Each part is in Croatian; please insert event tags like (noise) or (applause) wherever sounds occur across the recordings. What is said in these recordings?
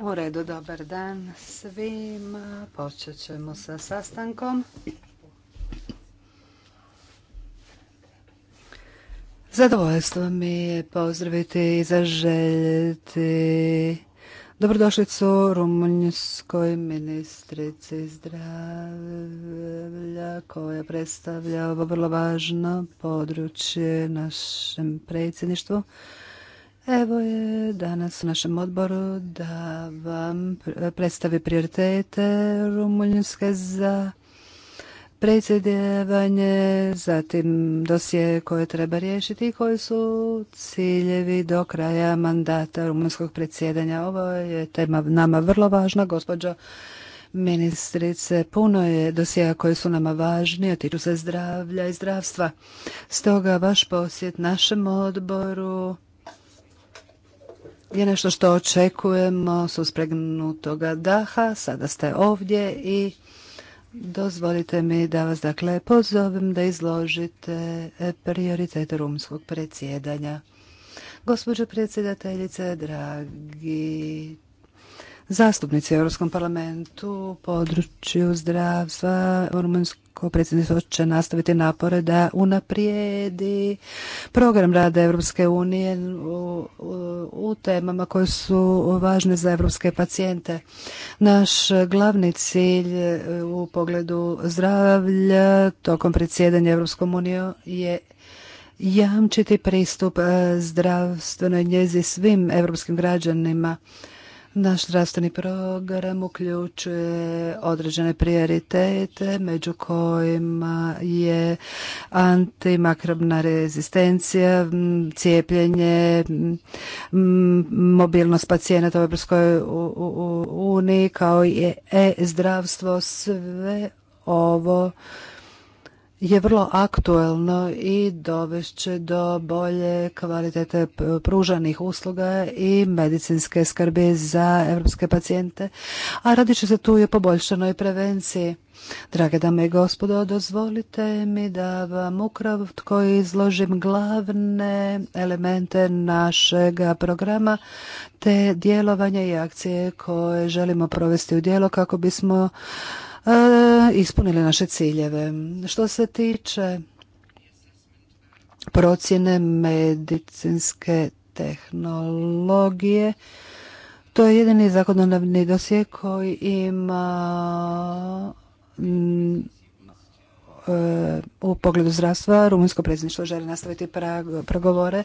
U redu, dobar dan svima. Počet ćemo sa sastankom. Zadovoljstvo mi je pozdraviti i zaželjeti dobrodošlicu rumunjskoj ministrici zdravlja koja predstavlja ovo vrlo važno područje našem predsjedništvu. Evo je danas u našem odboru da vam predstavi prioritete Rumunjske za predsjedjevanje, zatim dosije koje treba riješiti i koji su ciljevi do kraja mandata rumunskog predsjedanja. Ovo je tema nama vrlo važna, gospođo ministrice. Puno je dosija koje su nama važni, a tiču se zdravlja i zdravstva. Stoga vaš posjet našem odboru je nešto što očekujemo spregnutoga daha. Sada ste ovdje i dozvolite mi da vas dakle pozovem da izložite prioritet rumskog predsjedanja. Gospođo predsjedateljice, dragi zastupnici u Europskom parlamentu u području zdravstva Rumunjsko predsjedništvo će nastaviti napore da unaprijedi program rada Europske unije u, u, temama koje su važne za europske pacijente. Naš glavni cilj e, u pogledu zdravlja tokom predsjedanja Europskom unijom je jamčiti pristup e, zdravstvenoj njezi svim europskim građanima naš zdravstveni program uključuje određene prioritete, među kojima je antimakrobna rezistencija, cijepljenje, mobilnost pacijenata u Europskoj uniji, kao i e-zdravstvo, sve ovo je vrlo aktuelno i dovešće do bolje kvalitete pružanih usluga i medicinske skrbi za evropske pacijente, a radit će se tu i o poboljšanoj prevenciji. Drage dame i gospodo, dozvolite mi da vam ukratko izložim glavne elemente našeg programa te djelovanja i akcije koje želimo provesti u djelo kako bismo E, ispunili naše ciljeve. Što se tiče procjene medicinske tehnologije, to je jedini zakonodavni dosje koji ima mm, e, u pogledu zdravstva rumunjsko predsjedništvo želi nastaviti pregovore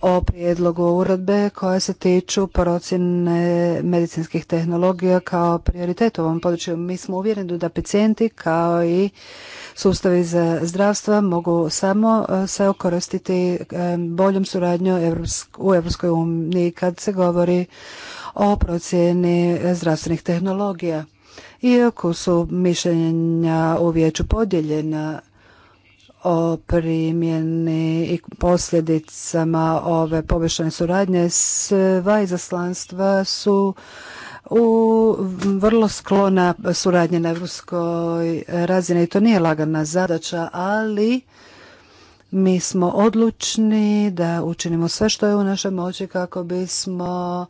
o prijedlogu uredbe koja se tiču procjene medicinskih tehnologija kao prioritet u ovom području. Mi smo uvjereni da pacijenti kao i sustavi za zdravstva mogu samo e, se okoristiti e, boljom suradnjom u Evropskoj uniji kad se govori o procjeni zdravstvenih tehnologija. Iako su mišljenja u vijeću podijeljena, o primjeni i posljedicama ove poboljšane suradnje. Sva izaslanstva su u vrlo sklona suradnje na evropskoj razini i to nije lagana zadaća, ali mi smo odlučni da učinimo sve što je u našoj moći kako bismo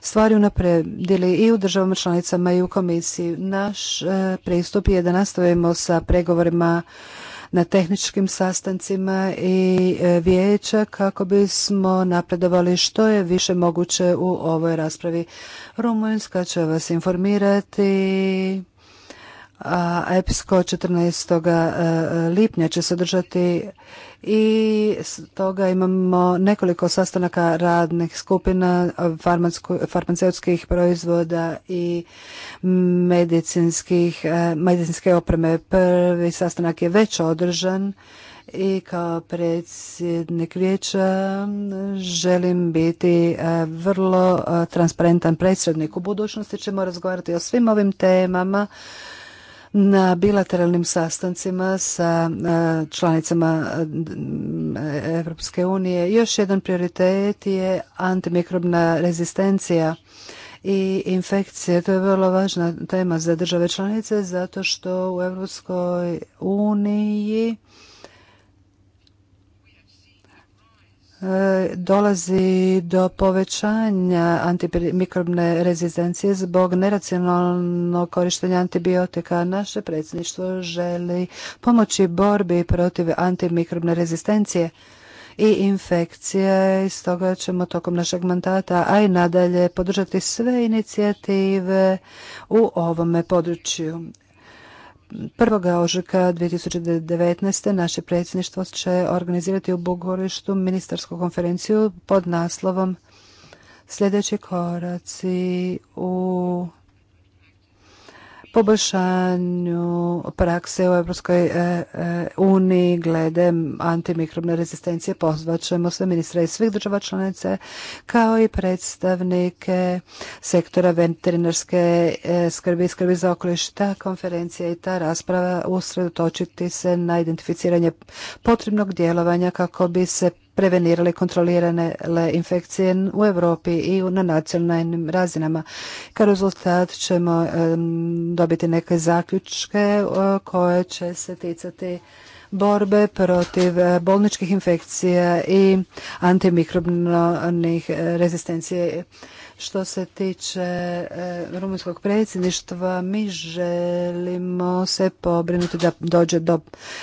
stvari unapredili i u državama članicama i u komisiji. Naš e, pristup je da nastavimo sa pregovorima na tehničkim sastancima i e, vijeća kako bismo napredovali što je više moguće u ovoj raspravi. Rumunjska će vas informirati a EPSCO 14. E, e, lipnja će se održati i toga imamo nekoliko sastanaka radnih skupina farmaceutskih proizvoda i medicinskih, e, medicinske opreme. Prvi sastanak je već održan i kao predsjednik vijeća želim biti e, vrlo e, transparentan predsjednik. U budućnosti ćemo razgovarati o svim ovim temama na bilateralnim sastancima sa e, članicama Europske unije. Još jedan prioritet je antimikrobna rezistencija i infekcije. To je vrlo važna tema za države članice zato što u Europskoj uniji dolazi do povećanja antimikrobne rezistencije zbog neracionalnog korištenja antibiotika. Naše predsjedništvo želi pomoći borbi protiv antimikrobne rezistencije i infekcije i stoga ćemo tokom našeg mandata, a i nadalje podržati sve inicijative u ovome području. 1. ožujka 2019. naše predsjedništvo će organizirati u Bogorištu ministarsku konferenciju pod naslovom Sljedeći koraci u poboljšanju prakse u Europskoj e, e, uniji glede antimikrobne rezistencije pozvat ćemo sve ministre iz svih država članice kao i predstavnike sektora veterinarske e, skrbi i skrbi za okoliš. Ta konferencija i ta rasprava usredotočiti se na identificiranje potrebnog djelovanja kako bi se prevenirale kontrolirane infekcije u Europi i na nacionalnim razinama. Kao rezultat ćemo dobiti neke zaključke e, koje će se ticati borbe protiv e, bolničkih infekcija i antimikrobnih e, rezistencije što se tiče e, rumunjskog predsjedništva, mi želimo se pobrinuti da dođe do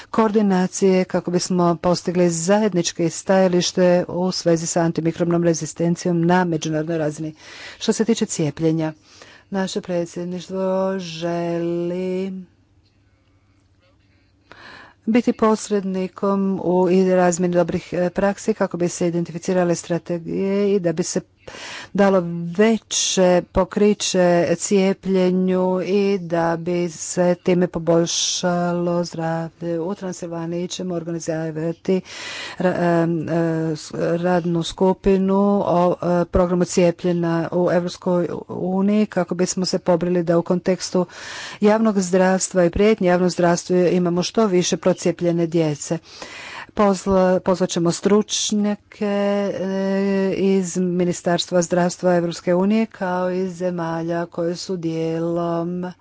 koordinacije kako bismo postigli zajedničke stajalište u svezi sa antimikrobnom rezistencijom na međunarodnoj razini. Što se tiče cijepljenja, naše predsjedništvo želi biti posrednikom u razmjeni dobrih praksi kako bi se identificirale strategije i da bi se dalo veće pokriće cijepljenju i da bi se time poboljšalo zdravlje. U Transilvaniji ćemo organizirati radnu skupinu o e, programu cijepljena u Europskoj uniji kako bismo se pobrili da u kontekstu javnog zdravstva i prijetnje javnog zdravstvu imamo što više procijepljene djece. Pozvat pozvaćemo stručnjake e, iz Ministarstva zdravstva Europske unije kao i zemalja koje su dijelom e,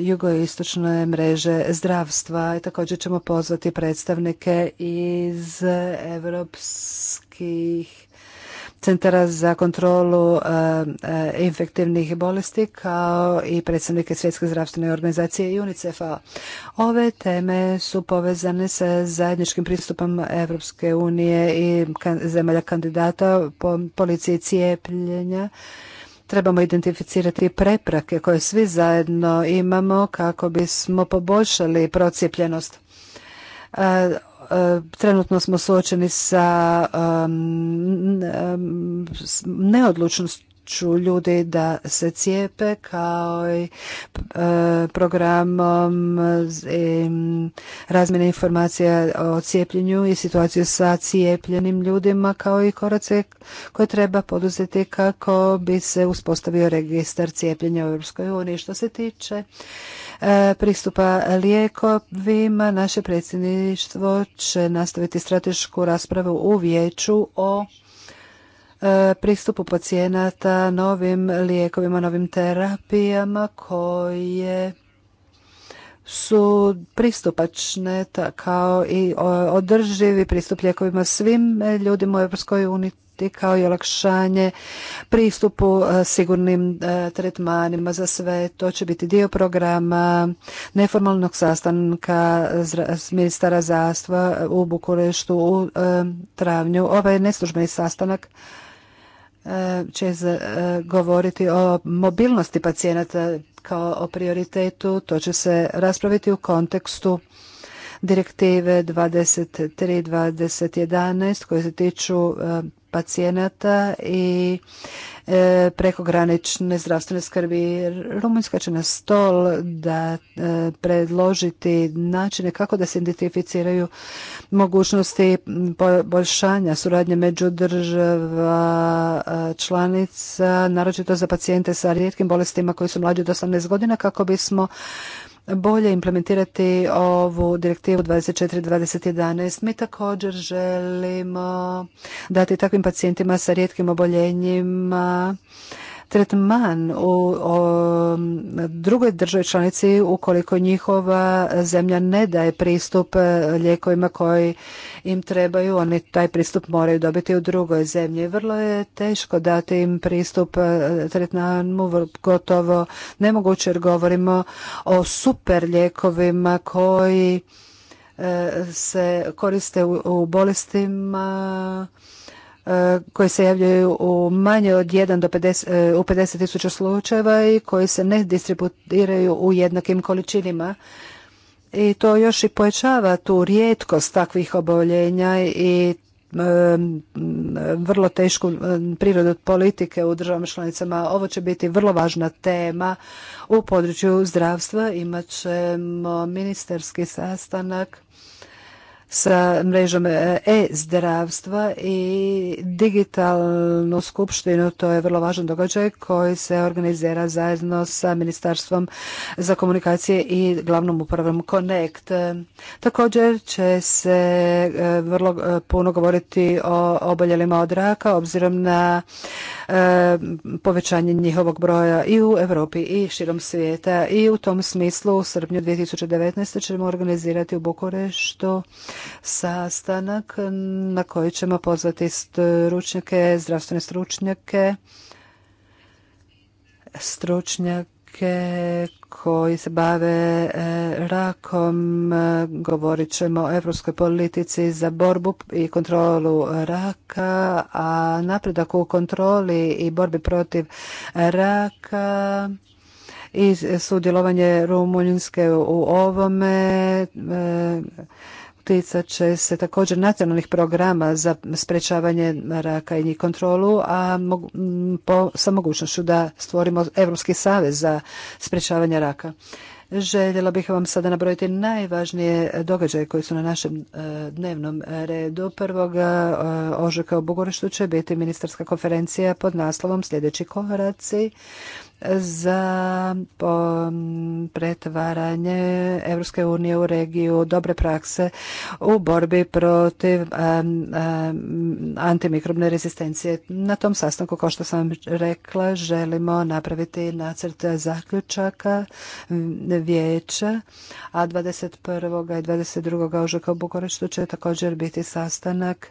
jugoistočne mreže zdravstva i također ćemo pozvati predstavnike iz Evropskih Centara za kontrolu e, e, infektivnih bolesti kao i predstavnike Svjetske zdravstvene organizacije i UNICEF-a. Ove teme su povezane sa zajedničkim pristupom Evropske unije i zemalja kandidata po policiji cijepljenja trebamo identificirati preprake koje svi zajedno imamo kako bismo poboljšali procijepljenost. E, E, trenutno smo suočeni sa neodlučnošću ljudi da se cijepe kao i e, programom e, razmjene informacija o cijepljenju i situaciju sa cijepljenim ljudima kao i korace koje treba poduzeti kako bi se uspostavio registar cijepljenja u EU. Što se tiče E, pristupa lijekovima. Naše predsjedništvo će nastaviti stratešku raspravu u vijeću o e, pristupu pacijenata novim lijekovima, novim terapijama koje su pristupačne kao i održivi pristup lijekovima svim ljudima u Europskoj uniji kao i olakšanje pristupu e, sigurnim e, tretmanima za sve. To će biti dio programa neformalnog sastanka ministara zastva u Bukureštu u e, travnju. Ovaj neslužbeni sastanak će govoriti o mobilnosti pacijenata kao o prioritetu. To će se raspraviti u kontekstu direktive 23.2011 koje se tiču pacijenata i e, prekogranične zdravstvene skrbi. Rumunjska će na stol da e, predložiti načine kako da se identificiraju mogućnosti poboljšanja suradnje među država e, članica, naročito za pacijente sa rijetkim bolestima koji su mlađi od 18 godina, kako bismo bolje implementirati ovu direktivu 24.2011. Mi također želimo dati takvim pacijentima sa rijetkim oboljenjima tretman u drugoj državi članici ukoliko njihova zemlja ne daje pristup e, lijekovima koji im trebaju, oni taj pristup moraju dobiti u drugoj zemlji. Vrlo je teško dati im pristup e, tretmanu, gotovo nemoguće jer govorimo o super lijekovima koji e, se koriste u bolestima koji se javljaju u manje od 1 do 50, e, u 50 tisuća slučajeva i koji se ne distribuiraju u jednakim količinima. I to još i pojačava tu rijetkost takvih oboljenja i e, vrlo tešku e, prirodu politike u državama članicama. Ovo će biti vrlo važna tema u području zdravstva. Imat ćemo ministarski sastanak sa mrežom e, e-zdravstva i digitalnu skupštinu. To je vrlo važan događaj koji se organizira zajedno sa Ministarstvom za komunikacije i glavnom upravom Connect. Također će se e, vrlo e, puno govoriti o oboljelima od raka obzirom na E, povećanje njihovog broja i u Europi i širom svijeta. I u tom smislu u srpnju 2019. ćemo organizirati u Bukureštu sastanak na koji ćemo pozvati stručnjake, zdravstvene stručnjake, stručnjak koji se bave e, rakom. E, govorit ćemo o evropskoj politici za borbu i kontrolu raka, a napredak u kontroli i borbi protiv raka i sudjelovanje Rumunjske u ovome e, ticat će se također nacionalnih programa za sprečavanje raka i njih kontrolu, a sa mogućnošću da stvorimo Europski savez za sprečavanje raka. Željela bih vam sada nabrojiti najvažnije događaje koji su na našem e, dnevnom redu. Prvog e, ožujka u Bugureštu će biti ministarska konferencija pod naslovom Sljedeći koraci za um, pretvaranje Europske unije u regiju dobre prakse u borbi protiv um, um, antimikrobne rezistencije. Na tom sastanku, kao što sam rekla, želimo napraviti nacrt zaključaka vijeća, a 21. i 22. ožujka u Bukureštu će također biti sastanak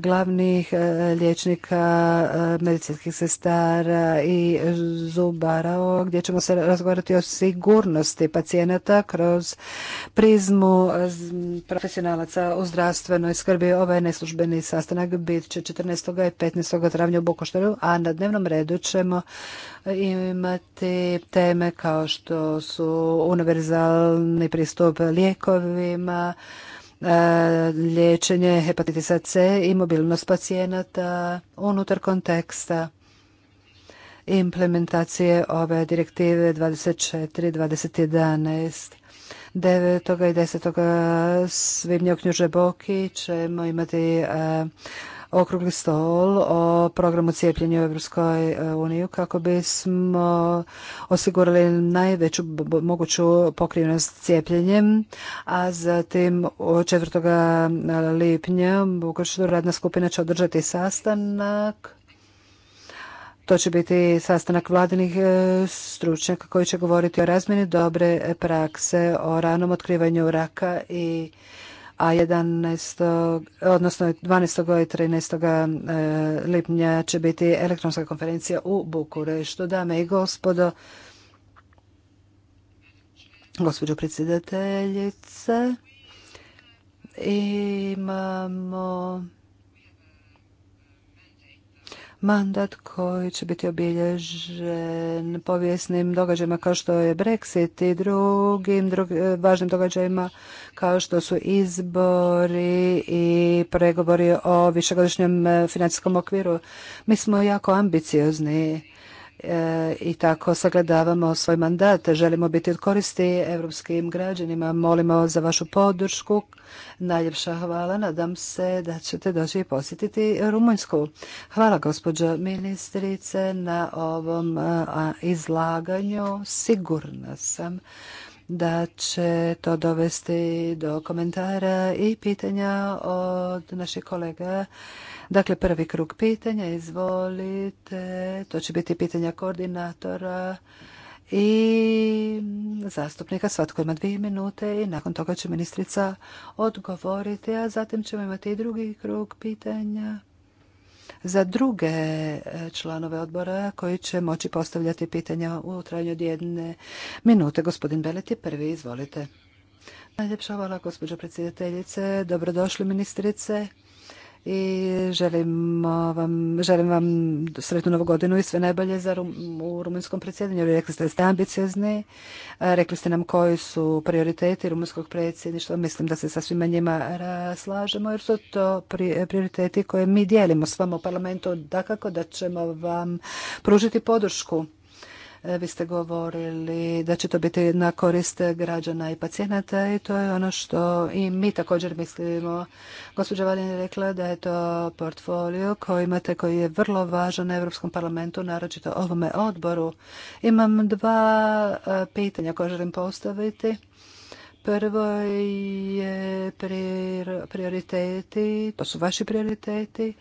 glavnih e, liječnika, e, medicinskih sestara i zubara, gdje ćemo se razgovarati o sigurnosti pacijenata kroz prizmu e, profesionalaca u zdravstvenoj skrbi. Ovaj neslužbeni sastanak bit će 14. i 15. travnja u Bokoštaru, a na dnevnom redu ćemo imati teme kao što su univerzalni pristup lijekovima, E, liječenje hepatitisa C i mobilnost pacijenata unutar konteksta implementacije ove direktive 24 9. i 10. svibnja u Knjuže Boki ćemo imati e, okrugli stol o programu cijepljenja u Europskoj e, uniji kako bismo osigurali najveću moguću pokrivenost cijepljenjem, a zatim 4. lipnja radna skupina će održati sastanak to će biti sastanak vladinih e, stručnjaka koji će govoriti o razmjeni dobre prakse, o ranom otkrivanju raka i a 11. odnosno 12. i 13. E, lipnja će biti elektronska konferencija u Bukureštu. Dame i gospodo, gospođo predsjedateljice, imamo mandat koji će biti obilježen povijesnim događajima kao što je Brexit i drugim e, važnim događajima kao što su izbori i pregovori o višegodišnjem e, financijskom okviru. Mi smo jako ambiciozni e, i tako sagledavamo svoj mandat. Želimo biti od koristi evropskim građanima. Molimo za vašu podršku. Najljepša hvala. Nadam se da ćete doći i posjetiti Rumunjsku. Hvala gospođo ministrice na ovom e, izlaganju. Sigurna sam da će to dovesti do komentara i pitanja od naših kolega. Dakle, prvi krug pitanja, izvolite. To će biti pitanja koordinatora i zastupnika. Svatko ima dvije minute i nakon toga će ministrica odgovoriti, a zatim ćemo imati i drugi krug pitanja za druge e, članove odbora koji će moći postavljati pitanja u trajanju od jedne minute. Gospodin Belet je prvi, izvolite. Najljepša hvala, gospođo predsjedateljice. Dobrodošli, ministrice i želim vam, želim vam sretnu novu godinu i sve najbolje za rum, u rumunjskom predsjedanju. Rekli ste da ste ambiciozni, rekli ste nam koji su prioriteti rumunjskog predsjedništva. Mislim da se sa svima njima slažemo jer su to prioriteti koje mi dijelimo s vama u parlamentu. Dakako da ćemo vam pružiti podršku E, vi ste govorili da će to biti na korist građana i pacijenata i to je ono što i mi također mislimo. Gospođa Valin je rekla da je to portfolio koji imate koji je vrlo važan na Europskom parlamentu, naročito ovome odboru. Imam dva e, pitanja koja želim postaviti. Prvo je prioriteti, to su vaši prioriteti,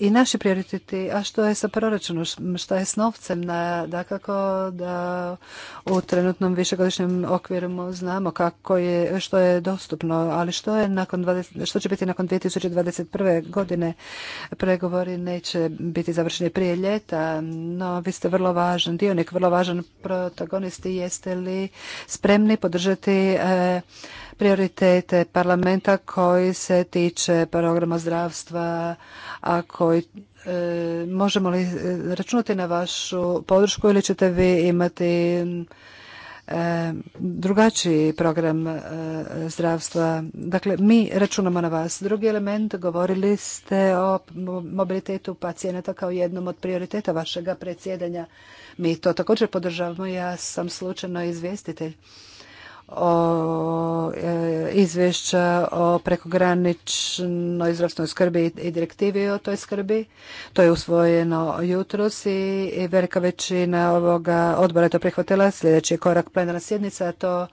i naši prioriteti, a što je sa proračunom, što je s novcem, da kako da u trenutnom višegodišnjem okviru znamo kako je, što je dostupno, ali što je nakon 20, što će biti nakon 2021. godine pregovori neće biti završeni prije ljeta, no vi ste vrlo važan dionik, vrlo važan protagonist i jeste li spremni podržati eh, prioritete parlamenta koji se tiče programa zdravstva, ako i e, možemo li e, računati na vašu podršku ili ćete vi imati e, drugačiji program zdravstva. Dakle, mi računamo na vas. Drugi element, govorili ste o mobilitetu pacijenata kao jednom od prioriteta vašega predsjedanja. Mi to također podržavamo. Ja sam slučajno izvjestitelj o e, izvješća o prekograničnoj zdravstvenoj skrbi i direktivi o toj skrbi. To je usvojeno jutros i velika većina ovoga odbora je to prihvatila. Sljedeći je korak plenarna sjednica, a to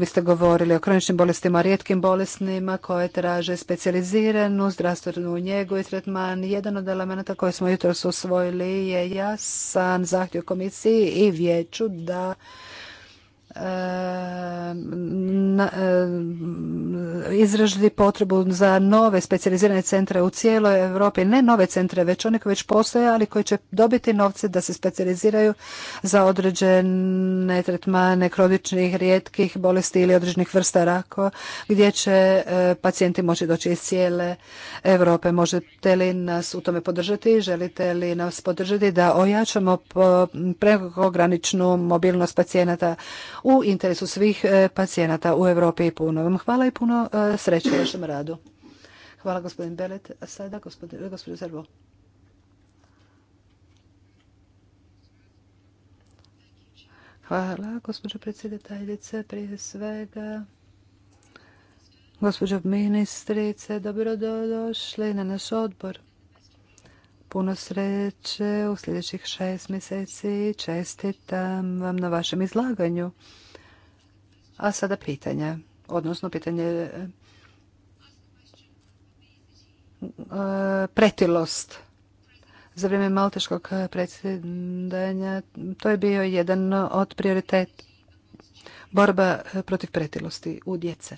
vi ste govorili o kroničnim bolestima, rijetkim bolesnima koje traže specijaliziranu zdravstvenu njegu i tretman. Jedan od elemenata koje smo jutros usvojili je jasan zahtjev komisiji i vijeću da E, izražili potrebu za nove specijalizirane centre u cijeloj Europi, ne nove centre, već one koje već postoje, ali koji će dobiti novce da se specijaliziraju za određene tretmane kroničnih, rijetkih bolesti ili određenih vrsta rako, gdje će e, pacijenti moći doći iz cijele Europe. Možete li nas u tome podržati? Želite li nas podržati da ojačamo prekograničnu mobilnost pacijenata u interesu svih e, pacijenata u Europi i puno vam hvala i puno e, sreće u vašem radu. Hvala gospodin Belet. A sada gospodin, e, gospodin Hvala, gospođo predsjedateljice, prije svega. Gospođo ministrice, dobrodošli na naš odbor puno sreće u sljedećih šest mjeseci. Čestitam vam na vašem izlaganju. A sada pitanje, odnosno pitanje e, pretilost. Za vrijeme malteškog predsjedanja to je bio jedan od prioritet borba e, protiv pretilosti u djece.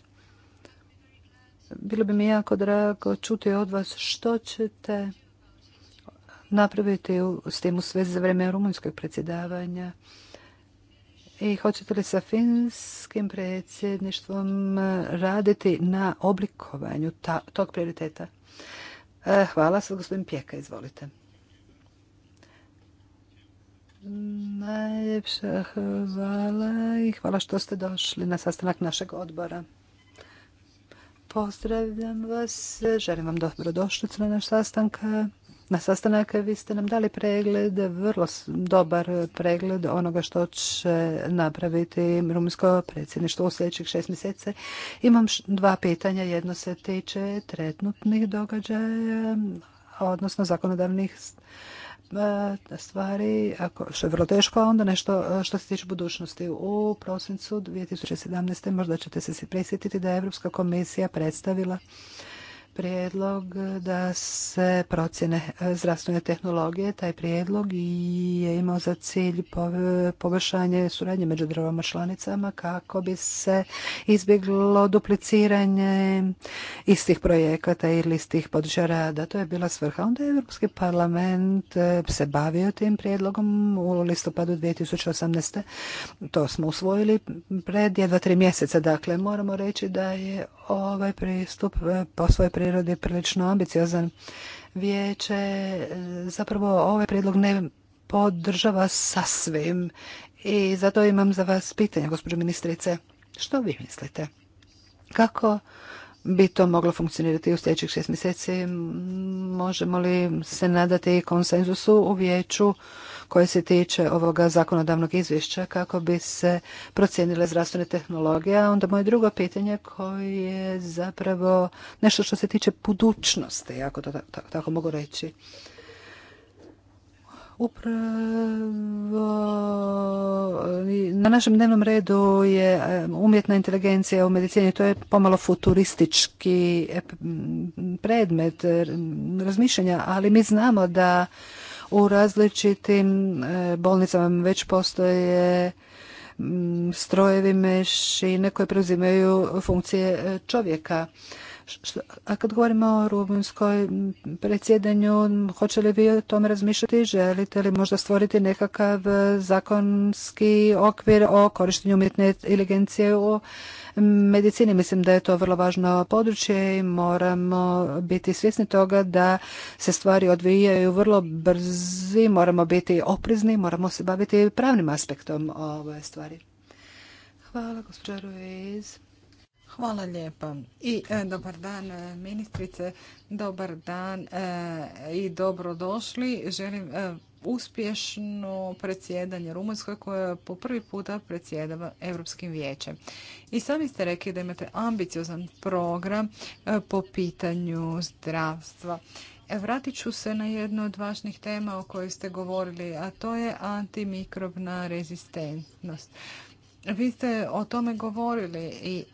Bilo bi mi jako drago čuti od vas što ćete napraviti s tim u svezi za vrijeme rumunjskog predsjedavanja? I hoćete li sa finskim predsjedništvom e, raditi na oblikovanju tog prioriteta? E, hvala. Sad gospodin Pjeka, izvolite. Najljepša hvala i hvala što ste došli na sastanak našeg odbora. Pozdravljam vas, želim vam dobrodošlicu na naš sastanak na sastanak. Vi ste nam dali pregled, vrlo dobar pregled onoga što će napraviti rumunsko predsjedništvo u sljedećih šest mjeseci. Imam dva pitanja. Jedno se tiče trenutnih događaja, odnosno zakonodavnih e, stvari, ako, što je vrlo teško, onda nešto e, što se tiče budućnosti. U prosincu 2017. možda ćete se prisjetiti da je Europska komisija predstavila prijedlog da se procjene e, zdravstvene tehnologije. Taj prijedlog je imao za cilj poboljšanje suradnje među državama članicama kako bi se izbjeglo dupliciranje istih projekata ili istih područja rada. To je bila svrha. Onda je Europski parlament e, se bavio tim prijedlogom u listopadu 2018. To smo usvojili pred jedva tri mjeseca. Dakle, moramo reći da je ovaj pristup e, po svojoj prirode prilično ambiciozan. Vijeće e, zapravo ovaj prijedlog ne podržava sasvim i zato imam za vas pitanje, gospođo ministrice. Što vi mislite? Kako bi to moglo funkcionirati u sljedećih šest mjeseci? Možemo li se nadati konsenzusu u vijeću koje se tiče ovoga zakonodavnog izvješća kako bi se procijenile zdravstvene tehnologije. A onda moje drugo pitanje koje je zapravo nešto što se tiče budućnosti, ako to tako mogu reći. Upravo e, na našem dnevnom redu je e, umjetna inteligencija u medicini, to je pomalo futuristički e, predmet razmišljanja, ali mi znamo da u različitim e, bolnicama već postoje strojevi mešine koje preuzimaju funkcije e, čovjeka. A kad govorimo o rumunjskoj predsjedanju, hoće li vi o tome razmišljati? Želite li možda stvoriti nekakav e, zakonski okvir o korištenju umjetne inteligencije u medicini. Mislim da je to vrlo važno područje i moramo biti svjesni toga da se stvari odvijaju vrlo brzi, moramo biti oprezni, moramo se baviti pravnim aspektom ove stvari. Hvala, gospođa Ruiz. Hvala lijepa i e, dobar dan e, ministrice, dobar dan e, i dobrodošli. Želim uspješno predsjedanje Rumunjskoj koja po prvi puta predsjedava Europskim vijećem. I sami ste rekli da imate ambiciozan program e, po pitanju zdravstva. E, vratit ću se na jednu od važnih tema o kojoj ste govorili, a to je antimikrobna rezistentnost. Vi ste o tome govorili i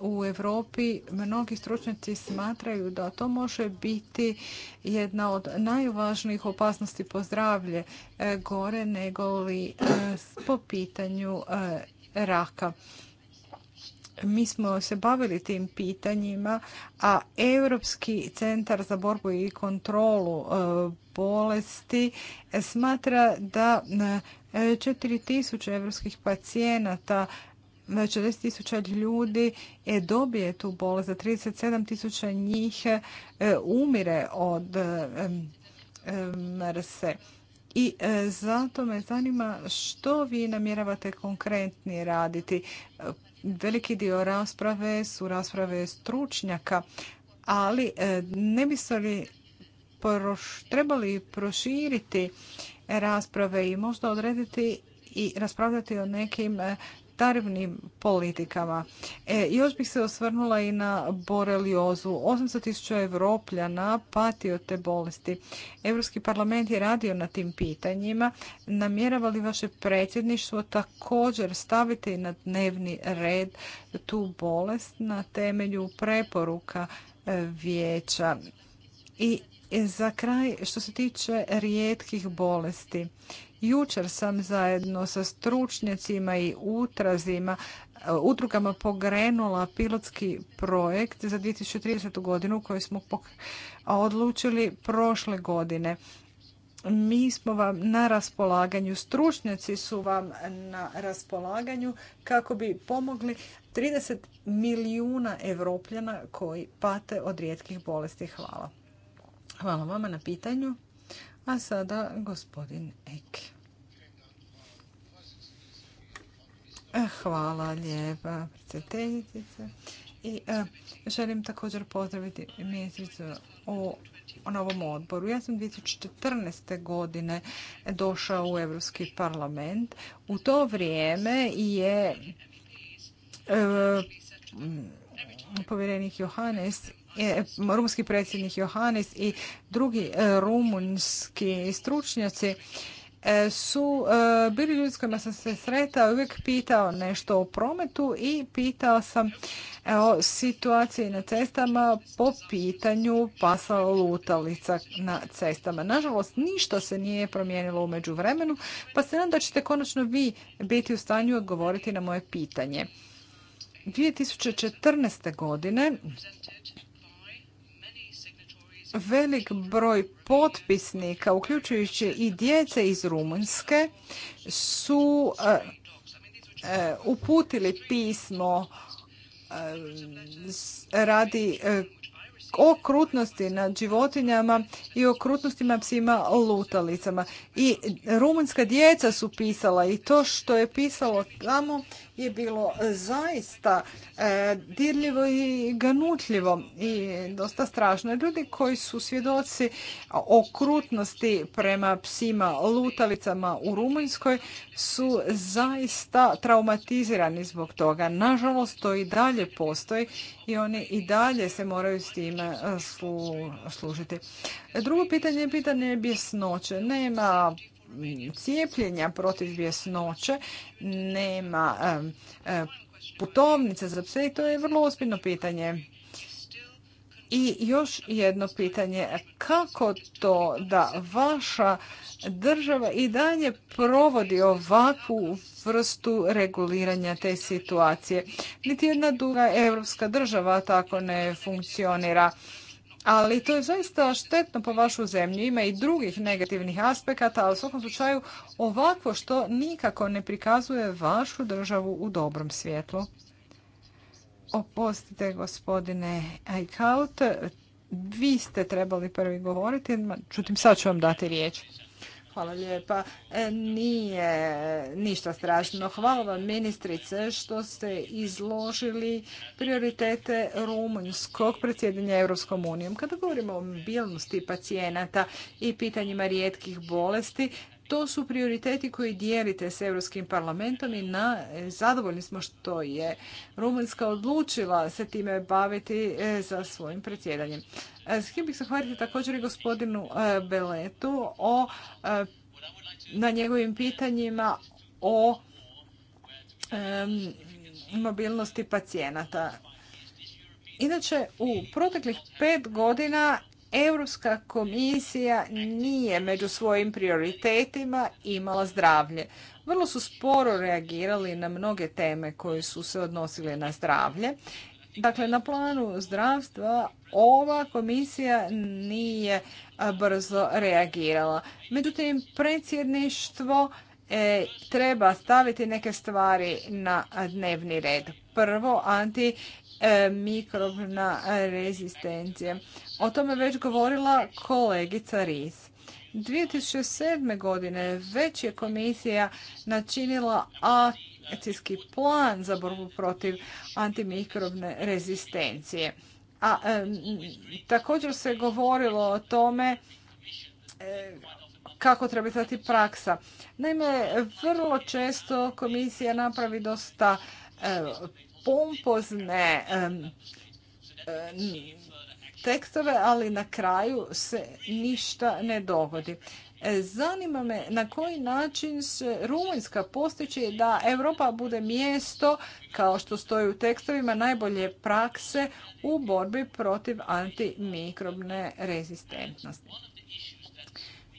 u Europi mnogi stručnjaci smatraju da to može biti jedna od najvažnijih opasnosti po zdravlje e, gore nego li e, po pitanju e, raka. Mi smo se bavili tim pitanjima, a Europski centar za borbu i kontrolu bolesti smatra da 4000 evropskih pacijenata 40.000 tisuća ljudi e dobije tu bolest, za 37.000 njih e, umire od e, mrse. I e, zato me zanima što vi namjeravate konkretni raditi. Veliki dio rasprave su rasprave stručnjaka, ali ne bi se li trebali proširiti rasprave i možda odrediti i raspravljati o nekim e, tarivnim politikama. E, još bih se osvrnula i na boreliozu. tisuća evropljana pati od te bolesti. Europski parlament je radio na tim pitanjima. Namjerava li vaše predsjedništvo također staviti na dnevni red tu bolest na temelju preporuka e, vijeća? I E, za kraj, što se tiče rijetkih bolesti, jučer sam zajedno sa stručnjacima i utrazima e, udrugama pogrenula pilotski projekt za 2030. godinu koji smo odlučili prošle godine. Mi smo vam na raspolaganju, stručnjaci su vam na raspolaganju kako bi pomogli 30 milijuna europljana koji pate od rijetkih bolesti. Hvala. Hvala vama na pitanju. A sada gospodin Ek. E, hvala lijepa predsjedateljice. I e, želim također pozdraviti ministricu o, o novom odboru. Ja sam 2014. godine došao u Europski parlament. U to vrijeme je e, povjerenik Johannes E, rumunski predsjednik Johannes i drugi e, rumunski stručnjaci e, su bili ljudi s kojima sam se sretao i uvijek pitao nešto o prometu i pitao sam o situaciji na cestama po pitanju pasa lutalica na cestama. Nažalost, ništa se nije promijenilo u međuvremenu, pa se nadam da ćete konačno vi biti u stanju odgovoriti na moje pitanje. 2014. godine velik broj potpisnika, uključujući i djece iz Rumunjske, su e, e, uputili pismo e, radi o krutnosti nad životinjama i o krutnostima psima lutalicama. I rumunska djeca su pisala i to što je pisalo tamo je bilo e, zaista e, dirljivo i ganutljivo i dosta strašno. Ljudi koji su svjedoci okrutnosti prema psima lutalicama u Rumunjskoj su zaista traumatizirani zbog toga. Nažalost, to i dalje postoji i oni i dalje se moraju s time e, služiti. Drugo pitanje je pitanje bjesnoće. Nema cijepljenja protiv vjesnoće, nema putovnice za pse i to je vrlo ozbiljno pitanje. I još jedno pitanje, kako to da vaša država i dalje provodi ovakvu vrstu reguliranja te situacije? Niti jedna druga europska država tako ne funkcionira ali to je zaista štetno po vašu zemlju. Ima i drugih negativnih aspekata, ali u svakom slučaju ovako što nikako ne prikazuje vašu državu u dobrom svjetlu. Opostite, gospodine Eichhout, vi ste trebali prvi govoriti, čutim sad ću vam dati riječ. Hvala lijepa. E, nije ništa strašno. Hvala vam ministrice što ste izložili prioritete rumunjskog predsjedanja Europskom unijom. Kada govorimo o mobilnosti pacijenata i pitanjima rijetkih bolesti, to su prioriteti koji dijelite s Europskim parlamentom i na, zadovoljni smo što je Rumunjska odlučila se time baviti e, za svojim predsjedanjem. E, kim bih zahvaliti također i gospodinu e, Beletu na njegovim pitanjima o mobilnosti pacijenata. Inače, u proteklih pet godina Europska komisija nije među svojim prioritetima imala zdravlje. Vrlo su sporo reagirali na mnoge teme koje su se odnosile na zdravlje. Dakle, na planu zdravstva ova komisija nije brzo reagirala. Međutim, predsjedništvo e, treba staviti neke stvari na dnevni red. Prvo, antimikrobna e, rezistencija. O tome već govorila kolegica Ris. 2007. godine već je komisija načinila akcijski plan za borbu protiv antimikrobne rezistencije. A također se govorilo o tome kako treba stati praksa. Naime, vrlo često komisija napravi dosta pompozne tekstove, ali na kraju se ništa ne dogodi. E, zanima me na koji način se Rumunjska postići da Europa bude mjesto, kao što stoji u tekstovima, najbolje prakse u borbi protiv antimikrobne rezistentnosti.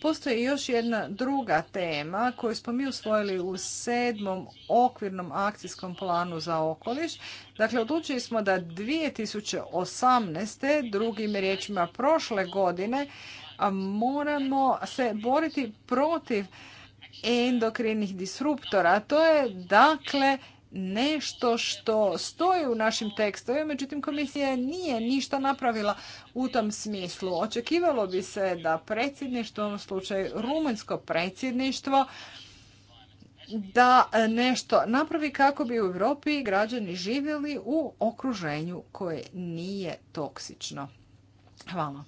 Postoji još jedna druga tema koju smo mi usvojili u sedmom okvirnom akcijskom planu za okoliš. Dakle, odlučili smo da 2018. drugim riječima prošle godine moramo se boriti protiv endokrinih disruptora. To je dakle nešto što stoji u našim tekstovima, međutim komisija nije ništa napravila u tom smislu. Očekivalo bi se da predsjedništvo, u ovom slučaju rumunjsko predsjedništvo, da nešto napravi kako bi u Europi građani živjeli u okruženju koje nije toksično. Hvala.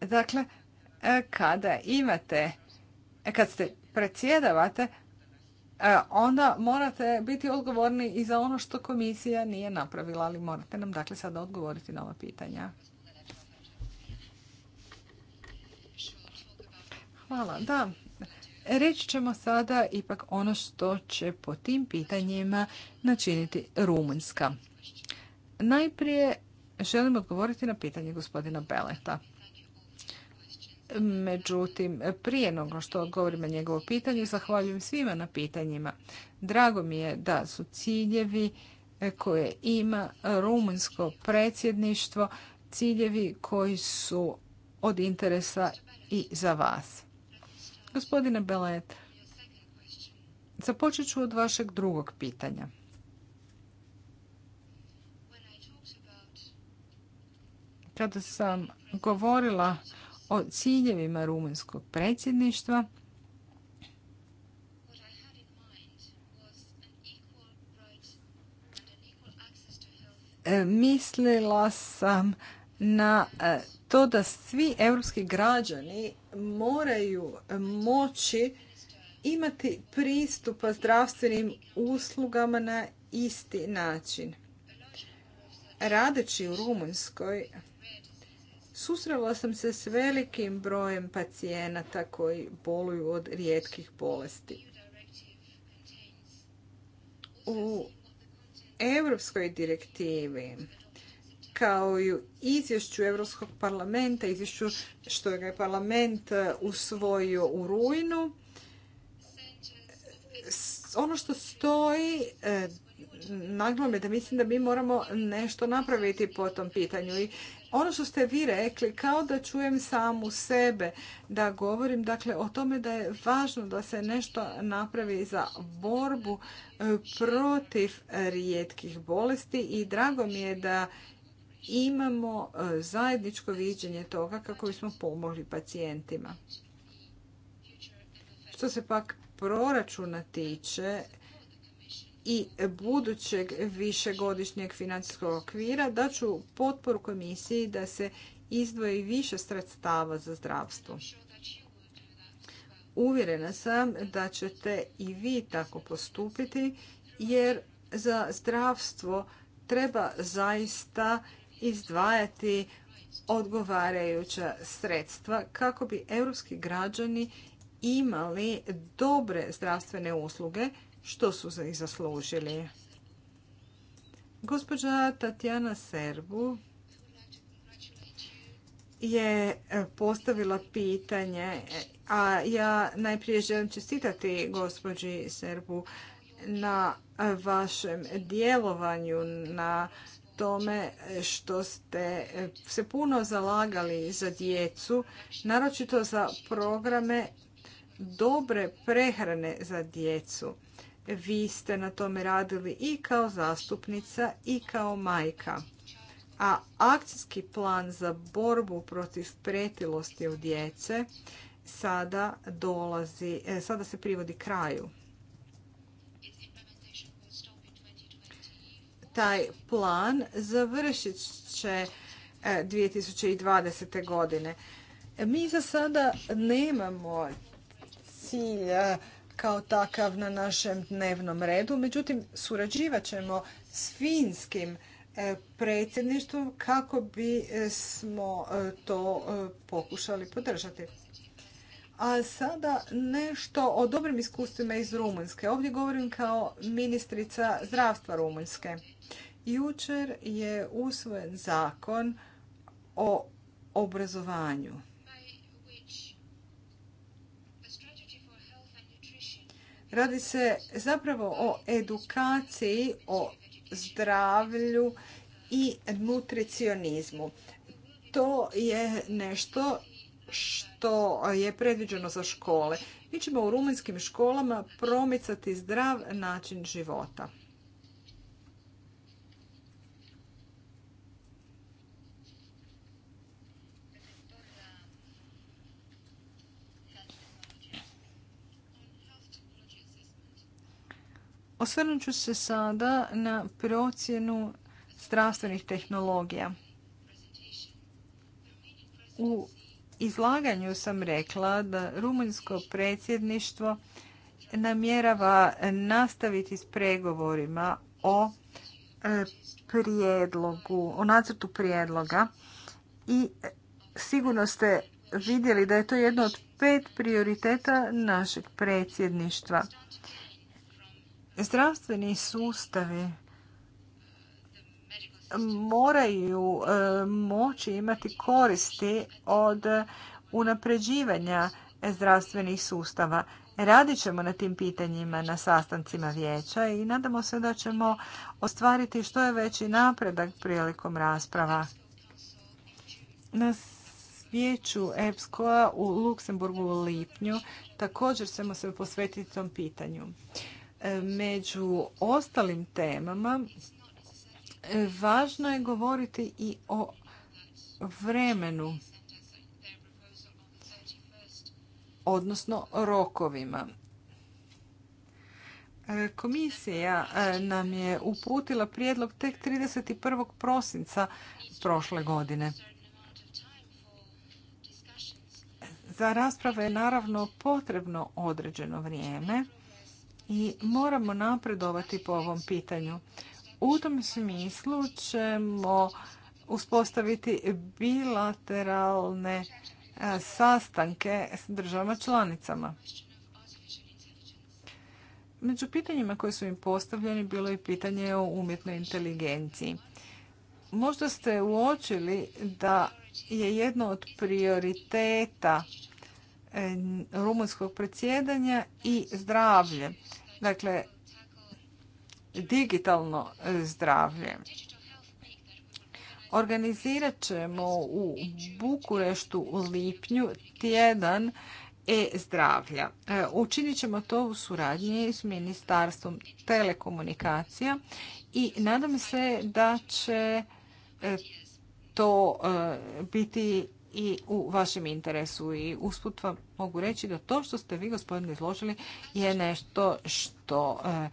Dakle, e, kada imate, e, kad ste predsjedavate, E, onda morate biti odgovorni i za ono što komisija nije napravila, ali morate nam dakle sada odgovoriti na ova pitanja. Hvala, da. Reći ćemo sada ipak ono što će po tim pitanjima načiniti Rumunjska. Najprije želim odgovoriti na pitanje gospodina Beleta. Međutim, prije nego što odgovorim na njegovo pitanje, zahvaljujem svima na pitanjima. Drago mi je da su ciljevi e, koje ima rumunsko predsjedništvo, ciljevi koji su od interesa i za vas. Gospodine Belet, započet ću od vašeg drugog pitanja. Kada sam govorila o ciljevima rumunskog predsjedništva. E, mislila sam na e, to da svi europski građani moraju moći imati pristupa zdravstvenim uslugama na isti način. Radeći u Rumunjskoj, Susrela sam se s velikim brojem pacijenata koji boluju od rijetkih bolesti. U Europskoj direktivi kao i u izvješću Europskog parlamenta, izvješću što ga je parlament e, usvojio u rujnu, ono što stoji e, me da mislim da mi moramo nešto napraviti po tom pitanju i ono što ste vi rekli, kao da čujem samu sebe, da govorim dakle, o tome da je važno da se nešto napravi za borbu e, protiv rijetkih bolesti i drago mi je da imamo e, zajedničko viđenje toga kako bismo pomogli pacijentima. Što se pak proračuna tiče, i budućeg višegodišnjeg financijskog okvira da ću potporu komisiji da se izdvoji više sredstava za zdravstvo. Uvjerena sam da ćete i vi tako postupiti jer za zdravstvo treba zaista izdvajati odgovarajuća sredstva kako bi europski građani imali dobre zdravstvene usluge što su ih zaslužili. Gospođa Tatjana Serbu je e, postavila pitanje, a ja najprije želim čestitati gospođi Serbu na e, vašem djelovanju, na tome što ste e, se puno zalagali za djecu, naročito za programe dobre prehrane za djecu. Vi ste na tome radili i kao zastupnica i kao majka. A akcijski plan za borbu protiv pretilosti u djece sada dolazi, e, sada se privodi kraju. Taj plan završit će 2020. E, godine. Mi za sada nemamo cilja e, kao takav na našem dnevnom redu. Međutim, surađivat ćemo s finskim e, predsjedništvom kako bi e, smo e, to pokušali podržati. A sada nešto o dobrim iskustvima iz Rumunjske. Ovdje govorim kao ministrica zdravstva Rumunjske. Jučer je usvojen zakon o obrazovanju. Radi se zapravo o edukaciji, o zdravlju i nutricionizmu. To je nešto što je predviđeno za škole. Mi ćemo u rumunjskim školama promicati zdrav način života. Osvrnut ću se sada na procjenu zdravstvenih tehnologija. U izlaganju sam rekla da rumunjsko predsjedništvo namjerava nastaviti s pregovorima o e, prijedlogu, o nacrtu prijedloga i sigurno ste vidjeli da je to jedno od pet prioriteta našeg predsjedništva. Zdravstveni sustavi moraju e, moći imati koristi od unapređivanja zdravstvenih sustava. Radit ćemo na tim pitanjima na sastancima vijeća i nadamo se da ćemo ostvariti što je veći napredak prilikom rasprava. Na vijeću EPSCO-a u Luksemburgu u lipnju također ćemo se posvetiti tom pitanju. Među ostalim temama važno je govoriti i o vremenu, odnosno rokovima. Komisija e, nam je uputila prijedlog tek 31. prosinca prošle godine. Za rasprave je naravno potrebno određeno vrijeme i moramo napredovati po ovom pitanju. U tom smislu ćemo uspostaviti bilateralne e, sastanke s državama članicama. Među pitanjima koje su im postavljeni bilo je pitanje o umjetnoj inteligenciji. Možda ste uočili da je jedno od prioriteta e, rumunskog predsjedanja i zdravlje. Dakle, digitalno zdravlje. Organizirat ćemo u Bukureštu u lipnju tjedan e-zdravlja. E, učinit ćemo to u suradnji s Ministarstvom telekomunikacija i nadam se da će e, to e, biti i u vašem interesu. I usput vam mogu reći da to što ste vi, gospodine, izložili je nešto što eh,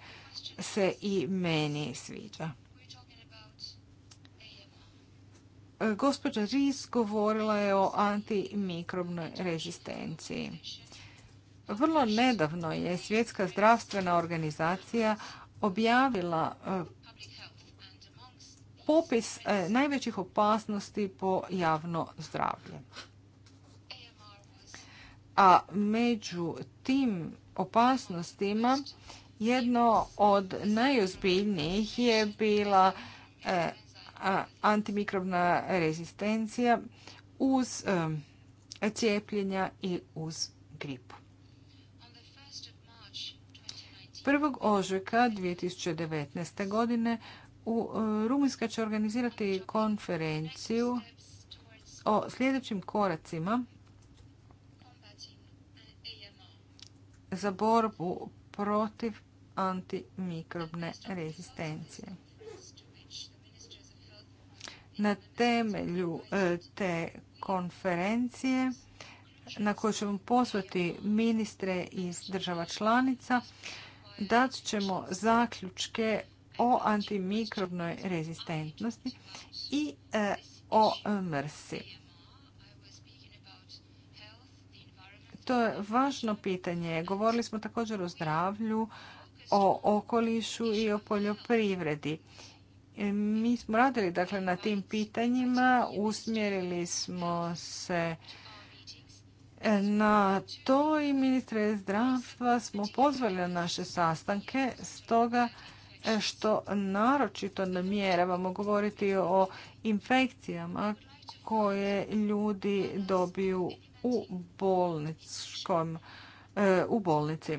se i meni sviđa. Eh, gospođa Riz govorila je o antimikrobnoj rezistenciji. Vrlo nedavno je Svjetska zdravstvena organizacija objavila eh, popis e, najvećih opasnosti po javno zdravlje. A među tim opasnostima jedno od najozbiljnijih je bila e, antimikrobna rezistencija uz e, cijepljenja i uz gripu. 1. ožujka 2019. godine u e, Rumunjska će organizirati konferenciju o sljedećim koracima za borbu protiv antimikrobne rezistencije. Na temelju e, te konferencije na kojoj ćemo posvati ministre iz država članica dat ćemo zaključke o antimikrobnoj rezistentnosti i e, o e, mrsi. To je važno pitanje. Govorili smo također o zdravlju, o okolišu i o poljoprivredi. E, mi smo radili dakle, na tim pitanjima, usmjerili smo se na to i ministre zdravstva smo pozvali na naše sastanke, stoga što naročito namjeravamo govoriti o infekcijama koje ljudi dobiju u, bolničkom, e, u bolnici.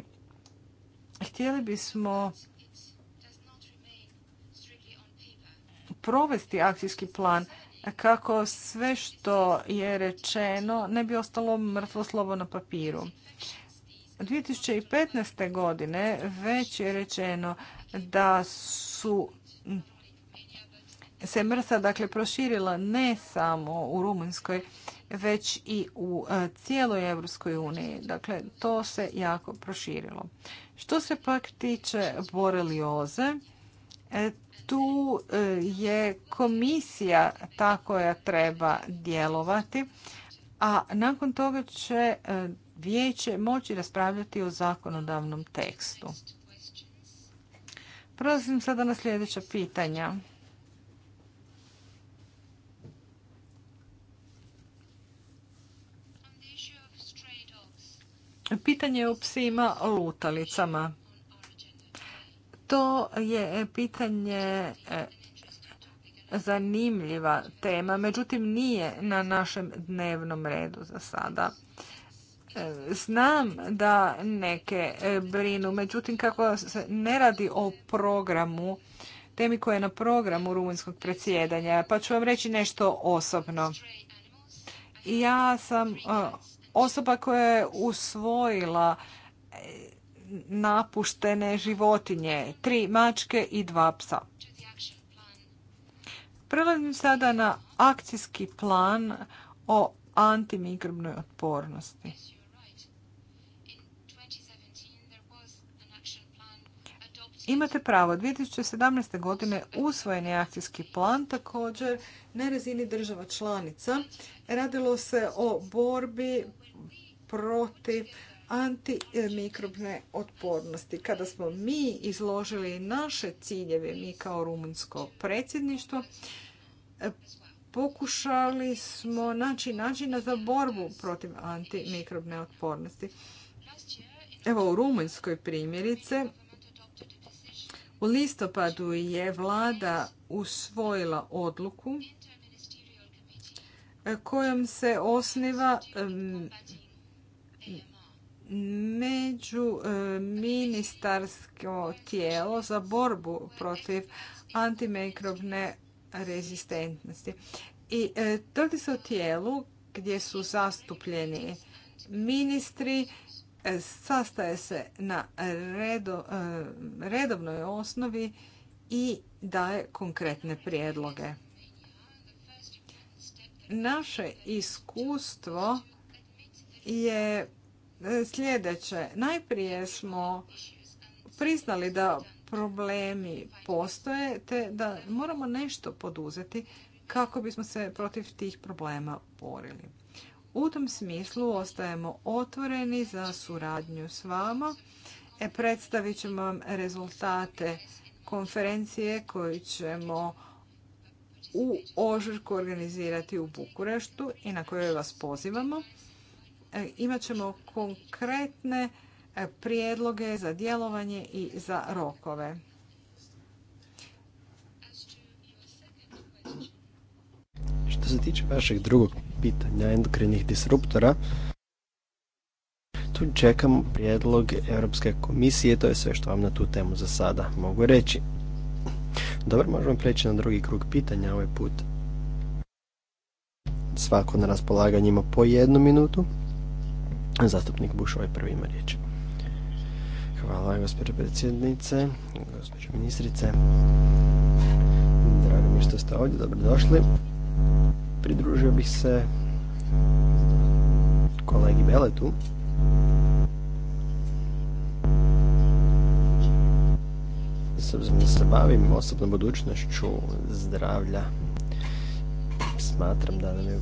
Htjeli bismo provesti akcijski plan kako sve što je rečeno ne bi ostalo mrtvo slovo na papiru. 2015. godine već je rečeno da su se mrsa dakle proširila ne samo u Rumunjskoj već i u e, cijeloj Europskoj uniji. Dakle, to se jako proširilo. Što se pak tiče borelioze, e, tu e, je komisija ta koja treba djelovati, a nakon toga će vijeće moći raspravljati o zakonodavnom tekstu. Prolazim sada na sljedeća pitanja. Pitanje o psima lutalicama. To je pitanje e, zanimljiva tema, međutim nije na našem dnevnom redu za sada. Znam da neke e, brinu, međutim kako se ne radi o programu, temi koja je na programu rumunjskog predsjedanja, pa ću vam reći nešto osobno. Ja sam e, osoba koja je usvojila e, napuštene životinje, tri mačke i dva psa. Prelazim sada na akcijski plan o antimikrobnoj otpornosti. Imate pravo, 2017. godine usvojen je akcijski plan također na razini država članica. Radilo se o borbi protiv antimikrobne otpornosti. Kada smo mi izložili naše ciljeve, mi kao rumunsko predsjedništvo, pokušali smo naći načina za borbu protiv antimikrobne otpornosti. Evo u Rumunjskoj primjerice u listopadu je vlada usvojila odluku e, kojom se osniva među e, ministarsko tijelo za borbu protiv antimikrobne rezistentnosti. I e, to se o tijelu gdje su zastupljeni ministri sastaje se na e, redovnoj osnovi i daje konkretne prijedloge. Naše iskustvo je e, sljedeće. Najprije smo priznali da problemi postoje te da moramo nešto poduzeti kako bismo se protiv tih problema borili. U tom smislu ostajemo otvoreni za suradnju s vama. E, predstavit ćemo vam rezultate konferencije koju ćemo u ožujku organizirati u Bukureštu i na kojoj vas pozivamo. E, imat ćemo konkretne e, prijedloge za djelovanje i za rokove. Što se tiče vašeg drugog pitanja endokrinih disruptora. Tu čekamo prijedlog Europske komisije, to je sve što vam na tu temu za sada mogu reći. Dobro, možemo preći na drugi krug pitanja ovaj put. Svako na raspolaganju ima po jednu minutu. Zastupnik Buš ovaj prvi ima riječ. Hvala gospođo predsjednice, gospođo ministrice. Drago mi što ste ovdje, dobrodošli. Pridružio bih se kolegi Beletu. S obzirom da se bavim osobno budućnošću zdravlja, smatram da nam je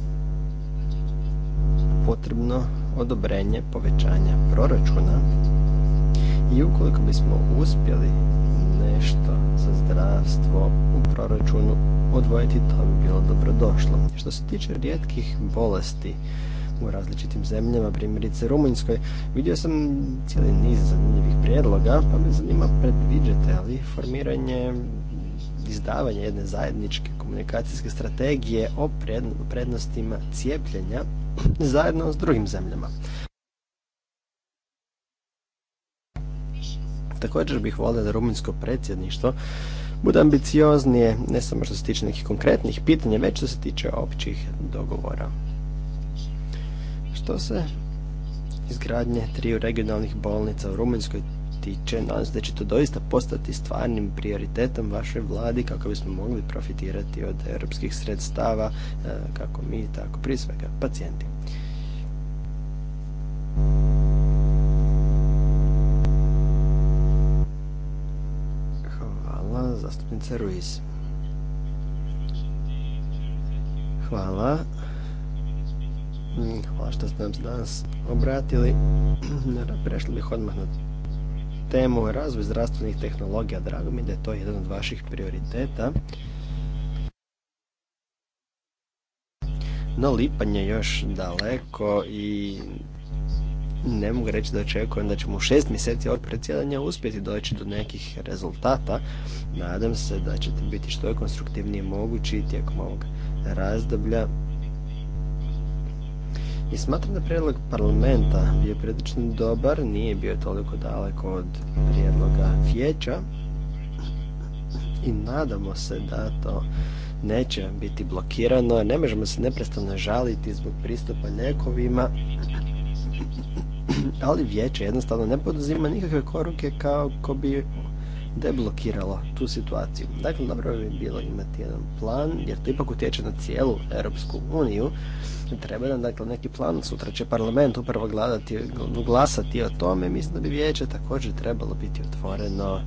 potrebno odobrenje povećanja proračuna i ukoliko bismo uspjeli nešto za zdravstvo u proračunu odvojiti, to bi bilo dobrodošlo. Što se tiče rijetkih bolesti u različitim zemljama, primjerice Rumunjskoj, vidio sam cijeli niz zanimljivih prijedloga, pa me zanima predviđete ali formiranje izdavanje jedne zajedničke komunikacijske strategije o prednostima cijepljenja zajedno s drugim zemljama. Također bih volio da rumunjsko predsjedništvo bude ambicioznije, ne samo što se tiče nekih konkretnih pitanja, već što se tiče općih dogovora. Što se izgradnje triju regionalnih bolnica u Rumunjskoj tiče, nadam se da će to doista postati stvarnim prioritetom vašoj vladi kako bismo mogli profitirati od europskih sredstava, e, kako mi, tako prije svega pacijenti. Zastupnica Ruiz. Hvala. Mm, hvala što ste nam se danas obratili. (clears throat) Prešli bih odmah na temu razvoj zdravstvenih tehnologija. Drago mi da je to jedan od vaših prioriteta. No, lipanje je još daleko i ne mogu reći da očekujem da ćemo u šest mjeseci od predsjedanja uspjeti doći do nekih rezultata. Nadam se da ćete biti što je konstruktivnije mogući tijekom ovog razdoblja. I smatram da prijedlog parlamenta bio prilično dobar, nije bio toliko daleko od prijedloga vijeća i nadamo se da to neće biti blokirano, ne možemo se neprestano žaliti zbog pristupa ljekovima ali (clears throat) vijeće jednostavno ne poduzima nikakve kao ko bi deblokiralo tu situaciju. Dakle, dobro bi bilo imati jedan plan, jer to ipak utječe na cijelu Europsku uniju. Treba nam dakle neki plan, sutra će parlament upravo gledati, glasati o tome, mislim da bi vijeće također trebalo biti otvoreno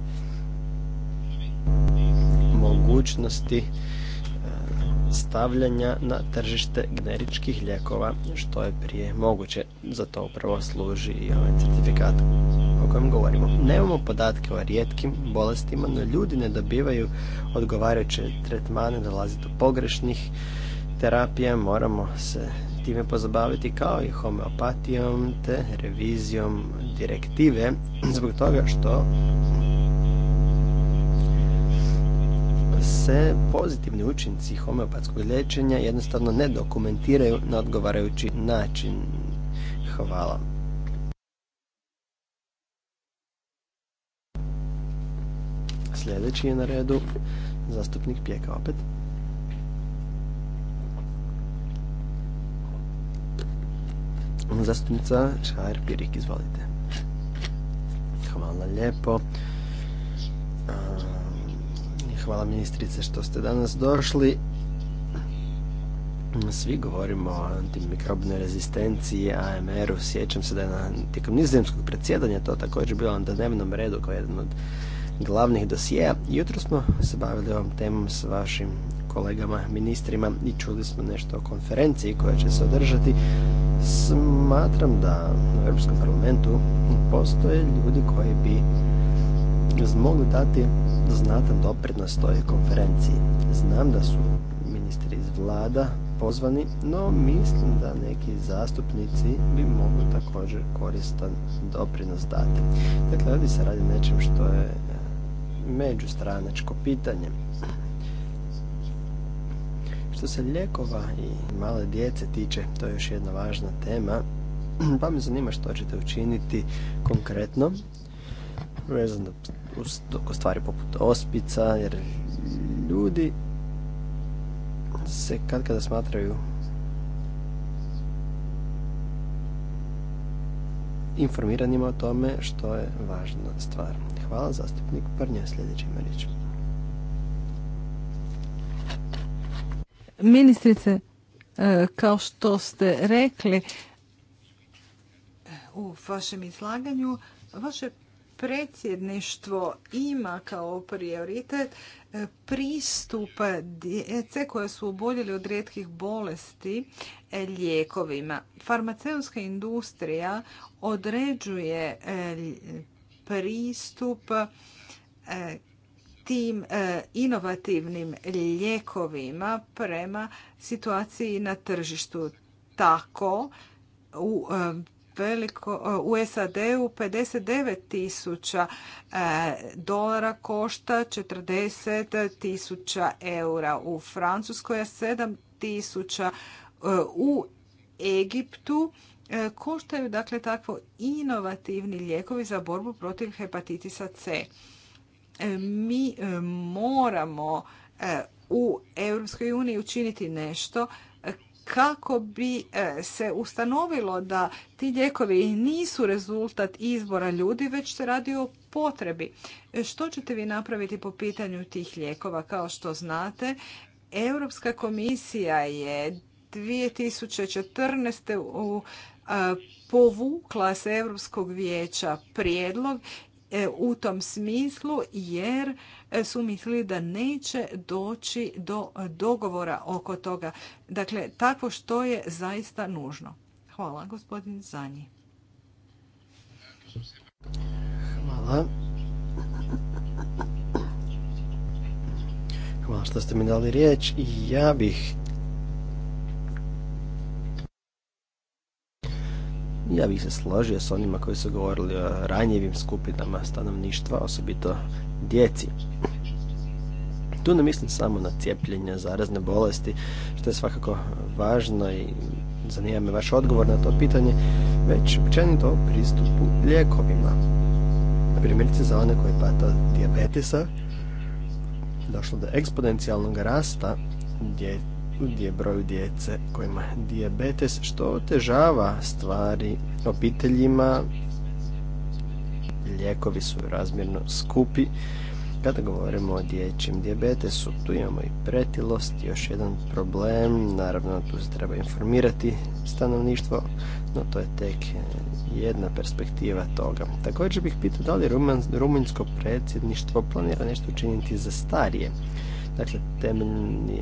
mogućnosti stavljanja na tržište generičkih lijekova što je prije moguće. Za to upravo služi i ovaj certifikat o kojem govorimo. Nemamo podatke o rijetkim bolestima, no ljudi ne dobivaju odgovarajuće tretmane, dolazi do pogrešnih terapija, moramo se time pozabaviti kao i homeopatijom te revizijom direktive zbog toga što se pozitivni učinci homeopatskog liječenja jednostavno ne dokumentiraju na odgovarajući način. Hvala. Sljedeći je na redu zastupnik Pjeka opet. Zastupnica Šajer Pirik, izvolite. Hvala lijepo. Hvala ministrice što ste danas došli. Svi govorimo o antimikrobnoj rezistenciji, AMR-u. Sjećam se da je na, tijekom nizozemskog predsjedanja to također bilo na dnevnom redu kao jedan od glavnih dosijeja. Jutro smo se bavili ovom temom s vašim kolegama ministrima i čuli smo nešto o konferenciji koja će se održati. Smatram da u Europskom parlamentu postoje ljudi koji bi mogu dati znatan doprinos toj konferenciji. Znam da su ministri iz vlada pozvani, no mislim da neki zastupnici bi mogli također koristan doprinos dati. Dakle, ovdje se radi nečem što je e, međustranačko pitanje. Što se ljekova i male djece tiče, to je još jedna važna tema, (clears throat) pa me zanima što ćete učiniti konkretno vezano uz stvari poput ospica, jer ljudi se kad kada smatraju informiranima o tome što je važna stvar. Hvala zastupnik Prnja, sljedeći ima riječ. Ministrice, e, kao što ste rekli u vašem izlaganju, vaše predsjedništvo ima kao prioritet e, pristup djece koje su oboljeli od rijetkih bolesti e, lijekovima. Farmaceutska industrija određuje e, pristup tim inovativnim lijekovima prema situaciji na tržištu. Tako u veliko, e, u SAD-u 59 tisuća e, dolara košta 40 tisuća eura, u Francuskoj 7 tisuća, e, u Egiptu koštaju dakle takvo inovativni lijekovi za borbu protiv hepatitisa C. Mi moramo u Europskoj uniji učiniti nešto kako bi e, se ustanovilo da ti lijekovi nisu rezultat izbora ljudi, već se radi o potrebi. E, što ćete vi napraviti po pitanju tih lijekova? Kao što znate, Europska komisija je 2014. u e, povukla se Europskog vijeća prijedlog E, u tom smislu jer e, su mislili da neće doći do e, dogovora oko toga. Dakle, tako što je zaista nužno. Hvala, gospodin Zanji. Hvala. Hvala što ste mi dali riječ. Ja bih Ja bih se složio s onima koji su govorili o ranjivim skupinama stanovništva, osobito djeci. Tu ne mislim samo na cijepljenje zarazne bolesti, što je svakako važno i zanima me vaš odgovor na to pitanje, već općenito o pristupu lijekovima. Primjerice za one koji pata diabetisa, došlo do eksponencijalnog rasta je broj djece kojima je dijabetes, što otežava stvari obiteljima. Lijekovi su razmjerno skupi. Kada govorimo o dječjem dijabetesu, tu imamo i pretilost, još jedan problem, naravno tu se treba informirati stanovništvo, no to je tek jedna perspektiva toga. Također bih pitao da li rumunjsko predsjedništvo planira nešto učiniti za starije. Dakle, temeljni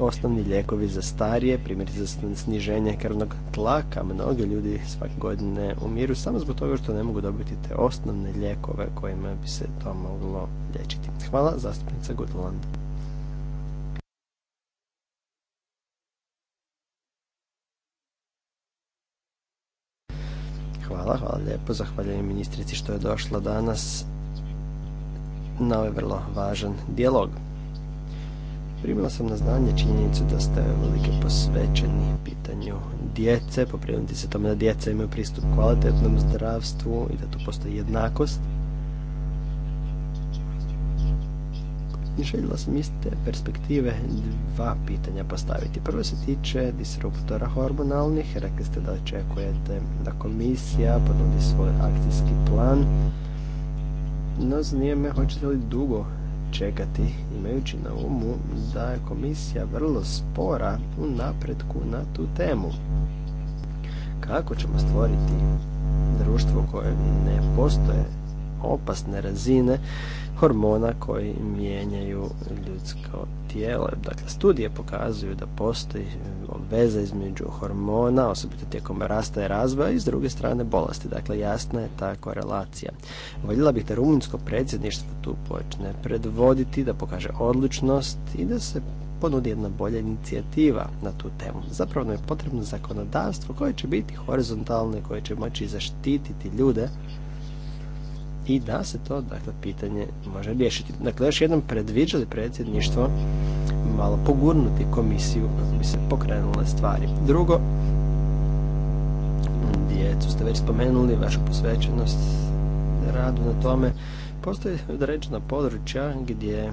osnovni lijekovi za starije, primjerice za sniženje krvnog tlaka. Mnogi ljudi svake godine umiru samo zbog toga što ne mogu dobiti te osnovne lijekove kojima bi se to moglo liječiti. Hvala, zastupnica Goodland. Hvala, hvala lijepo. Zahvaljujem ministrici što je došla danas na ovaj vrlo važan dijalog. Primila sam na znanje činjenicu da ste velike posvećeni pitanju djece, poprijednuti se tome da djeca imaju pristup kvalitetnom zdravstvu i da tu postoji jednakost. I željela sam iste perspektive dva pitanja postaviti. Prvo se tiče disruptora hormonalnih. Rekli ste da očekujete da komisija ponudi svoj akcijski plan. No, zanije me hoćete li dugo čekati imajući na umu da je komisija vrlo spora u napretku na tu temu. Kako ćemo stvoriti društvo koje ne postoje opasne razine hormona koji mijenjaju ljudsko Dakle, studije pokazuju da postoji e, veza između hormona, osobito tijekom rasta i razvoja, i s druge strane bolesti. Dakle, jasna je ta korelacija. Voljela bih da rumunsko predsjedništvo tu počne predvoditi, da pokaže odličnost i da se ponudi jedna bolja inicijativa na tu temu. Zapravo je potrebno zakonodavstvo koje će biti horizontalno i koje će moći zaštititi ljude i da se to dakle, pitanje može riješiti. Dakle, još jednom predviđali predsjedništvo malo pogurnuti komisiju kako bi se pokrenule stvari. Drugo, djecu ste već spomenuli, vašu posvećenost radu na tome. Postoje određena područja gdje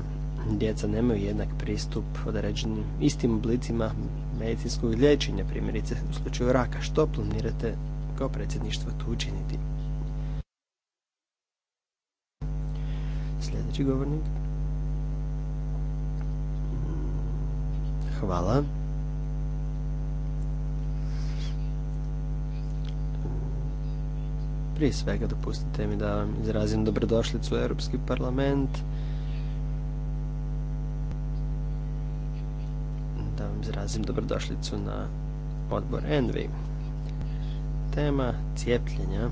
djeca nemaju jednak pristup određenim istim oblicima medicinskog liječenja, primjerice u slučaju raka. Što planirate kao predsjedništvo tu učiniti? sljedeći govornik. Hvala. Prije svega dopustite mi da vam izrazim dobrodošlicu u Europski parlament. Da vam izrazim dobrodošlicu na odbor Envy Tema cijepljenja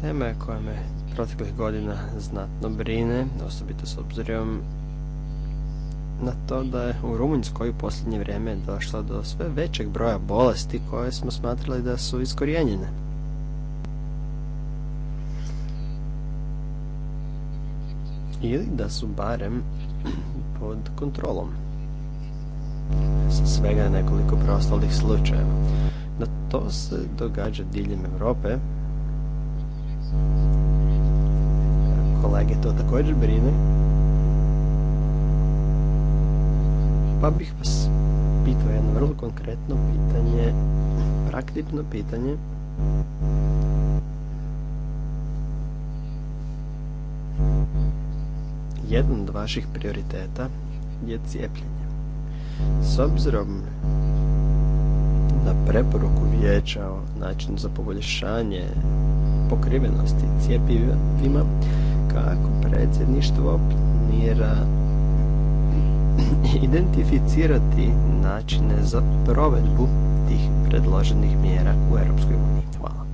Tema je koja me proteklih godina znatno brine, osobito s obzirom na to da je u Rumunjskoj u posljednje vrijeme došlo do sve većeg broja bolesti koje smo smatrali da su iskorijenjene. Ili da su barem pod kontrolom. Sa svega nekoliko preostalih slučajeva. No to se događa diljem Europe, Kolege to također brine. Pa bih vas pitao jedno vrlo konkretno pitanje, praktično pitanje. Jedan od vaših prioriteta je cijepljenje. S obzirom na preporuku Vijeća o načinu za poboljšanje pokrivenosti cijepivima, kako predsjedništvo planira (clears throat) identificirati načine za provedbu tih predloženih mjera u Europskoj uniji. Hvala.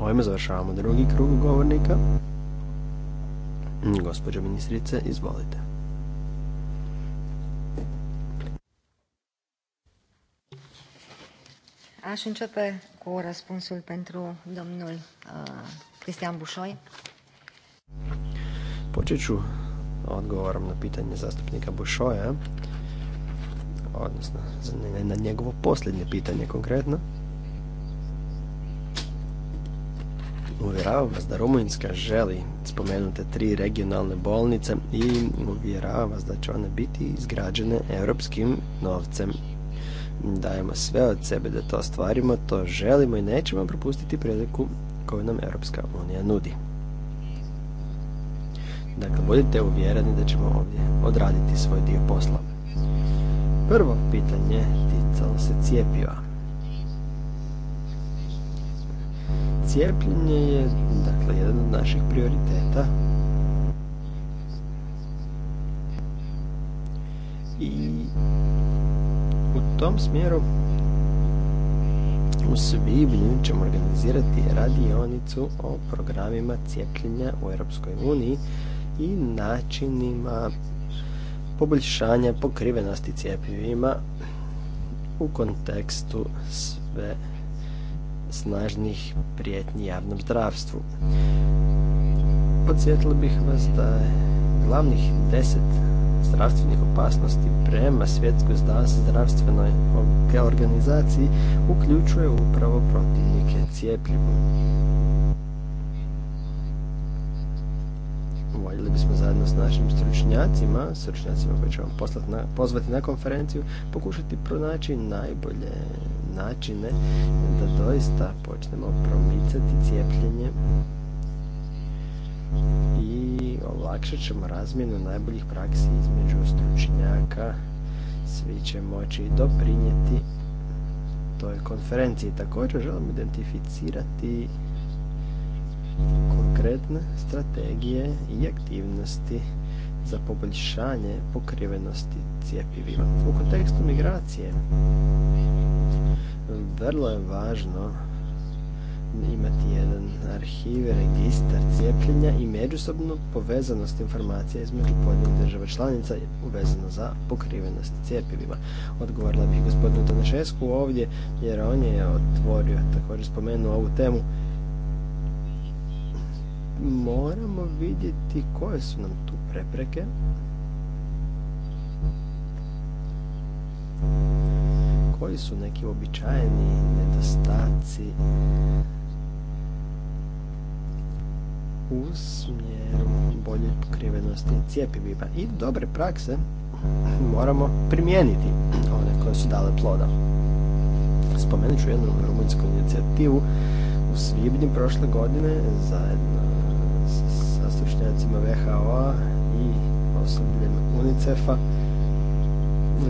Ovime završavamo drugi krug govornika. Gospođo ministrice, izvolite. Aș începe cu răspunsul pentru domnul uh, Cristian Bușoi. Počet ću odgovorom na pitanje zastupnika Bušoja, odnosno na njegovo posljednje pitanje konkretno. Uvjeravam vas da Rumunjska želi spomenute tri regionalne bolnice i uvjeravam vas da će one biti izgrađene europskim novcem dajemo sve od sebe da to ostvarimo, to želimo i nećemo propustiti priliku koju nam Europska unija nudi. Dakle, budite uvjereni da ćemo ovdje odraditi svoj dio posla. Prvo pitanje ticalo se cijepiva. Cijepljenje je, dakle, jedan od naših prioriteta. I tom smjeru u svibnju ćemo organizirati radionicu o programima cijepljenja u Europskoj uniji i načinima poboljšanja pokrivenosti cijepivima u kontekstu sve snažnih prijetnji javnom zdravstvu. Podsjetili bih vas da glavnih deset zdravstvenih opasnosti prema svjetskoj zdravstvenoj organizaciji uključuje upravo protivnike cijepljivu. voljeli bismo zajedno s našim stručnjacima, stručnjacima koje ćemo na, pozvati na konferenciju, pokušati pronaći najbolje načine da doista počnemo promicati cijepljenje i olakšat ćemo razmjenu najboljih praksi između stručnjaka. Svi će moći doprinijeti toj konferenciji. Također želim identificirati konkretne strategije i aktivnosti za poboljšanje pokrivenosti cijepivima. U kontekstu migracije vrlo je važno imati jedan arhiv, registar cijepljenja i međusobnu povezanost informacija između pojedinih država članica uvezano za pokrivenost cijepivima. Odgovorila bih gospodinu Tanašesku ovdje jer on je otvorio, također spomenuo ovu temu moramo vidjeti koje su nam tu prepreke. Koji su neki običajeni nedostaci u smjeru bolje pokrivenosti cijepiviva i dobre prakse moramo primijeniti one koje su dale ploda. Spomenut ću jednu rumunjsku inicijativu u svibnju prošle godine zajedno sa stručnjacima VHO-a i osobljem UNICEF-a.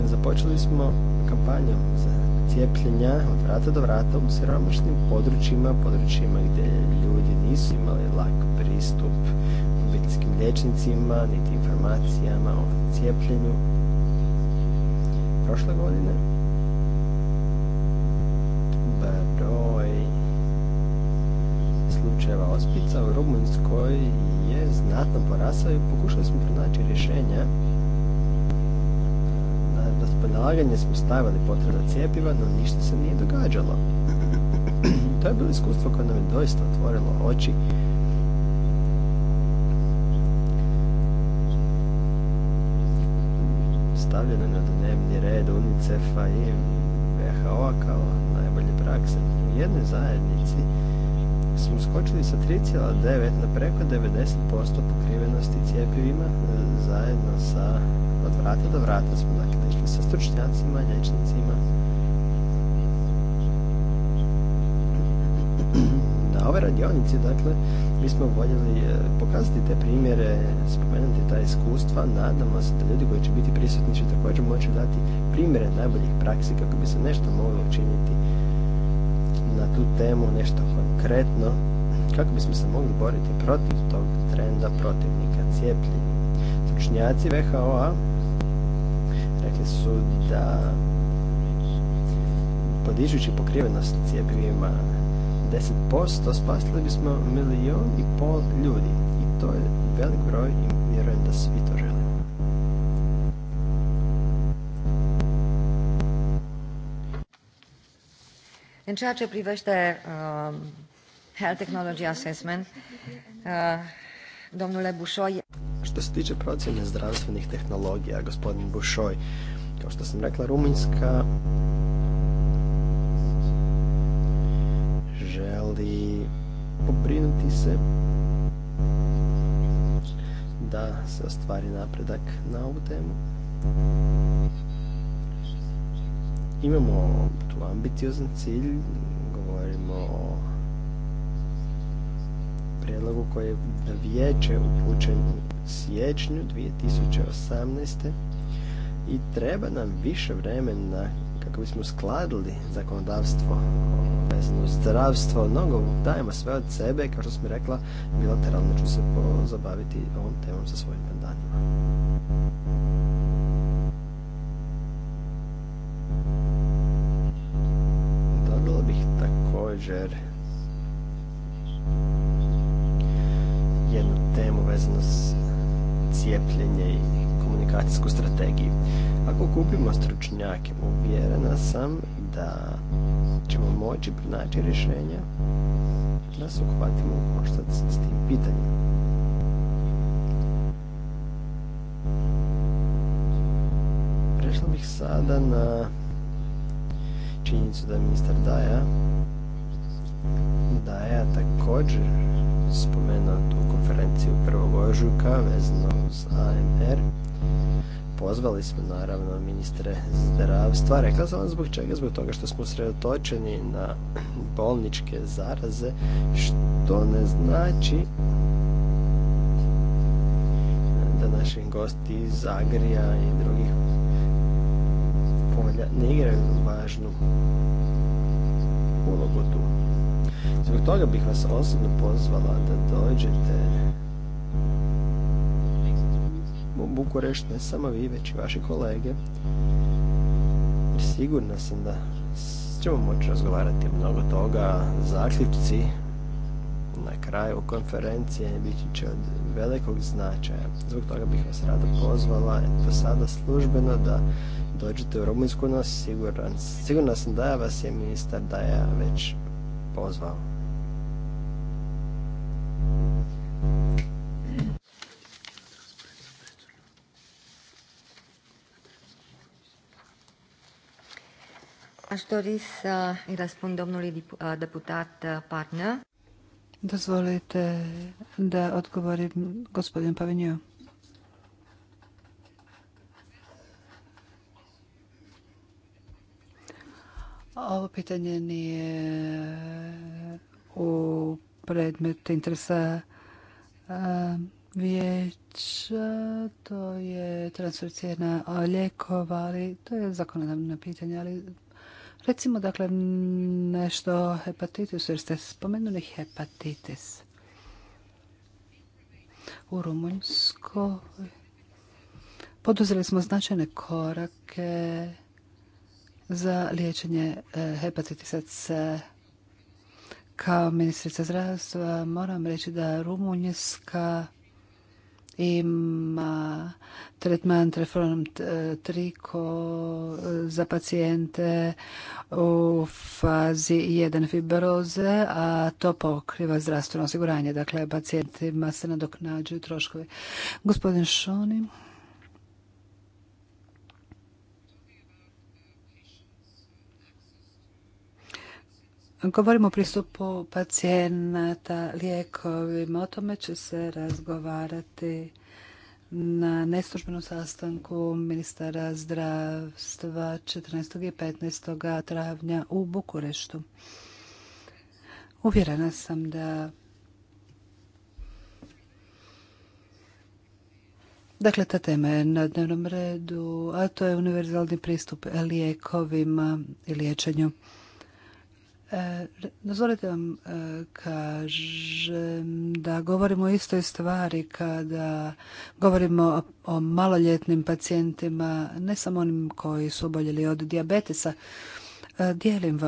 Započeli smo kampanju za cijepljenja od vrata do vrata u siromašnim područjima, područjima gdje ljudi nisu imali lak pristup obiteljskim liječnicima, niti informacijama o cijepljenju. Prošle godine slučajeva ospica u Rumunjskoj je znatno porasao i pokušali smo pronaći rješenje. Na raspolaganje smo stavili potreba cijepiva, no ništa se nije događalo. (clears throat) to je bilo iskustvo koje nam je doista otvorilo oči stavljeno na dnevni red UNICEF-a i WHO-a kao najbolje prakse. U jednoj zajednici smo skočili sa 3,9 na preko 90% pokrivenosti cijepivima e, zajedno sa od vrata do vrata smo dakle išli sa stručnjacima, lječnicima. Na ovoj radionici dakle mi smo voljeli e, pokazati te primjere, spomenuti ta iskustva. Nadamo se da ljudi koji će biti prisutni će također moći dati primjere najboljih praksi kako bi se nešto moglo učiniti tu temu nešto konkretno kako bismo se mogli boriti protiv tog trenda protivnika cijepljenja. Stručnjaci who rekli su da podižući pokrivenost cijepljivima 10% spasili bismo milijun i pol ljudi i to je velik broj i vjerujem da svi to În ceea ce privește uh, Health Technology Assessment, uh, domnule Bușoi... Što se tiče procjene zdravstvenih tehnologija, gospodin Bušoj, kao što sam rekla, Rumunjska želi pobrinuti se da se ostvari napredak na ovu temu. Imamo tu ambiciozan cilj, govorimo o prijedlogu koji je na vijeće upućen u siječnju 2018. i treba nam više vremena kako bismo skladili zakonodavstvo vezano zdravstvo, mnogo dajemo sve od sebe, kao što sam rekla, bilateralno ću se pozabaviti ovom temom sa svojim pandanima. također jednu temu vezano s cijepljenje i komunikacijsku strategiju. Ako kupimo stručnjake, uvjerena sam da ćemo moći pronaći rješenja da se uhvatimo u s tim pitanjem. Prešla bih sada na činjenicu da je ministar Daja da je također spomenuo tu konferenciju 1. ožujka vezano uz AMR. Pozvali smo naravno ministre zdravstva. Rekla sam vam zbog čega, zbog toga što smo sredotočeni na bolničke zaraze, što ne znači da naši gosti iz zagrija i drugih polja ne igraju važnu ulogu tu. Zbog toga bih vas osobno pozvala da dođete u Bukurešt, ne samo vi, već i vaši kolege. sigurno sam da ćemo moći razgovarati mnogo toga. Zaključci na kraju konferencije biti će od velikog značaja. Zbog toga bih vas rado pozvala do sada službeno da dođete u Rumunjsku, nas siguran, sam da vas je ministar da ja već pozvao. Aș dori să îi răspund domnului deputat partner. Dozvolite da odgovorim gospodin Pavinju. Ovo pitanje nije u predmet interesa vijeća, to je transfer cijena lijekova, ali to je zakonodavno pitanje, ali recimo dakle nešto o hepatitisu, jer ste spomenuli hepatitis. U Rumunjskoj poduzeli smo značajne korake za liječenje e, hepatitisa C. Kao ministrica zdravstva moram reći da Rumunjska ima tretman reform 3 e, e, za pacijente u fazi 1 fibroze, a to pokriva zdravstveno osiguranje. Dakle, pacijentima se nadoknađuju troškovi. Gospodin Šoni. Govorimo o pristupu pacijenata lijekovima. O tome će se razgovarati na neslužbenom sastanku ministara zdravstva 14. i 15. travnja u Bukureštu. Uvjerena sam da Dakle, ta tema je na dnevnom redu, a to je univerzalni pristup lijekovima i liječenju. E, dozvolite vam e, kažem da govorimo o istoj stvari kada govorimo o maloljetnim pacijentima, ne samo onim koji su oboljeli od dijabetesa. E, dijelim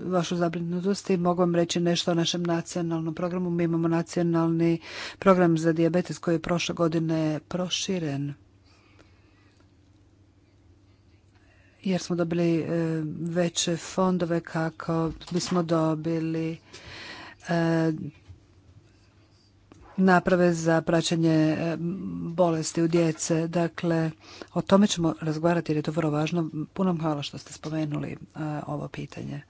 vašu zabrinutost i mogu vam reći nešto o našem nacionalnom programu. Mi imamo nacionalni program za dijabetes koji je prošle godine proširen. jer smo dobili e, veće fondove kako bismo dobili e, naprave za praćenje e, bolesti u djece. Dakle, o tome ćemo razgovarati jer je to vrlo važno. Puno hvala što ste spomenuli ovo pitanje.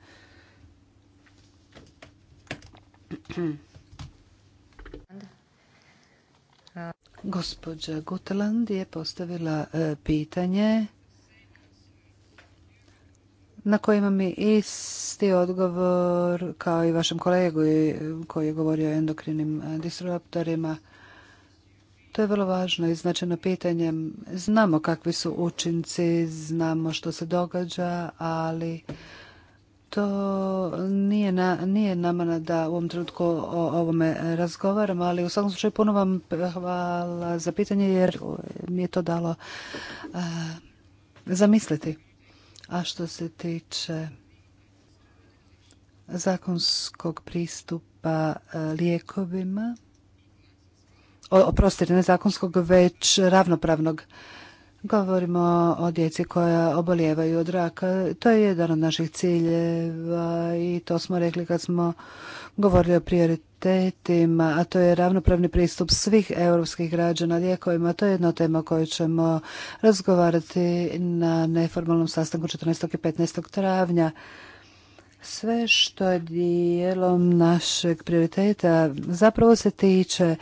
Gospođa Guteland je postavila pitanje na koji mi isti odgovor kao i vašem kolegu koji je govorio o endokrinim e, disruptorima. To je vrlo važno i značajno pitanje. Znamo kakvi su učinci, znamo što se događa, ali to nije, na, nije nama da u ovom trenutku o ovome razgovaramo, ali u svakom slučaju puno vam hvala za pitanje jer mi je to dalo e, zamisliti. A što se tiče zakonskog pristupa e, lijekovima, oprostite, ne zakonskog, već ravnopravnog Govorimo o djeci koja obolijevaju od raka. To je jedan od naših ciljeva i to smo rekli kad smo govorili o prioritetima, a to je ravnopravni pristup svih europskih građana lijekovima. To je jedna tema koju ćemo razgovarati na neformalnom sastanku 14. i 15. travnja sve što je dijelom našeg prioriteta zapravo se tiče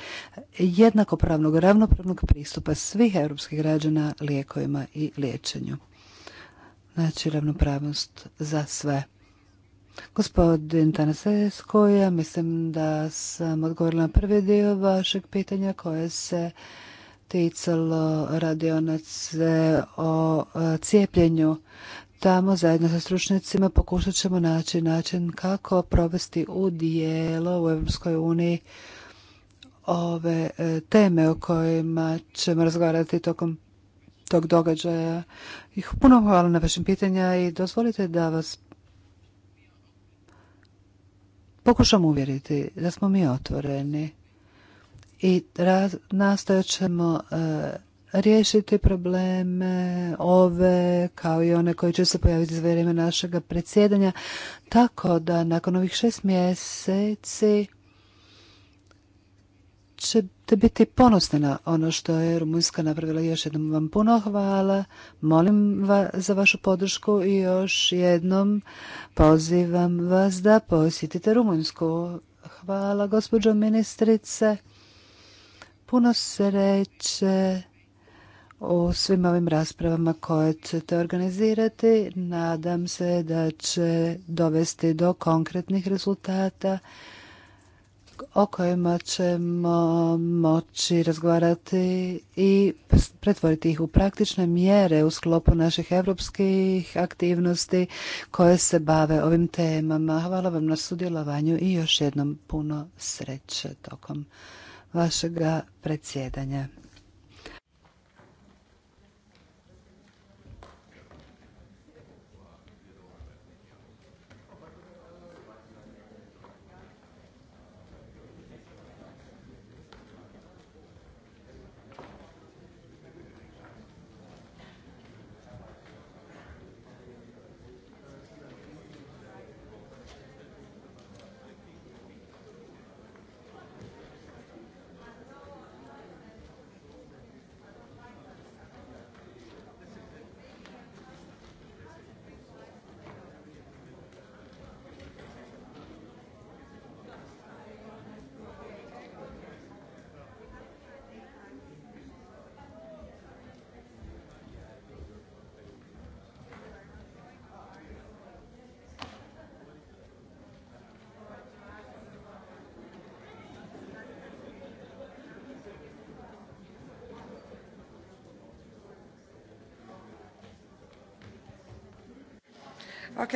jednakopravnog, ravnopravnog pristupa svih europskih građana lijekovima i liječenju. Znači ravnopravnost za sve. Gospodin Tanasesko, ja mislim da sam odgovorila na prvi dio vašeg pitanja koje se ticalo radionice o cijepljenju tamo zajedno sa stručnjacima pokušat ćemo naći način kako provesti u dijelo u Europskoj uniji ove e, teme o kojima ćemo razgovarati tokom tog događaja. I puno hvala na vašim pitanja i dozvolite da vas pokušam uvjeriti da smo mi otvoreni i nastojat ćemo e, riješiti probleme ove kao i one koji će se pojaviti za vrijeme našeg predsjedanja. Tako da nakon ovih šest mjeseci ćete biti ponosni na ono što je Rumunjska napravila. Još jednom vam puno hvala. Molim vas za vašu podršku i još jednom pozivam vas da posjetite Rumunjsku. Hvala gospođo ministrice. Puno sreće u svim ovim raspravama koje ćete organizirati. Nadam se da će dovesti do konkretnih rezultata o kojima ćemo moći razgovarati i pretvoriti ih u praktične mjere u sklopu naših europskih aktivnosti koje se bave ovim temama. Hvala vam na sudjelovanju i još jednom puno sreće tokom vašega predsjedanja.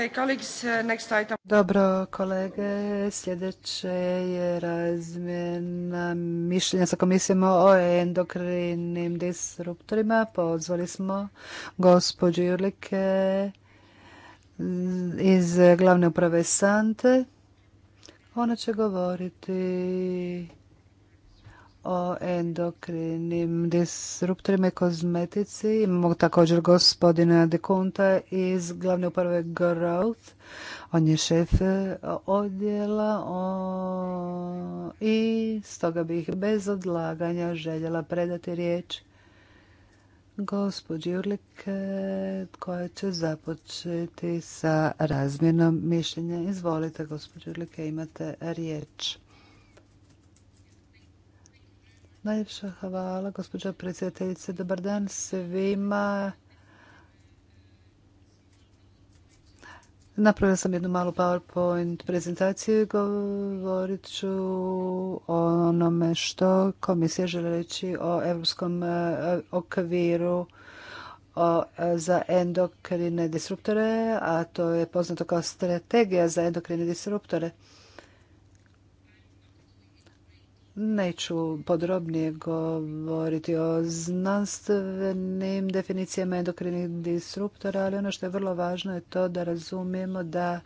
Uh, Dobro, kolege, sljedeće je razmjena mišljenja sa komisijom o endokrinim disruptorima. Pozvali smo gospođu Jurlike iz glavne uprave Sante. Ona će govoriti o endokrinim disruptorima i kozmetici. Imamo također gospodina Kunta iz glavne uprave Growth. On je šef odjela o... i stoga bih bez odlaganja željela predati riječ gospođi Urlike koja će započeti sa razmjenom mišljenja. Izvolite gospođo Urlike, imate riječ. Najljepša hvala, gospođa predsjedateljice. Dobar dan svima. Napravila sam jednu malu PowerPoint prezentaciju i govorit ću o onome što komisija žele reći o europskom e, okviru e, za endokrine disruptore, a to je poznato kao strategija za endokrine disruptore. Neću podrobnije govoriti o znanstvenim definicijama endokrinih disruptora, ali ono što je vrlo važno je to da razumijemo da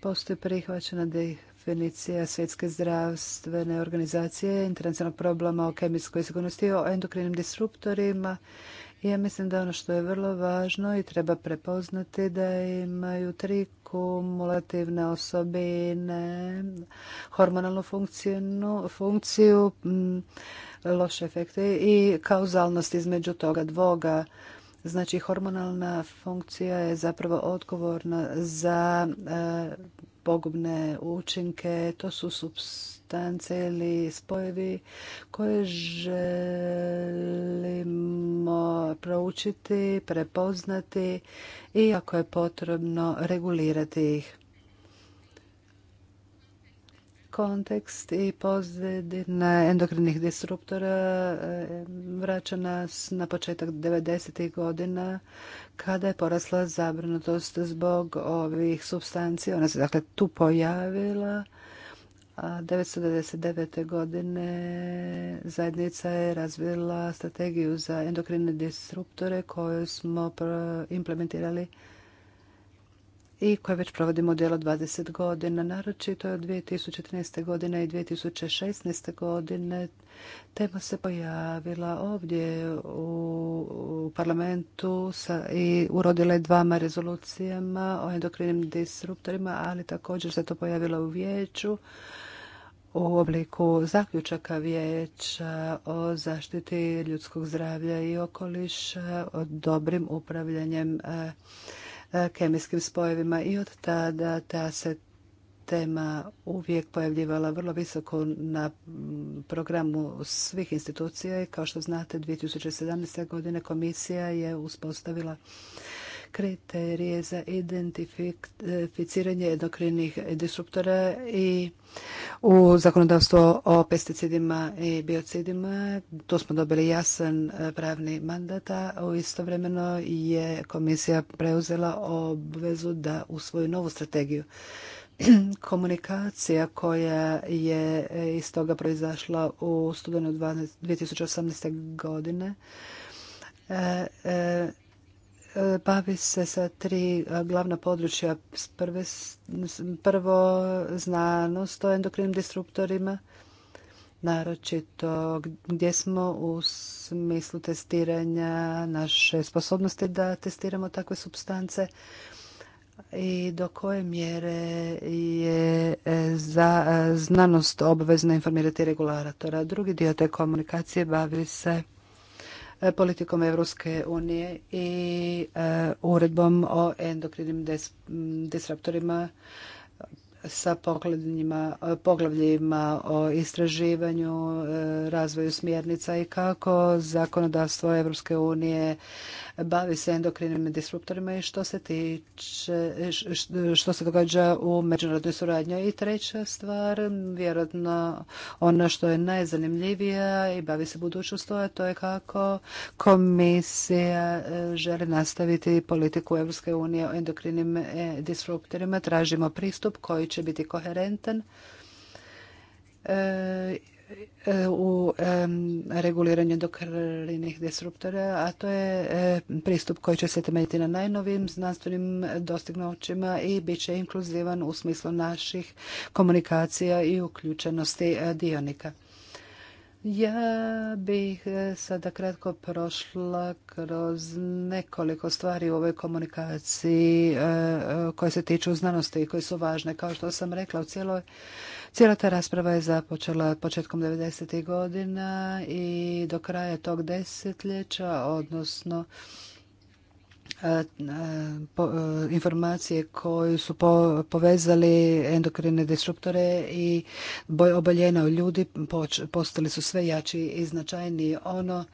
postoji prihvaćena definicija svjetske zdravstvene organizacije, internacionalnog problema o kemijskoj sigurnosti o endokrinim disruptorima ja mislim da ono što je vrlo važno i treba prepoznati da imaju tri kumulativne osobine, hormonalnu funkciju, funkciju mm, loše efekte i kauzalnost između toga dvoga. Znači, hormonalna funkcija je zapravo odgovorna za e, pogubne učinke. To su subs supstance ili spojevi koje želimo proučiti, prepoznati i ako je potrebno regulirati ih. Kontekst i pozadina endokrinih disruptora eh, vraća nas na početak 90. godina kada je porasla zabrinutost zbog ovih substanci. Ona se dakle tu pojavila 1999. godine zajednica je razvila strategiju za endokrine disruptore koju smo implementirali i koje već provodimo u djelo 20 godina. Naročito je od 2013. godine i 2016. godine tema se pojavila ovdje u parlamentu i urodila je dvama rezolucijama o endokrinim disruptorima, ali također se to pojavilo u vijeću u obliku zaključaka vijeća o zaštiti ljudskog zdravlja i okoliša, o dobrim upravljanjem e, e, kemijskim spojevima i od tada ta se tema uvijek pojavljivala vrlo visoko na programu svih institucija i kao što znate 2017. godine komisija je uspostavila kriterije za identificiranje endokrinih disruptora i u zakonodavstvo o pesticidima i biocidima. Tu smo dobili jasan e, pravni mandat, a istovremeno je komisija preuzela obvezu da usvoji novu strategiju (clears throat) komunikacija koja je e, iz toga proizašla u studenu 2018. godine e, bavi se sa tri glavna područja. prvo znanost o endokrinim disruptorima, naročito gdje smo u smislu testiranja naše sposobnosti da testiramo takve substance i do koje mjere je e, za e, znanost obvezna informirati regulatora. Drugi dio te komunikacije bavi se E, politikom Europske unije i e, uredbom o endokrinim disruptorima sa poglavljima o istraživanju, e, razvoju smjernica i kako zakonodavstvo Europske unije bavi se endokrinim disruptorima i što se tiče, što se događa u međunarodnoj suradnji. I treća stvar, vjerojatno ono što je najzanimljivija i bavi se budućnost, a to je kako komisija e, želi nastaviti politiku Europske unije o endokrinim e, disruptorima. Tražimo pristup koji će biti koherentan e, e, u reguliranju dokrinih disruptora, a to je e, pristup koji će se temeljiti na najnovim znanstvenim dostignućima i bit će inkluzivan u smislu naših komunikacija i uključenosti dionika. Ja bih e, sada kratko prošla kroz nekoliko stvari u ovoj komunikaciji e, e, koje se tiču znanosti i koje su važne. Kao što sam rekla, u cijeloj, cijela ta rasprava je započela početkom 90. godina i do kraja tog desetljeća, odnosno E, e, e, informacije koje su povezali endokrine disruptore i boj oboljena u ljudi postali su sve jači i značajniji. Ono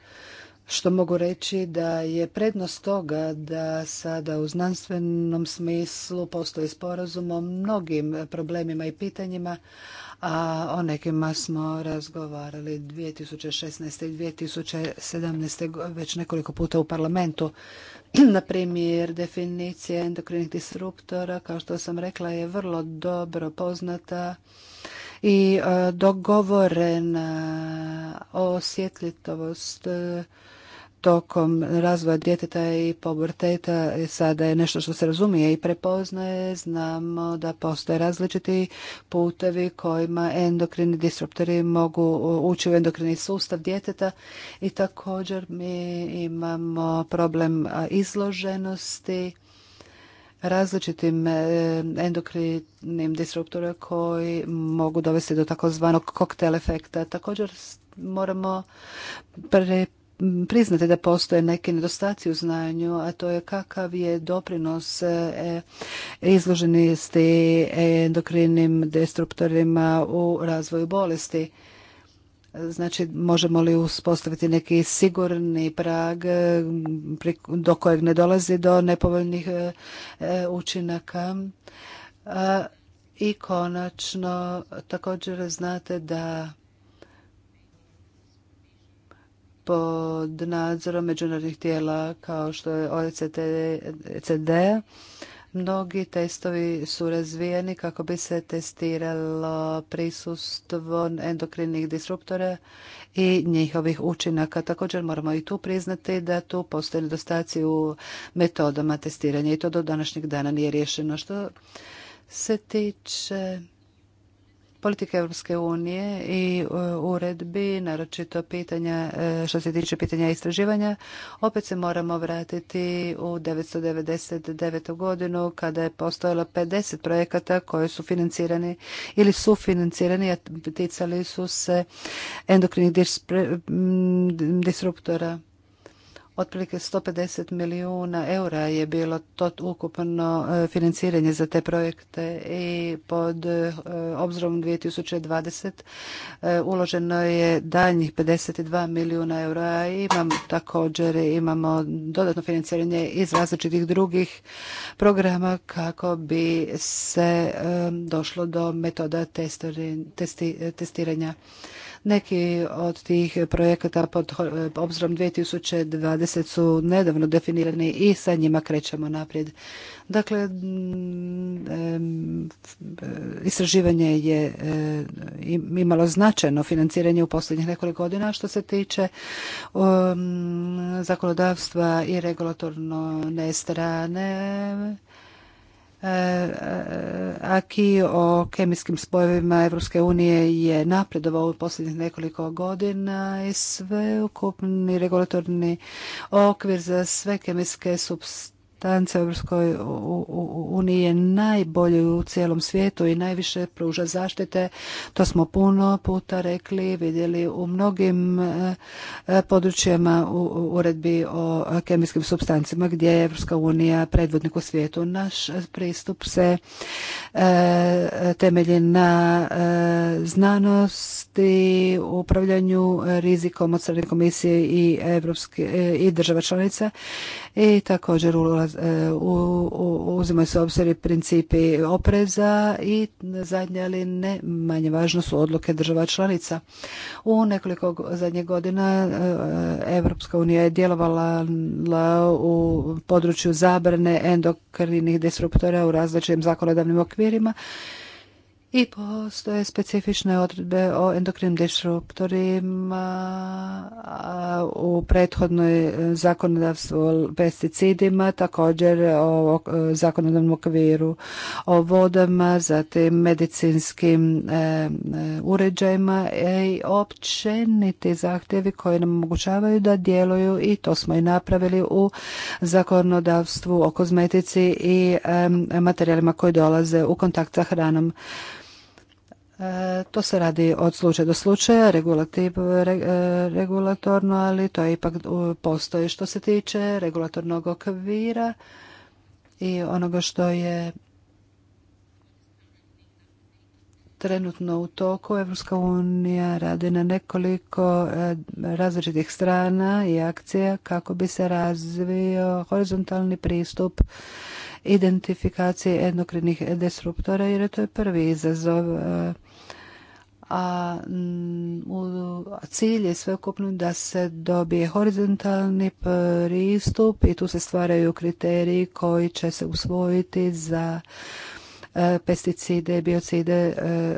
što mogu reći da je prednost toga da sada u znanstvenom smislu postoji sporazum o mnogim problemima i pitanjima, a o nekima smo razgovarali 2016. i 2017. već nekoliko puta u parlamentu. (clears throat) na primjer definicija endokrinih disruptora, kao što sam rekla, je vrlo dobro poznata i e, dogovorena osjetljivost tokom razvoja djeteta i poborteta sada je nešto što se razumije i prepoznaje. Znamo da postoje različiti putevi kojima endokrini disruptori mogu e, ući u endokrini sustav djeteta i također mi imamo problem e, izloženosti različitim e, endokrinim disruptorima koji mogu dovesti do takozvanog koktel efekta. Također moramo priznate da postoje neke nedostaci u znanju, a to je kakav je doprinos e, izloženosti endokrinim destruktorima u razvoju bolesti. Znači, možemo li uspostaviti neki sigurni prag e, do kojeg ne dolazi do nepovoljnih e, učinaka? I konačno, također znate da pod nadzorom međunarodnih tijela kao što je OECD. Mnogi testovi su razvijeni kako bi se testiralo prisustvo endokrinih disruptora i njihovih učinaka. Također moramo i tu priznati da tu postoje nedostaci u metodama testiranja i to do današnjeg dana nije riješeno. Što se tiče politike Europske unije i e, uredbi, naročito pitanja e, što se tiče pitanja istraživanja, opet se moramo vratiti u 1999. godinu kada je postojalo 50 projekata koji su financirani ili su financirani, a ticali su se endokrinih disruptora Otprilike 150 milijuna eura je bilo to ukupno e, financiranje za te projekte i pod e, obzirom 2020 e, uloženo je daljnjih 52 milijuna eura. Imamo također imamo dodatno financiranje iz različitih drugih programa kako bi se došlo do metoda testiranja neki od tih projekata pod eh, obzirom 2020 su nedavno definirani i sa njima krećemo naprijed. Dakle, istraživanje je eh, imalo značajno financiranje u posljednjih nekoliko godina. Što se tiče um, zakonodavstva i regulatorne strane, Eh, eh, Aki o kemijskim spojevima Evropske unije je napredovao u posljednjih nekoliko godina i sveukupni regulatorni okvir za sve kemijske substance u Europskoj uniji je najbolji u cijelom svijetu i najviše pruža zaštite. To smo puno puta rekli, vidjeli u mnogim e, e, područjima u uredbi o kemijskim substancima gdje je Europska unija predvodnik u svijetu. Naš pristup se e, temelji na znanosti, upravljanju rizikom od strane komisije i, Evropske, i država članica i također e, uzimaju se obzir i principi opreza i zadnje ali ne manje važno su odluke država članica. U nekoliko zadnjih godina e, Evropska unija je djelovala u području zabrane endokrinih disruptora u različitim zakonodavnim okvirima i postoje specifične odredbe o endokrinim disruptorima u prethodnoj e, zakonodavstvu o pesticidima, također o e, zakonodavnom okviru o vodama, zatim medicinskim e, uređajima i općeniti zahtjevi koji nam omogućavaju da djeluju i to smo i napravili u zakonodavstvu o kozmetici i materijalima koji dolaze u kontakt sa hranom. E, to se radi od slučaja do slučaja, e, regulatorno, ali to ipak postoji što se tiče regulatornog okvira i onoga što je trenutno u toku. Evropska unija radi na nekoliko e, različitih strana i akcija kako bi se razvio horizontalni pristup identifikacije endokrinih destruktora jer je to je prvi izazov a cilj je sveukupno da se dobije horizontalni pristup i tu se stvaraju kriteriji koji će se usvojiti za e, pesticide, biocide e, e,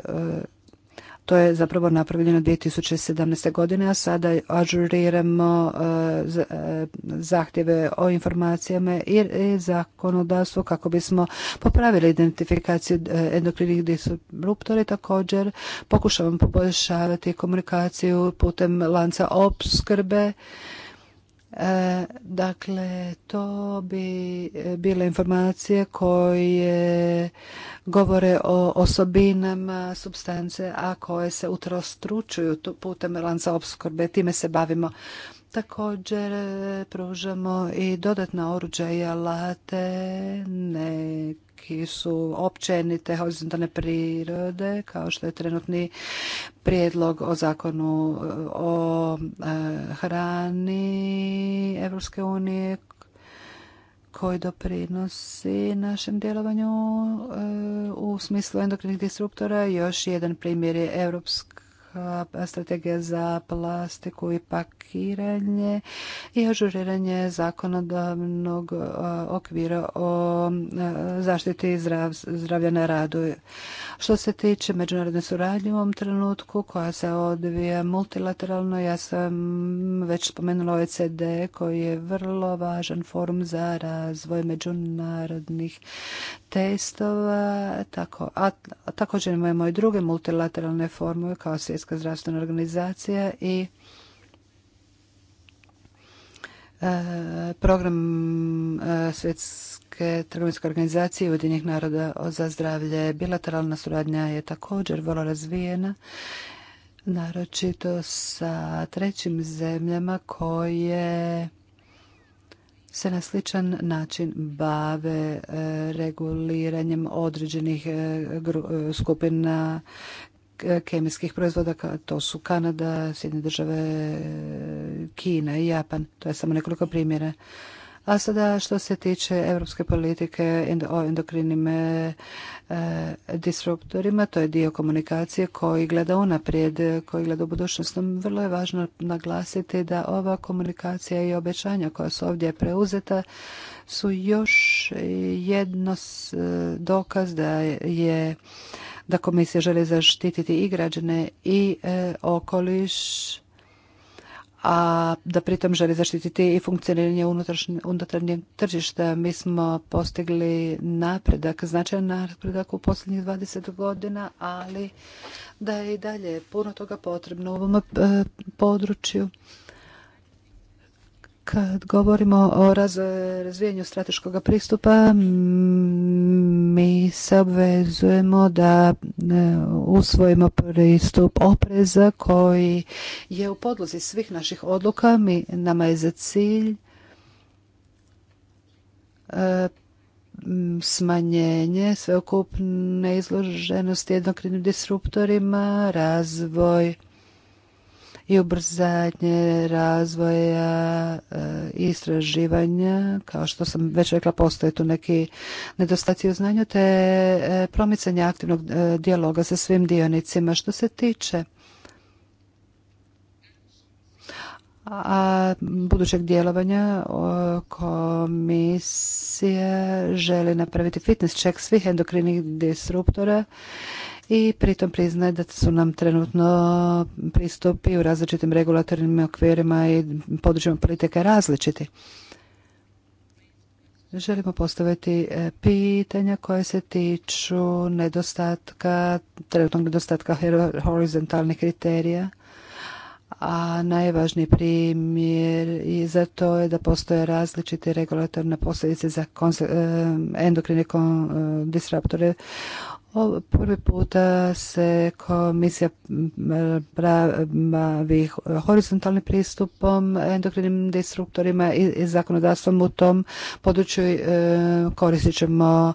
to je zapravo napravljeno 2017. godine, a sada ažuriramo eh, eh, zahtjeve o informacijama i zakonodavstvu kako bismo popravili identifikaciju eh, endokrinih disruptora također pokušavamo poboljšavati komunikaciju putem lanca opskrbe E, dakle, to bi e, bile informacije koje govore o osobinama substance, a koje se utrostručuju putem lanca opskrbe. Time se bavimo. Također e, pružamo i dodatna oruđa i alate, neke neki su općenite horizontalne prirode, kao što je trenutni prijedlog o zakonu e, o e, hrani Evropske unije koji doprinosi našem djelovanju e, u smislu endokrinih disruptora. Još jedan primjer je Europska strategija za plastiku i pakiranje i ažuriranje zakonodavnog okvira o zaštiti zdravlja na radu. Što se tiče međunarodne suradnje u ovom trenutku koja se odvija multilateralno, ja sam već spomenula OECD koji je vrlo važan forum za razvoj međunarodnih testova, tako, a, također imamo i druge multilateralne formule kao Svjetska zdravstvena organizacija i e, program e, Svjetske trgovinske organizacije Ujedinjenih naroda za zdravlje. Bilateralna suradnja je također vrlo razvijena, naročito sa trećim zemljama koje se na sličan način bave e, reguliranjem određenih e, e, skupina kemijskih proizvoda, to su Kanada, Sjedinje države, Kina i Japan. To je samo nekoliko primjera. A sada što se tiče evropske politike o endokrinim e, e, disruptorima, to je dio komunikacije koji gleda unaprijed, koji gleda u budućnost. Vrlo je važno naglasiti da ova komunikacija i obećanja koja su ovdje preuzeta su još jedno e, dokaz da je da komisija želi zaštititi i građane i okoliš a da pritom želi zaštititi i funkcioniranje unutarnjeg tržišta. Mi smo postigli napredak, značajan napredak u posljednjih 20 godina, ali da je i dalje puno toga potrebno u ovom eh, području. Kad govorimo o razvijenju strateškog pristupa, mi se obvezujemo da e, usvojimo pristup opreza koji je u podlozi svih naših odluka. Mi, nama je za cilj e, smanjenje sveukupne izloženosti jednokrinim disruptorima, razvoj i ubrzanje razvoja e, istraživanja. Kao što sam već rekla, postoje tu neki nedostaci u znanju, te e, promicanje aktivnog e, dijaloga sa svim dionicima. Što se tiče a budućeg djelovanja komisija želi napraviti fitness check svih endokrinih disruptora i pritom priznaje da su nam trenutno pristupi u različitim regulatornim okvirima i područjima politike različiti. Želimo postaviti e, pitanja koje se tiču nedostatka, trenutnog nedostatka horizontalnih kriterija, a najvažniji primjer i za to je da postoje različite regulatorne posljedice za e, endokrine e, disruptore prvi puta se komisija pravi horizontalnim pristupom endokrinim destruktorima i zakonodavstvom u tom području e, koristit ćemo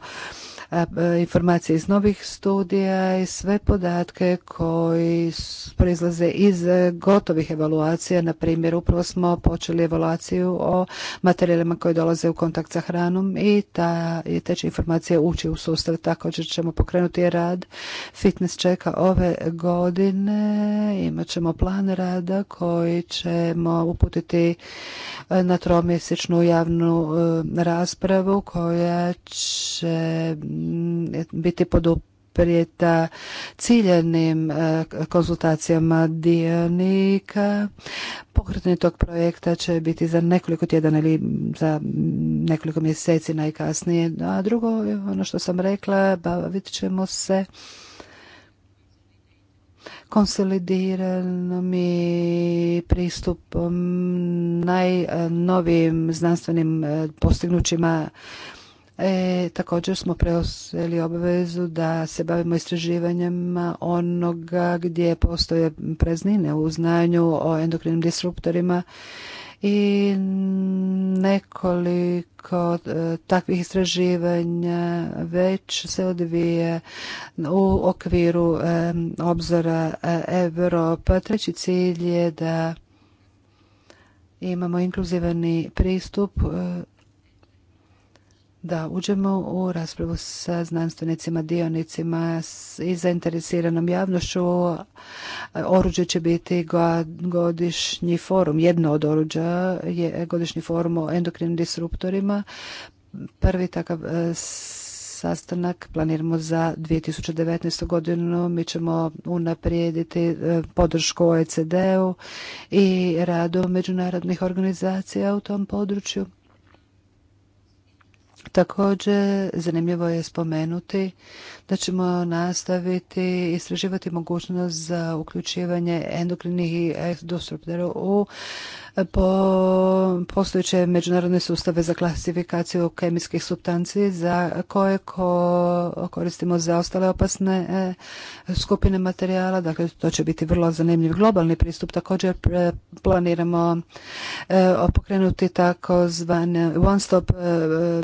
informacije iz novih studija i sve podatke koji proizlaze iz gotovih evaluacija. Na primjer, upravo smo počeli evaluaciju o materijalima koji dolaze u kontakt sa hranom i ta, te će informacije ući u sustav. Također ćemo pokrenuti rad fitness čeka ove godine. Imat ćemo plan rada koji ćemo uputiti e, na tromjesečnu javnu e, raspravu koja će Mm, biti poduprijeta ciljenim e, konzultacijama dionika. Pokretanje tog projekta će biti za nekoliko tjedana ili za nekoliko mjeseci najkasnije. A drugo, ono što sam rekla, bavit ćemo se konsolidiranom i pristupom najnovijim znanstvenim e, postignućima E, također smo preuzeli obvezu da se bavimo istraživanjem onoga gdje postoje preznine u znanju o endokrinim disruptorima i nekoliko e, takvih istraživanja već se odvije u okviru e, obzora Europa. Treći cilj je da imamo inkluzivni pristup e, da uđemo u raspravu sa znanstvenicima, dionicima i zainteresiranom javnošću. Oruđe će biti godišnji forum, jedno od oruđa je godišnji forum o endokrinim disruptorima. Prvi takav e, sastanak planiramo za 2019. godinu. Mi ćemo unaprijediti e, podršku OECD-u i radu međunarodnih organizacija u tom području. Također, zanimljivo je spomenuti da ćemo nastaviti istraživati mogućnost za uključivanje endokrinih i u po postojeće međunarodne sustave za klasifikaciju kemijskih substanci, za koje ko koristimo za ostale opasne e, skupine materijala. Dakle, to će biti vrlo zanimljiv globalni pristup. Također planiramo e, pokrenuti takozvan one stop e,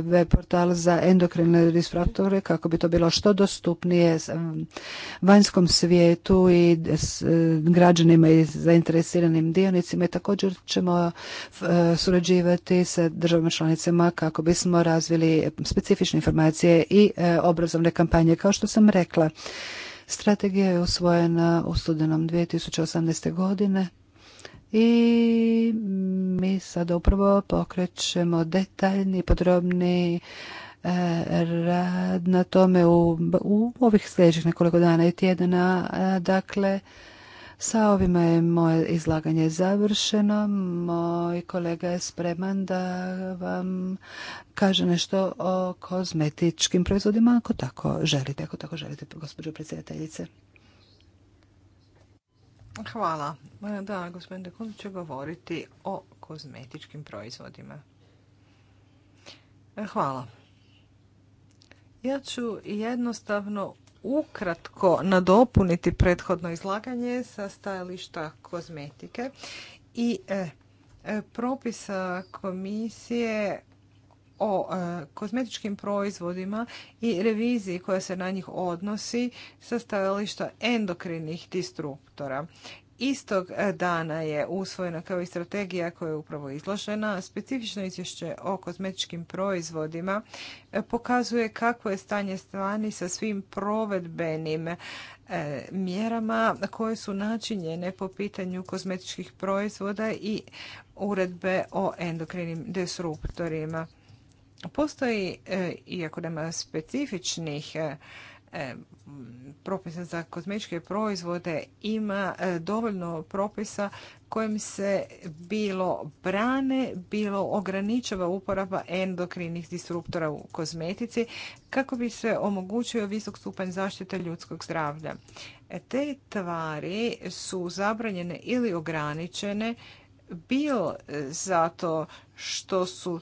web portal za endokrine disruptore kako bi to bilo što dostupnije vanjskom svijetu i građanima i zainteresiranim dionicima i također će ćemo e, surađivati sa državama članicama kako bismo razvili specifične informacije i e, obrazovne kampanje. Kao što sam rekla, strategija je usvojena u studenom 2018. godine i mi sada upravo pokrećemo detaljni, podrobni e, rad na tome u, u ovih sljedećih nekoliko dana i tjedana. Dakle, sa ovime je moje izlaganje završeno. Moj kolega je spreman da vam kaže nešto o kozmetičkim proizvodima, ako tako želite, ako tako želite, gospođo predsjedateljice. Hvala. Da, gospodin Dekun će govoriti o kozmetičkim proizvodima. Hvala. Ja ću jednostavno ukratko nadopuniti prethodno izlaganje sa stajališta kozmetike i e, e, propisa komisije o e, kozmetičkim proizvodima i reviziji koja se na njih odnosi sa stajališta endokrinih distruktora istog e, dana je usvojena kao i strategija koja je upravo izložena. Specifično izvješće o kozmetičkim proizvodima e, pokazuje kakvo je stanje stvari sa svim provedbenim e, mjerama koje su načinjene po pitanju kozmetičkih proizvoda i uredbe o endokrinim disruptorima. Postoji, iako nema specifičnih E, mm, propisa za kozmetičke proizvode ima e, dovoljno propisa kojim se bilo brane, bilo ograničava uporaba endokrinih disruptora u kozmetici kako bi se omogućio visok stupanj zaštite ljudskog zdravlja. E, te tvari su zabranjene ili ograničene bilo zato što su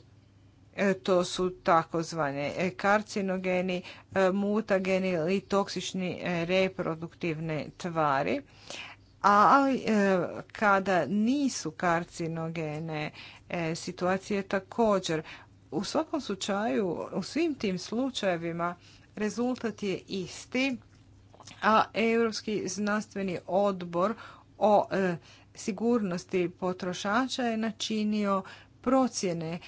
E, to su takozvane e, karcinogeni, e, mutageni ili toksični reproduktivne tvari. Ali kada nisu karcinogene, situacije također. U svakom slučaju, u svim tim slučajevima rezultat je isti, a Europski znanstveni odbor o sigurnosti potrošača je načinio procjene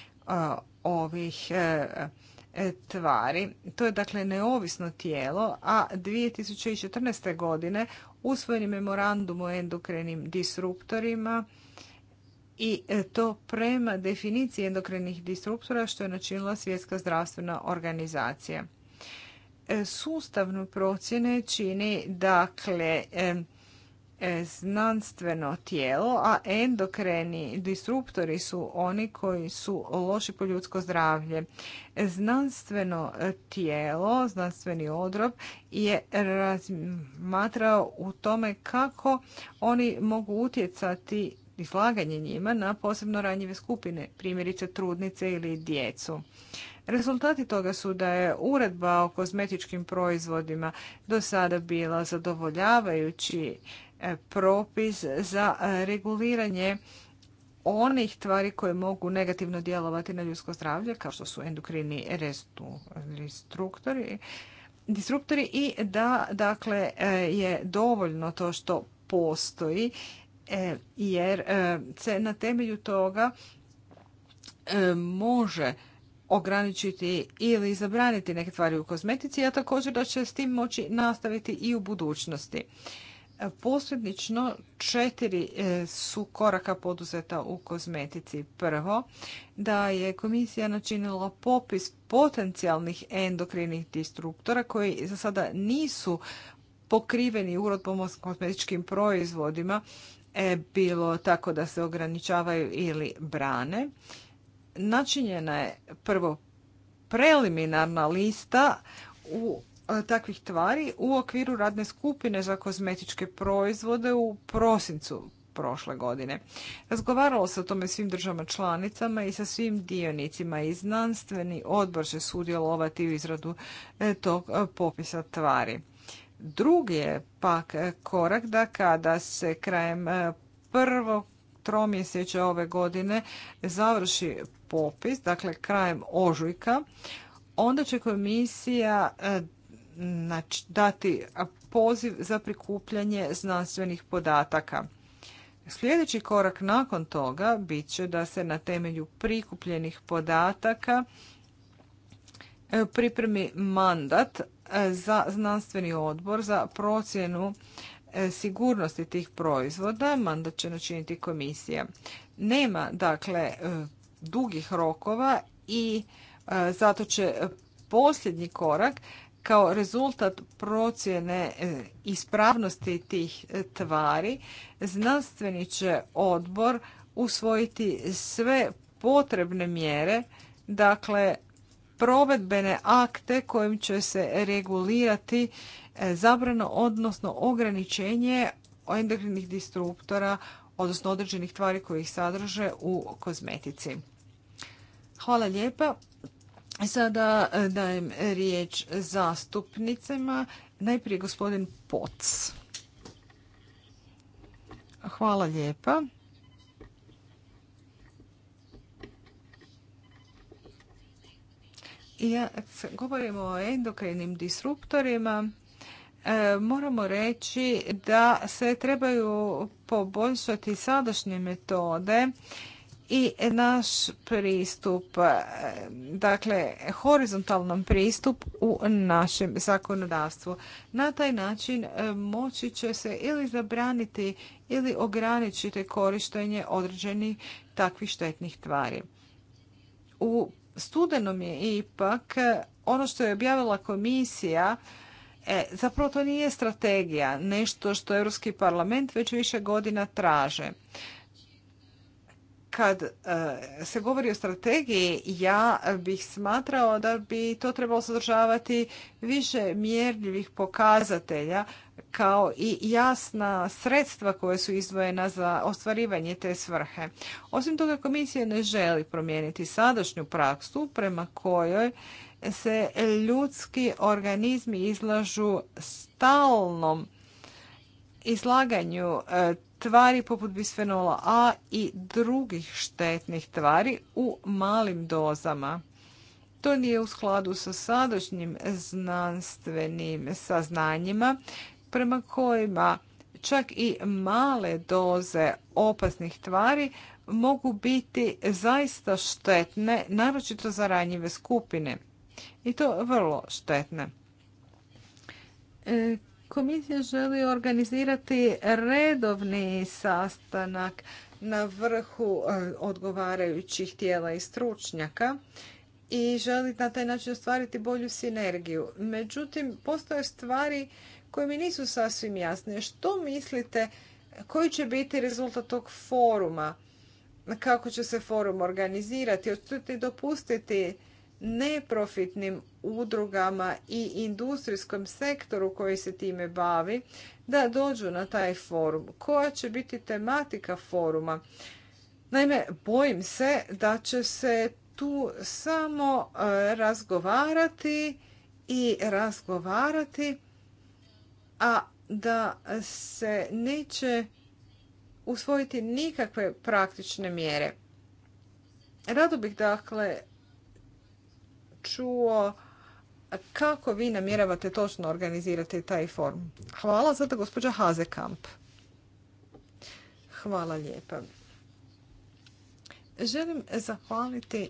ovih e, e, tvari. To je dakle neovisno tijelo, a 2014. godine usvojeni memorandum o endokrenim disruptorima i e, to prema definiciji endokrenih disruptora što je načinila Svjetska zdravstvena organizacija. Sustavno procjene čini dakle znanstveno tijelo, a endokreni disruptori su oni koji su loši po ljudsko zdravlje. Znanstveno tijelo, znanstveni odrob je razmatrao u tome kako oni mogu utjecati izlaganje njima na posebno ranjive skupine, primjerice trudnice ili djecu. Rezultati toga su da je uredba o kozmetičkim proizvodima do sada bila zadovoljavajući propis za e, reguliranje onih tvari koje mogu negativno djelovati na ljudsko zdravlje, kao što su endokrini restruktori, disruptori i da dakle e, je dovoljno to što postoji e, jer se na temelju toga može ograničiti ili zabraniti neke tvari u kozmetici, a također da će s tim moći nastaviti i u budućnosti. Posljednično četiri e, su koraka poduzeta u kozmetici. Prvo, da je komisija načinila popis potencijalnih endokrinih distruktora koji za sada nisu pokriveni urodbom o kozmetičkim proizvodima, e, bilo tako da se ograničavaju ili brane. Načinjena je prvo preliminarna lista u E, takvih tvari u okviru radne skupine za kozmetičke proizvode u prosincu prošle godine. Razgovaralo se o tome svim državama članicama i sa svim dionicima i znanstveni odbor će sudjelovati u izradu e, tog e, popisa tvari. Drugi je pak korak da kada se krajem prvog tromjeseća ove godine završi popis, dakle krajem ožujka, onda će komisija Znači, dati poziv za prikupljanje znanstvenih podataka. Sljedeći korak nakon toga bit će da se na temelju prikupljenih podataka e, pripremi mandat e, za znanstveni odbor za procjenu e, sigurnosti tih proizvoda. Mandat će načiniti komisija. Nema dakle dugih rokova i zato će posljednji korak kao rezultat procjene e, ispravnosti tih e, tvari znanstveni će odbor usvojiti sve potrebne mjere, dakle provedbene akte kojim će se regulirati e, zabrano odnosno ograničenje endokrinih distruptora, odnosno određenih tvari koji ih sadrže u kozmetici. Hvala lijepa. Sada e, dajem riječ zastupnicama. Najprije gospodin Poc. Hvala lijepa. Ja, govorimo o endokrinim disruptorima. E, moramo reći da se trebaju poboljšati sadašnje metode i naš pristup, e, dakle horizontalnom pristup u našem zakonodavstvu. Na taj način e, moći će se ili zabraniti ili ograničiti korištenje određenih takvih štetnih tvari. U studenom je ipak e, ono što je objavila komisija E, zapravo to nije strategija, nešto što Europski parlament već više godina traže kad e, se govori o strategiji, ja bih smatrao da bi to trebalo sadržavati više mjerljivih pokazatelja kao i jasna sredstva koje su izdvojena za ostvarivanje te svrhe. Osim toga, komisija ne želi promijeniti sadašnju praksu prema kojoj se ljudski organizmi izlažu stalnom izlaganju e, tvari poput bisfenola A i drugih štetnih tvari u malim dozama. To nije u skladu sa sadašnjim znanstvenim saznanjima prema kojima čak i male doze opasnih tvari mogu biti zaista štetne, naročito za ranjive skupine. I to vrlo štetne. E, Komisija želi organizirati redovni sastanak na vrhu e, odgovarajućih tijela i stručnjaka i želi na taj način ostvariti bolju sinergiju. Međutim, postoje stvari koje mi nisu sasvim jasne. Što mislite koji će biti rezultat tog foruma? Kako će se forum organizirati? Hoćete dopustiti neprofitnim udrugama i industrijskom sektoru koji se time bavi da dođu na taj forum. Koja će biti tematika foruma? Naime, bojim se da će se tu samo e, razgovarati i razgovarati, a da se neće usvojiti nikakve praktične mjere. Rado bih dakle čuo kako vi namjeravate točno organizirati taj forum. Hvala za to, gospođa Hazekamp. Hvala lijepa. Želim zahvaliti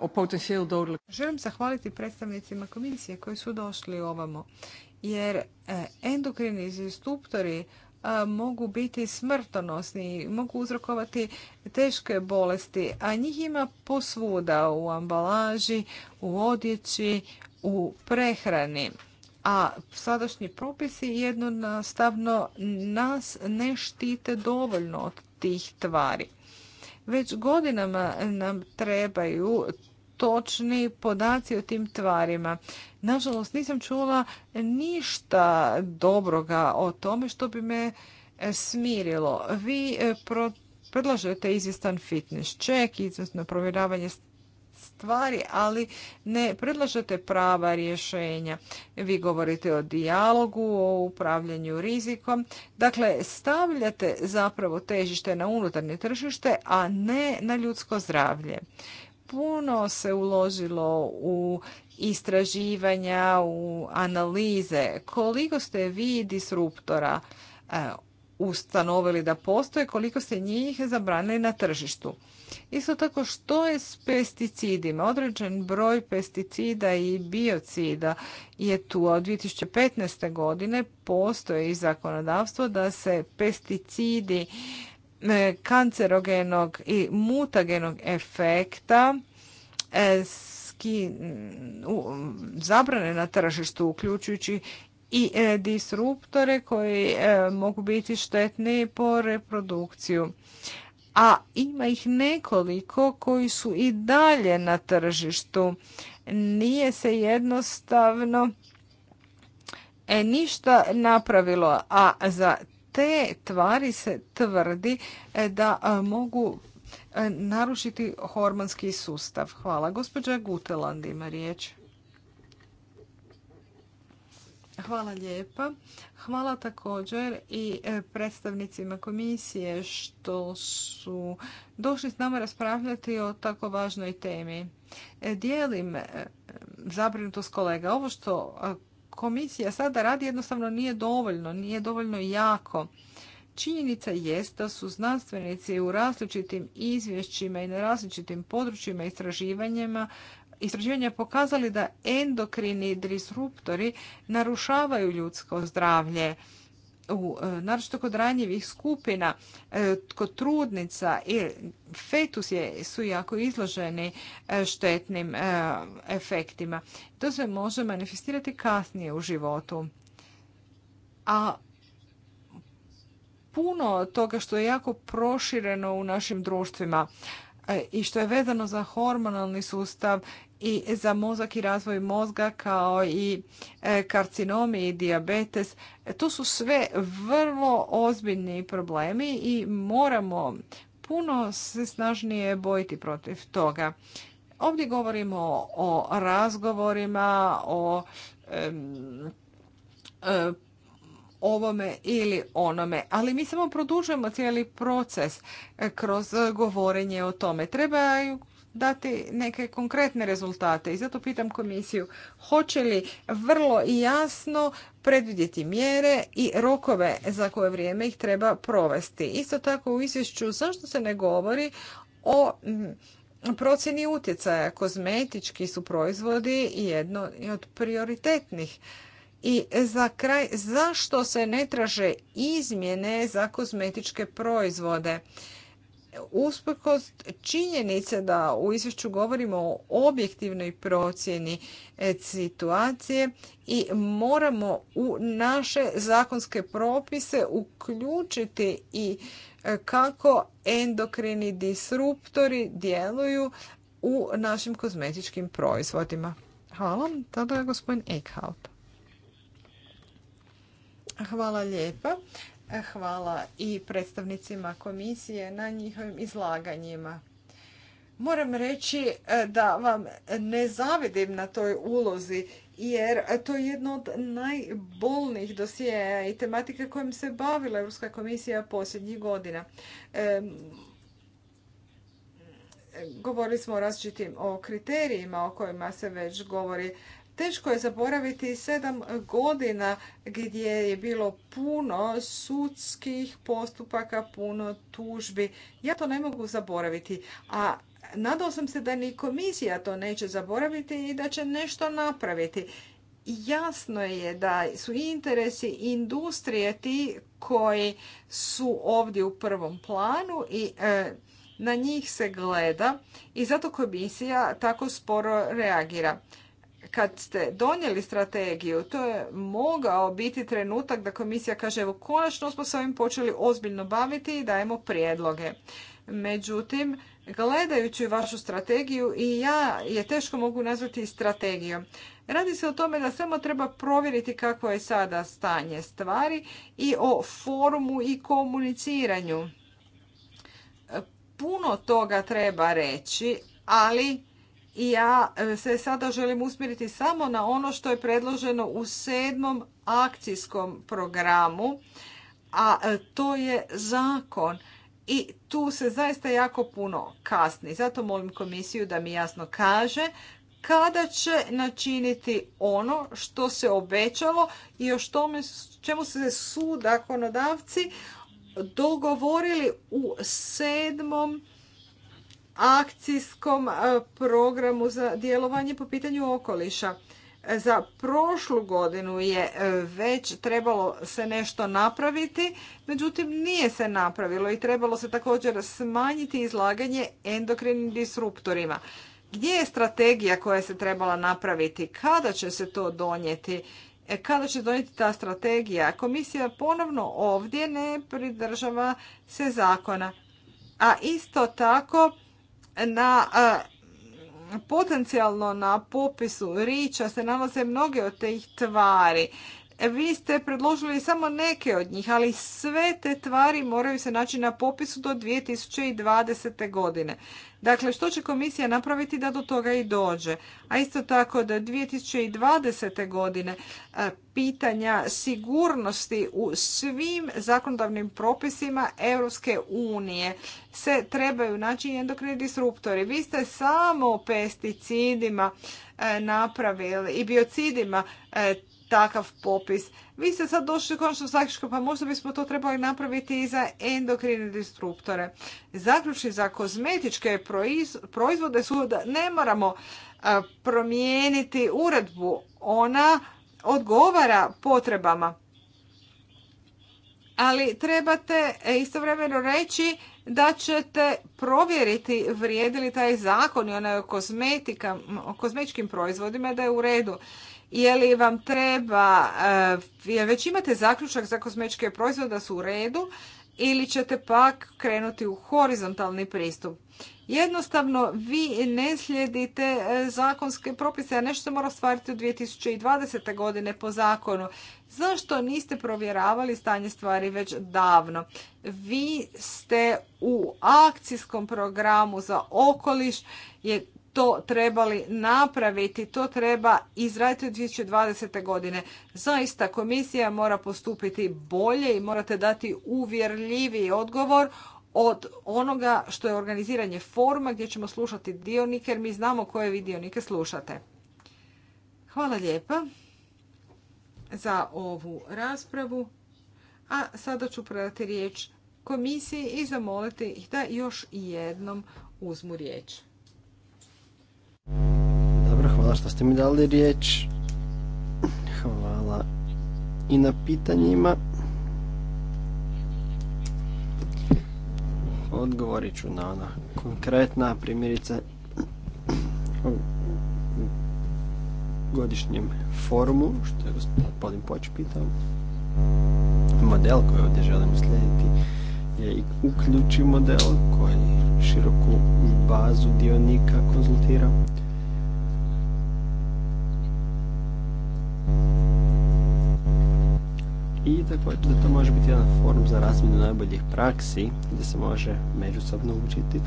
o Želim zahvaliti predstavnicima komisije koji su došli ovamo, jer eh, endokrini instruktori mogu biti smrtonosni, mogu uzrokovati teške bolesti, a njih ima posvuda u ambalaži, u odjeći, u prehrani. A sadašnji propisi jednostavno nas ne štite dovoljno od tih tvari. Već godinama nam trebaju točni podaci o tim tvarima. Nažalost, nisam čula ništa dobroga o tome što bi me e, smirilo. Vi e, predlažete izvjestan fitness check, izvjestno provjeravanje stvari, ali ne predlažete prava rješenja. Vi govorite o dijalogu, o upravljanju rizikom. Dakle, stavljate zapravo težište na unutarnje tržište, a ne na ljudsko zdravlje puno se uložilo u istraživanja, u analize. Koliko ste vi disruptora e, ustanovili da postoje, koliko ste njih zabranili na tržištu. Isto tako što je s pesticidima? Određen broj pesticida i biocida je tu od 2015. godine postoje i zakonodavstvo da se pesticidi E, kancerogenog i mutagenog efekta e, zabrane na tržištu, uključujući i e, disruptore koji mogu biti štetni po reprodukciju. A ima ih nekoliko koji su i dalje na tržištu. Nije se jednostavno ništa napravilo, a za te tvari se tvrdi e, da e, mogu e, narušiti hormonski sustav. Hvala. Gospođa Guteland ima riječ. Hvala lijepa. Hvala također i predstavnicima komisije što su došli s nama raspravljati o tako važnoj temi. Dijelim zabrinutost kolega. Ovo što komisija sada radi jednostavno nije dovoljno, nije dovoljno jako. Činjenica jest da su znanstvenici u različitim izvješćima i na različitim područjima istraživanjima istraživanja pokazali da endokrini disruptori narušavaju ljudsko zdravlje u, e, naročito kod ranjivih skupina, e, kod trudnica i fetus su jako izloženi e, štetnim efektima. To se može manifestirati kasnije u životu. A puno toga što je jako prošireno u našim društvima, E, i što je vezano za hormonalni sustav i za mozak i razvoj mozga kao i e, karcinomi i diabetes. E, to su sve vrlo ozbiljni problemi i moramo puno se snažnije bojiti protiv toga. Ovdje govorimo o razgovorima, o ovome ili onome, ali mi samo produžujemo cijeli proces e, kroz e, govorenje o tome. Trebaju dati neke konkretne rezultate i zato pitam komisiju hoće li vrlo jasno predvidjeti mjere i rokove za koje vrijeme ih treba provesti. Isto tako u izvješću zašto se ne govori o procjeni utjecaja. Kozmetički su proizvodi jedno od prioritetnih i za kraj, zašto se ne traže izmjene za kozmetičke proizvode? Usprkos činjenice da u izvješću govorimo o objektivnoj procjeni e, situacije i moramo u naše zakonske propise uključiti i e, kako endokrini disruptori djeluju u našim kozmetičkim proizvodima. Hvala. Tada je gospodin Eichhout. Hvala lijepa. Hvala i predstavnicima komisije na njihovim izlaganjima. Moram reći e, da vam ne zavidim na toj ulozi jer to je jedno od najbolnijih dosijeja i tematike kojim se bavila Europska komisija posljednjih godina. E, govorili smo o različitim o kriterijima o kojima se već govori Teško je zaboraviti sedam godina gdje je bilo puno sudskih postupaka, puno tužbi. Ja to ne mogu zaboraviti, a nadao sam se da ni komisija to neće zaboraviti i da će nešto napraviti. Jasno je da su interesi industrije ti koji su ovdje u prvom planu i e, na njih se gleda i zato komisija tako sporo reagira kad ste donijeli strategiju, to je mogao biti trenutak da komisija kaže evo konačno smo se ovim počeli ozbiljno baviti i dajemo prijedloge. Međutim, gledajući vašu strategiju i ja je teško mogu nazvati strategijom. Radi se o tome da samo treba provjeriti kako je sada stanje stvari i o formu i komuniciranju. Puno toga treba reći, ali i ja e, se sada želim usmjeriti samo na ono što je predloženo u sedmom akcijskom programu, a e, to je zakon. I tu se zaista jako puno kasni. Zato molim komisiju da mi jasno kaže kada će načiniti ono što se obećalo i o štome, čemu se su zakonodavci dogovorili u sedmom akcijskom e, programu za djelovanje po pitanju okoliša. E, za prošlu godinu je e, već trebalo se nešto napraviti, međutim nije se napravilo i trebalo se također smanjiti izlaganje endokrinim disruptorima. Gdje je strategija koja se trebala napraviti? Kada će se to donijeti? Kada će donijeti ta strategija? Komisija ponovno ovdje ne pridržava se zakona. A isto tako na potencijalno na popisu riča se nalaze mnoge od tih tvari vi ste predložili samo neke od njih, ali sve te tvari moraju se naći na popisu do 2020. godine. Dakle, što će komisija napraviti da do toga i dođe? A isto tako da 2020. godine e, pitanja sigurnosti u svim zakonodavnim propisima Europske unije se trebaju naći endokrini disruptori. Vi ste samo pesticidima e, napravili i biocidima e, takav popis. Vi ste sad došli konačno zaključka, pa možda bismo to trebali napraviti i za endokrine disruptore. Zaključni za kozmetičke proizvode su da ne moramo promijeniti uredbu. Ona odgovara potrebama. Ali trebate e, istovremeno reći da ćete provjeriti vrijedili taj zakon i onaj o, o kozmetičkim proizvodima da je u redu je li vam treba, e, li već imate zaključak za kozmetičke proizvode da su u redu ili ćete pak krenuti u horizontalni pristup. Jednostavno, vi ne slijedite e, zakonske propise, a nešto se mora stvariti u 2020. godine po zakonu. Zašto niste provjeravali stanje stvari već davno? Vi ste u akcijskom programu za okoliš je to trebali napraviti, to treba izraditi u 2020. godine. Zaista komisija mora postupiti bolje i morate dati uvjerljiviji odgovor od onoga što je organiziranje forma gdje ćemo slušati dionike jer mi znamo koje vi dionike slušate. Hvala lijepa za ovu raspravu. A sada ću predati riječ komisiji i zamoliti ih da još jednom uzmu riječ. Dobro, hvala što ste mi dali riječ. Hvala i na pitanjima. Odgovorit ću na ona konkretna primjerice u godišnjem forumu, što je gospodin Poč pitao. Model koji ovdje želim slijediti je i uključi model koji široku bazu dionika konzultira. I također da to može biti jedan forum za razmjenu najboljih praksi gdje se može međusobno učiti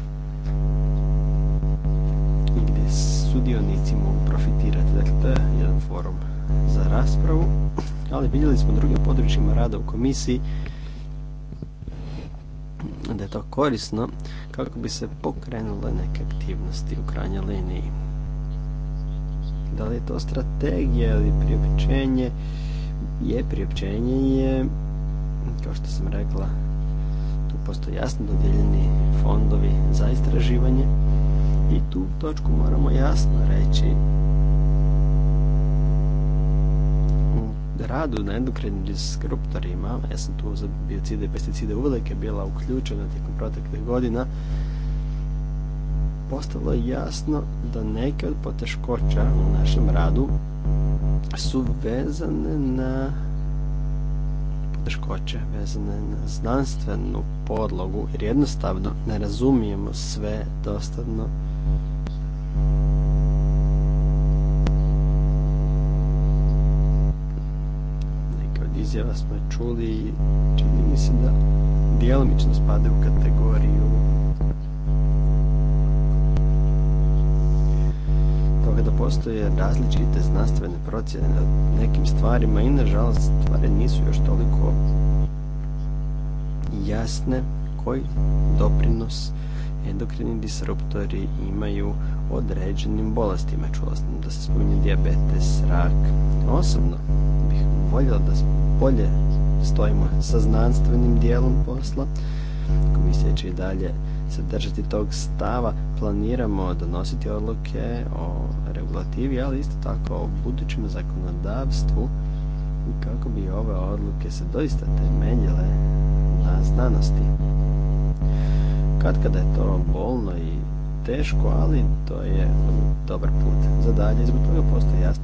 i gdje sudionici mogu profitirati. Dakle, to je jedan forum za raspravu, ali vidjeli smo drugim područjima rada u komisiji da je to korisno kako bi se pokrenule neke aktivnosti u krajnjoj liniji. Da li je to strategija ili priopćenje? Je, priopćenje je, kao što sam rekla, tu postoje jasno dodijeljeni fondovi za istraživanje i tu točku moramo jasno reći radu na endokrinim diskruptorima ja e sam tu za biocide i pesticide uvelike bila uključena tijekom proteklih godina, postalo je jasno da neke od poteškoća u našem radu su vezane na poteškoće, vezane na znanstvenu podlogu, jer jednostavno ne razumijemo sve dostavno izjava smo čuli i čini mi se da dijelomično spade u kategoriju toga da postoje različite znanstvene procjene na nekim stvarima i nažalost stvari nisu još toliko jasne koji doprinos endokrini disruptori imaju određenim bolestima. Čuo sam da se spominje diabetes, rak. Osobno bih voljela da bolje stojimo sa znanstvenim dijelom posla. Komisija će i dalje se držati tog stava. Planiramo donositi odluke o regulativi, ali isto tako o budućem zakonodavstvu i kako bi ove odluke se doista temeljile na znanosti. Kad kada je to bolno i teško, ali to je dobar put za dalje. Zbog toga postoje jasno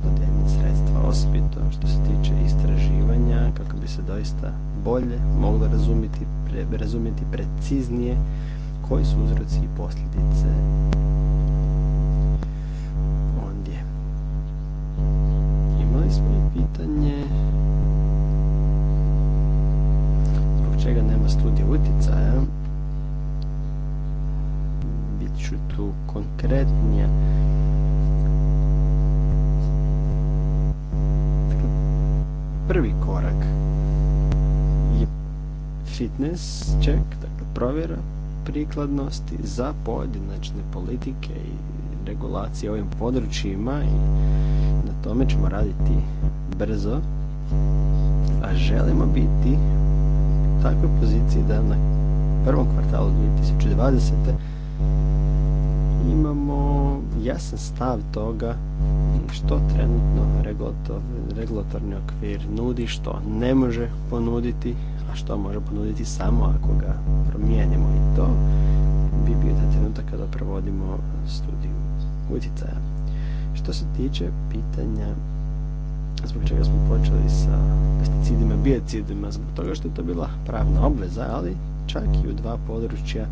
sredstva, osobito što se tiče istraživanja, kako bi se doista bolje moglo razumjeti, pre, razumjeti preciznije koji su uzroci i posljedice ondje. Imali smo i pitanje zbog čega nema studija utjecaja ću tu konkretnije. Dakle, prvi korak je fitness check, dakle provjera prikladnosti za pojedinačne politike i regulacije ovim područjima i na tome ćemo raditi brzo, a želimo biti u takvoj poziciji da na prvom kvartalu 2020 imamo jasan stav toga što trenutno regulatorni okvir nudi, što ne može ponuditi, a što može ponuditi samo ako ga promijenimo. I to bi bio taj trenutak kada provodimo studiju utjecaja. Što se tiče pitanja zbog čega smo počeli sa pesticidima, biocidima, zbog toga što je to bila pravna obveza, ali čak i u dva područja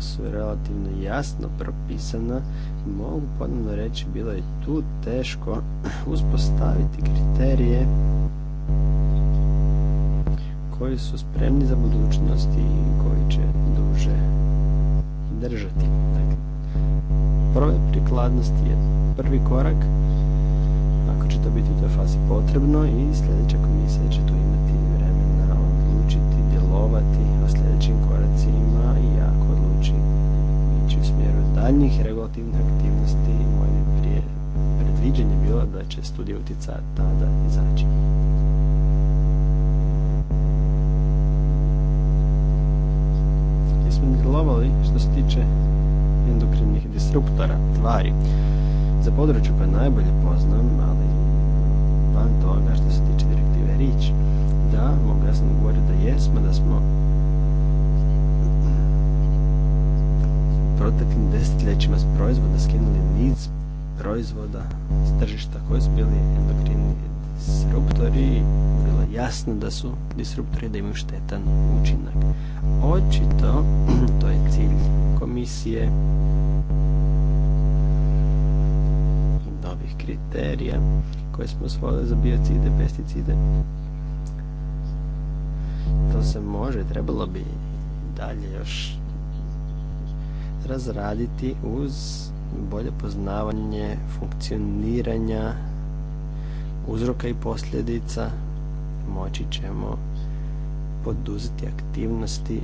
su relativno jasno propisana, mogu ponovno reći bilo je tu teško uspostaviti kriterije koji su spremni za budućnost i koji će duže držati. Dakle, prikladnosti je prvi korak, ako će to biti u toj fazi potrebno i sljedeća komisija će tu imati vremena odlučiti, djelovati o sljedećim koracima i ako znači ići u smjeru daljnjih regulativnih aktivnosti i moje prije predviđanje bilo da će studija utjecaja tada izaći. Jesmo djelovali što se tiče endokrinnih disruptora, tvari. Za područje koje najbolje poznam, ali van toga što se tiče direktive Rič, da, mogu jasno govoriti da jesmo, da smo proteklim desetljećima s proizvoda skinuli niz proizvoda s tržišta koji su bili endokrini disruptori bilo jasno da su disruptori da imaju štetan učinak. Očito, (clears throat) to je cilj komisije i novih kriterija koje smo osvojili za biocide, pesticide. To se može, trebalo bi dalje još razraditi uz bolje poznavanje funkcioniranja uzroka i posljedica moći ćemo poduzeti aktivnosti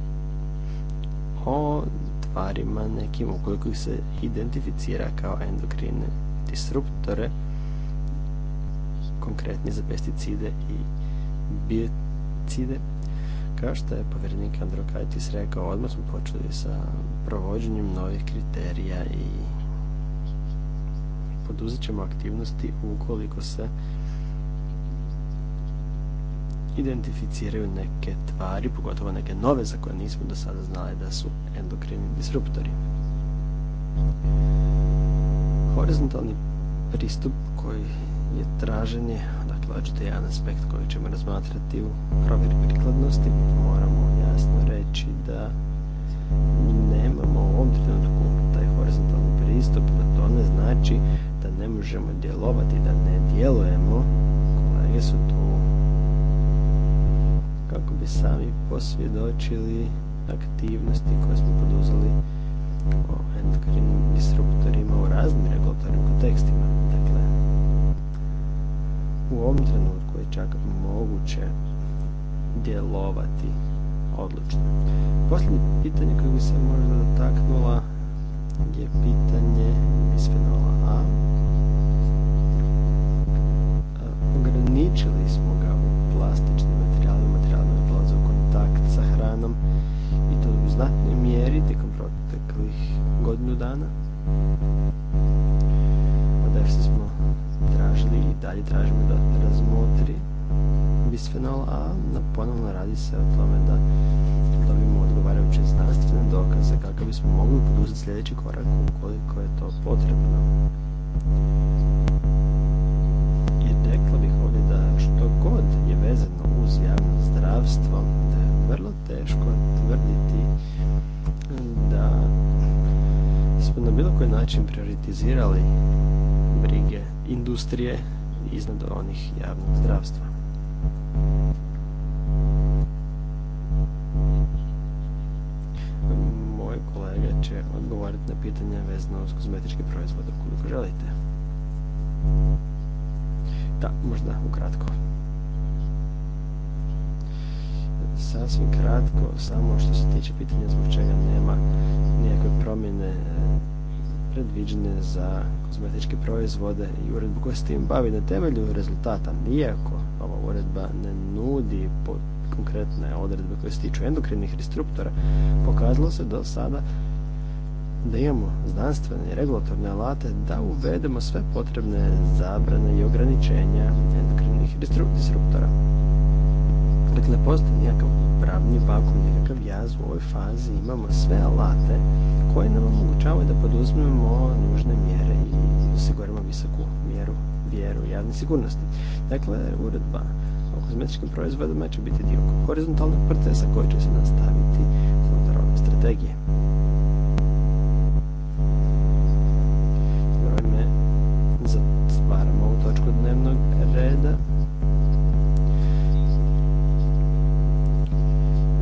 o tvarima nekim ukoliko ih se identificira kao endokrine disruptore konkretni za pesticide i biocide kao što je povjerenik AndroKati rekao, odmah smo počeli sa provođenjem novih kriterija i poduzet ćemo aktivnosti ukoliko se identificiraju neke tvari, pogotovo neke nove za koje nismo do sada znali da su endokrini disruptori. Horizontalni pristup koji je tražen je to jedan aspekt koji ćemo razmatrati u provjeri prikladnosti. Moramo jasno reći da nemamo u ovom trenutku taj horizontalni pristup, no to ne znači da ne možemo djelovati, da ne djelujemo. Kolege su tu kako bi sami posvjedočili aktivnosti koje smo poduzeli o endokrinim disruptorima u raznim regulatornim kontekstima. Dakle, u ovom trenutku je čak moguće djelovati odlično. Posljednje pitanje koje bi se možda dotaknula je pitanje bisfenola A. Ograničili smo ga u plastičnim materijalima, materijalima je u kontakt sa hranom i to u znatnoj mjeri tijekom proteklih godinu dana. smo tražili i dalje tražimo da razmotri bisfenol A, da ponovno radi se o tome da dobimo odgovarajuće znanstvene dokaze kako bismo mogli poduzeti sljedeći korak ukoliko je to potrebno. I rekla bih ovdje da što god je vezano uz javno zdravstvo, da je vrlo teško tvrditi mm, da smo na bilo koji način prioritizirali brige industrije iznad onih javnog zdravstva. Moj kolega će odgovoriti na pitanje vezano s kozmetičke proizvode ukoliko želite. Da, možda ukratko. Sasvim kratko, samo što se tiče pitanja zbog čega nema nijakve promjene predviđene za kozmetičke proizvode i uredbu koja se tim bavi na temelju rezultata. Nijako ova uredba ne nudi konkretne odredbe koje se tiču endokrinih restruktora, pokazalo se do sada da imamo znanstvene i regulatorne alate da uvedemo sve potrebne zabrane i ograničenja endokrinih disruptora. Dakle, ne postoji nikakav pravni vakum, nikakav jaz u ovoj fazi. Imamo sve alate koje nam omogućavaju da poduzmemo nužne mjere i osiguramo visoku mjeru vjeru javne sigurnosti. Dakle, uredba o kozmetičkim proizvodima će biti dio horizontalnog procesa koji će se nastaviti unutar ove strategije. Otvaramo ovu točku dnevnog reda.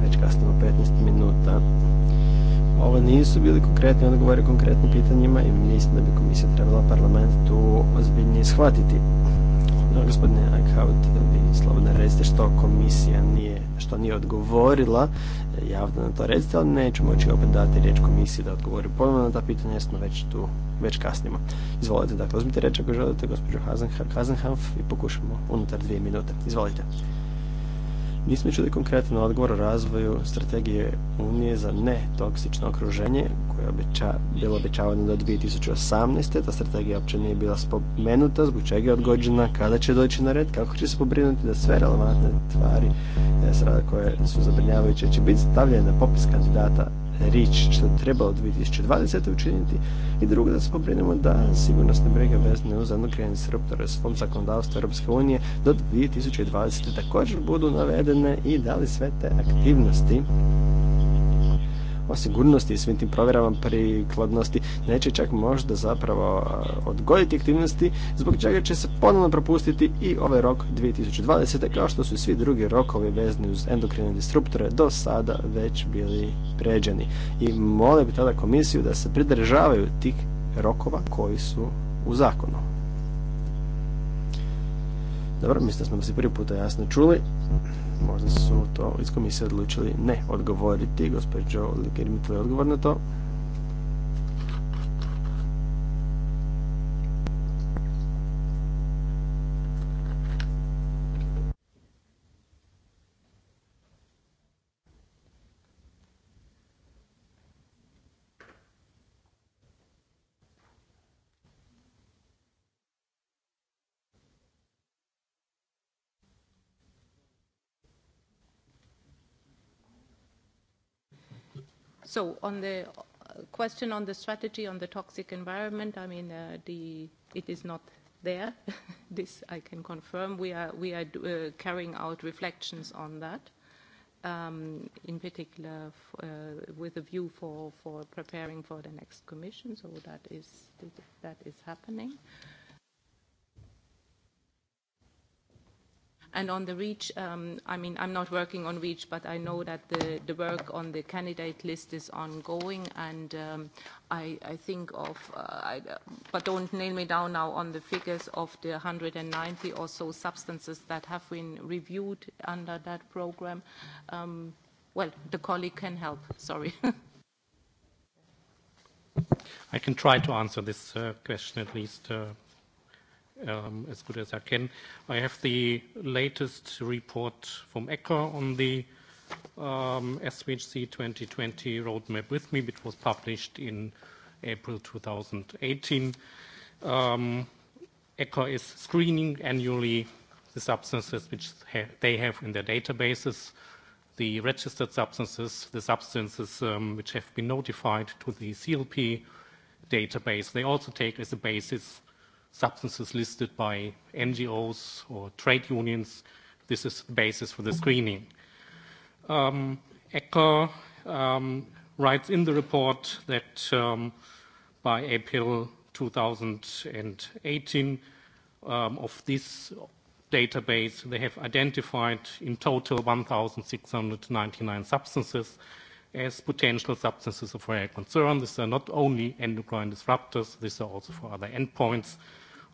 Već kasnimo 15 minuta. Ovo nisu bili konkretni odgovori konkretnim pitanjima i mislim da bi komisija trebala parlament tu ozbiljnije shvatiti. Gospodine Eichhout, vi slobodno recite što komisija nije, što nije odgovorila, javno na to recite, ali neću moći opet dati riječ komisiji da odgovori ponovno na ta pitanja, jer smo već tu, već kasnimo. Izvolite, dakle, uzmite riječ ako želite, gospođo Hazenhanf, i pokušamo unutar dvije minute. Izvolite. Nismo čuli konkretan odgovor o razvoju strategije Unije za netoksično okruženje bilo obećavano do 2018. Ta strategija uopće nije bila spomenuta, zbog čega je odgođena, kada će doći na red, kako će se pobrinuti da sve relevantne tvari e, srada koje su zabrinjavajuće će biti stavljene na popis kandidata rič što je trebalo 2020. učiniti i drugo da se pobrinemo da sigurnosne brege vezne uz endokrine s svom zakonodavstvu Europske unije do 2020. također budu navedene i da li sve te aktivnosti o sigurnosti i svim tim provjerama prikladnosti neće čak možda zapravo odgoditi aktivnosti zbog čega će se ponovno propustiti i ovaj rok 2020. kao što su i svi drugi rokovi vezni uz endokrine disruptore do sada već bili pređeni. I mole bi tada komisiju da se pridržavaju tih rokova koji su u zakonu. Dobro, mislim da smo se prvi puta jasno čuli. Možda su to iz komisije odlučili ne odgovoriti. Gospođo Joe mi je odgovor na to. So on the uh, question on the strategy on the toxic environment, I mean, uh, the, it is not there. (laughs) this I can confirm. We are, we are uh, carrying out reflections on that, um, in particular f uh, with a view for, for preparing for the next commission. So that is, that is happening. And on the REACH, um, I mean, I'm not working on REACH, but I know that the, the work on the candidate list is ongoing, and um, I, I think of, uh, I, but don't nail me down now on the figures of the 190 or so substances that have been reviewed under that program. Um, well, the colleague can help, sorry. (laughs) I can try to answer this uh, question at least. Uh, Um, as good as I can. I have the latest report from ECHA on the um, SVHC 2020 roadmap with me, which was published in April 2018. Um, ECHA is screening annually the substances which they have in their databases, the registered substances, the substances um, which have been notified to the CLP database. They also take as a basis substances listed by NGOs or trade unions. This is the basis for the screening. Um, e um, writes in the report that um, by April 2018 um, of this database, they have identified in total 1,699 substances as potential substances of rare concern. These are not only endocrine disruptors, these are also for other endpoints.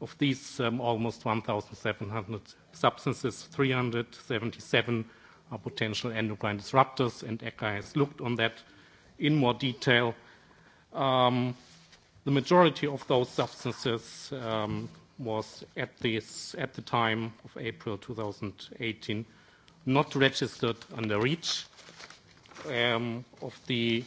Of these, um, almost 1,700 substances, 377 are potential endocrine disruptors, and ECHA has looked on that in more detail. Um, the majority of those substances um, was at, this, at the time of April 2018 not registered under REACH, um, of the,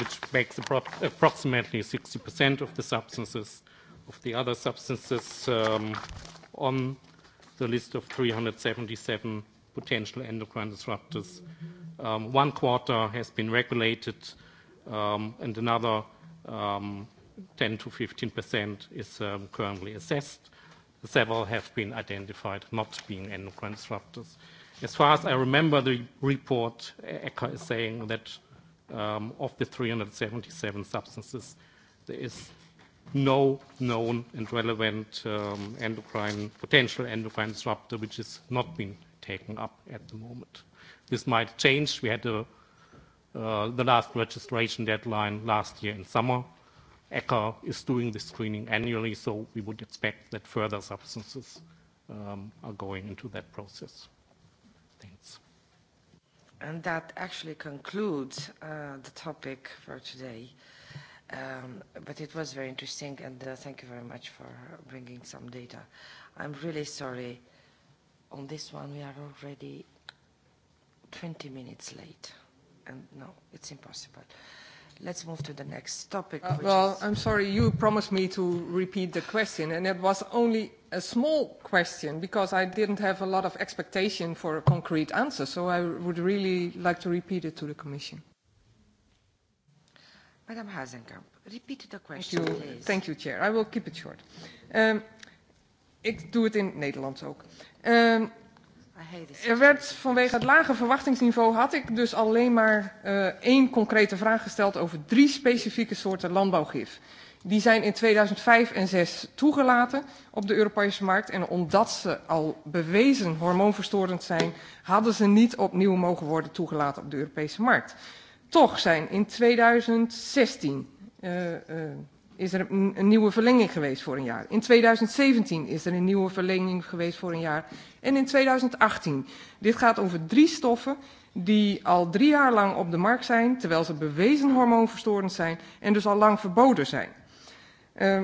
which makes approximately 60% of the substances of the other substances um, on the list of 377 potential endocrine disruptors. Um, one quarter has been regulated, um, and another 10 to 15 percent is currently assessed. Several have been identified not being endocrine disruptors. As far as I remember, the report ECHA is saying that of the 377 substances, there is no known and relevant um, endocrine, potential endocrine disruptor which has not been taken up at the moment. This might change. We had a, uh, the last registration deadline last year in summer. ECHA is doing the screening annually, so we would expect that further substances um, are going into that process. Thanks. And that actually concludes uh, the topic for today. Um, but it was very interesting, and uh, thank you very much for bringing some data. I'm really sorry. On this one, we are already 20 minutes late, and no, it's impossible. Let's move to the next topic. Uh, well, I'm sorry, you promised me to repeat the question, and it was only a small question because I didn't have a lot of expectation for a concrete answer, so I would really like to repeat it to the Commission. Madam Hasenkamp, repeat the question, Thank you. Thank you, Chair. I will keep it short. Um, ik doe het in het ook. Um, er werd vanwege het lage verwachtingsniveau had ik dus alleen maar uh, één concrete vraag gesteld over drie specifieke soorten landbouwgif. Die zijn in 2005 en 2006 toegelaten op de Europese markt. En omdat ze al bewezen hormoonverstorend zijn, hadden ze niet opnieuw mogen worden toegelaten op de Europese markt toch zijn. In 2016 uh, uh, is er een, een nieuwe verlenging geweest voor een jaar. In 2017 is er een nieuwe verlenging geweest voor een jaar. En in 2018. Dit gaat over drie stoffen die al drie jaar lang op de markt zijn, terwijl ze bewezen hormoonverstorend zijn en dus al lang verboden zijn. Eh,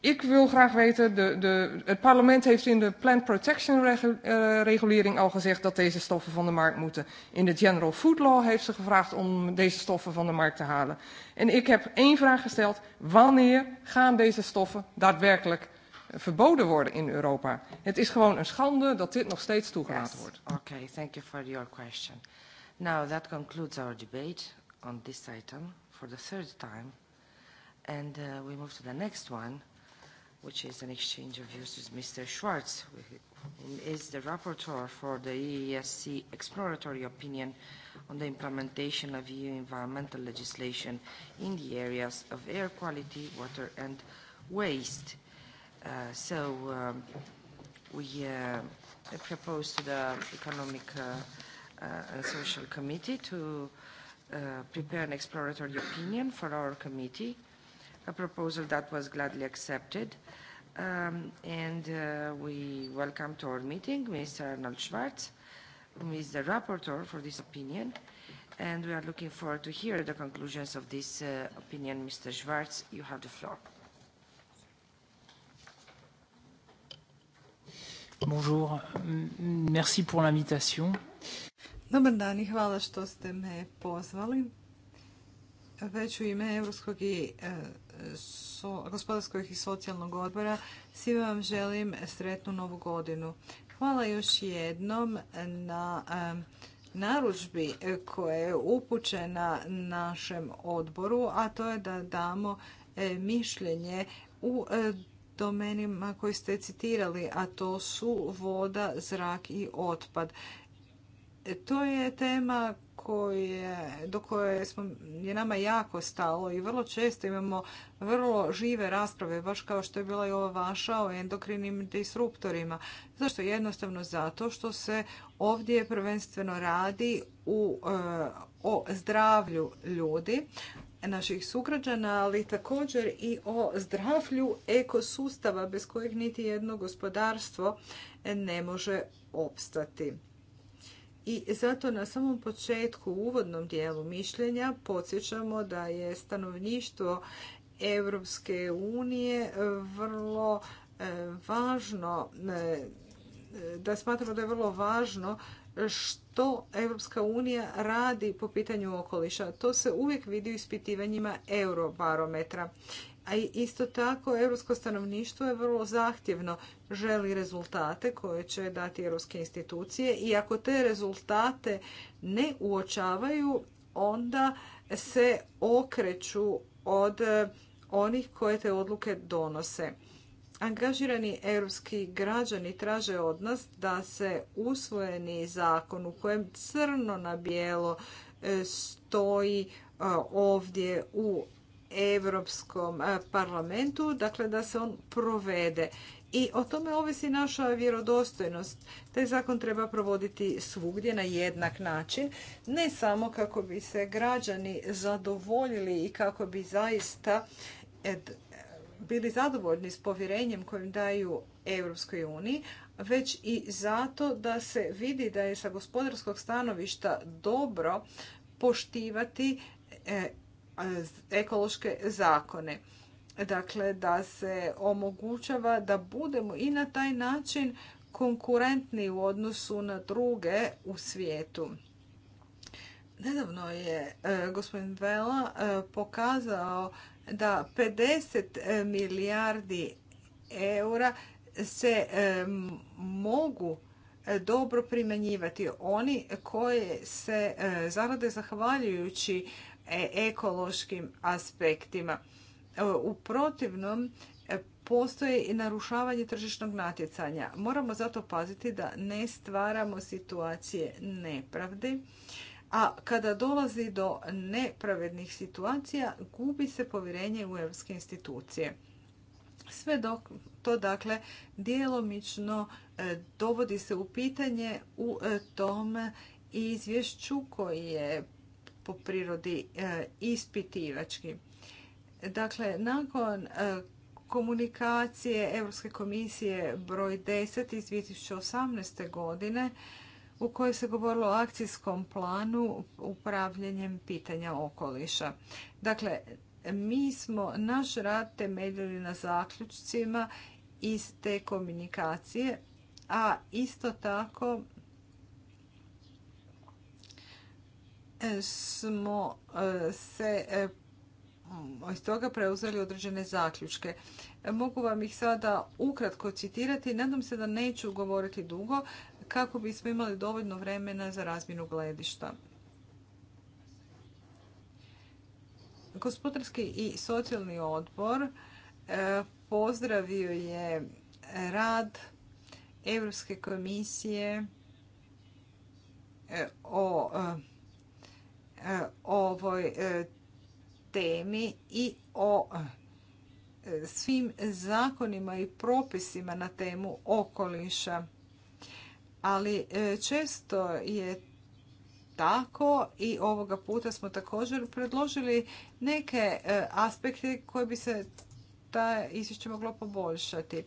ik wil graag weten, de, de, het parlement heeft in de plant protection eh, regulering al gezegd dat deze stoffen van de markt moeten. In de general food law heeft ze gevraagd om deze stoffen van de markt te halen. En ik heb één vraag gesteld, wanneer gaan deze stoffen daadwerkelijk eh, verboden worden in Europa? Het is gewoon een schande dat dit nog steeds toegelaten wordt. Oké, okay, thank you for your question. Now that concludes our debate on this item for the third time. And uh, we move to the next one which is an exchange of views with Mr. Schwartz, who is the rapporteur for the EESC exploratory opinion on the implementation of EU environmental legislation in the areas of air quality, water and waste. Uh, so um, we uh, propose to the Economic uh, uh, and Social Committee to uh, prepare an exploratory opinion for our committee a proposal that was gladly accepted. Um, and uh, we welcome to our meeting Mr. Arnold Schwartz, who is the rapporteur for this opinion. And we are looking forward to hear the conclusions of this uh, opinion. Mr. Schwartz, you have the floor. Bonjour, merci pour l'invitation. Dobar dan i hvala što ste me pozvali. Već u ime Evropskog i e, gospodarskog i socijalnog odbora. Svi vam želim sretnu novu godinu. Hvala još jednom na naručbi koja je upućena našem odboru, a to je da damo e, mišljenje u e, domenima koji ste citirali, a to su voda, zrak i otpad. To je tema koje, do koje smo, je nama jako stalo i vrlo često imamo vrlo žive rasprave, baš kao što je bila i ova vaša o endokrinim disruptorima. Zašto? Jednostavno zato što se ovdje prvenstveno radi u, e, o zdravlju ljudi, naših sugrađana, ali također i o zdravlju ekosustava bez kojeg niti jedno gospodarstvo ne može opstati. I zato na samom početku, u uvodnom dijelu mišljenja, podsjećamo da je stanovništvo Europske unije vrlo e, važno, e, da smatramo da je vrlo važno što Europska unija radi po pitanju okoliša. To se uvijek vidi u ispitivanjima eurobarometra. A isto tako, europsko stanovništvo je vrlo zahtjevno, želi rezultate koje će dati europske institucije i ako te rezultate ne uočavaju, onda se okreću od eh, onih koje te odluke donose. Angažirani europski građani traže od nas da se usvojeni zakon u kojem crno na bijelo eh, stoji eh, ovdje u Europskom e, parlamentu, dakle da se on provede. I o tome ovisi naša vjerodostojnost. Taj zakon treba provoditi svugdje na jednak način, ne samo kako bi se građani zadovoljili i kako bi zaista e, bili zadovoljni s povjerenjem kojim daju Europskoj uniji, već i zato da se vidi da je sa gospodarskog stanovišta dobro poštivati e, E, ekološke zakone. Dakle, da se omogućava da budemo i na taj način konkurentni u odnosu na druge u svijetu. Nedavno je e, gospodin Vela e, pokazao da 50 milijardi eura se mogu dobro primjenjivati. Oni koje se zarade zahvaljujući E, ekološkim aspektima. E, u protivnom, e, postoji i narušavanje tržišnog natjecanja. Moramo zato paziti da ne stvaramo situacije nepravdi, a kada dolazi do nepravednih situacija, gubi se povjerenje u europske institucije. Sve dok to dakle djelomično dovodi se u pitanje u tom izvješću koji je po prirodi e, ispitivački. Dakle, nakon e, komunikacije Europske komisije broj 10 iz 2018. godine u kojoj se govorilo o akcijskom planu upravljanjem pitanja okoliša. Dakle, mi smo naš rad temeljili na zaključcima iz te komunikacije, a isto tako smo e, se e, iz toga preuzeli određene zaključke. Mogu vam ih sada ukratko citirati. Nadam se da neću govoriti dugo kako bismo imali dovoljno vremena za razmjenu gledišta. Gospodarski i socijalni odbor e, pozdravio je rad Europske komisije o E, ovoj e, temi i o e, svim zakonima i propisima na temu okoliša. Ali često je tako i ovoga puta smo također predložili neke aspekte koje bi se ta izvješće moglo poboljšati.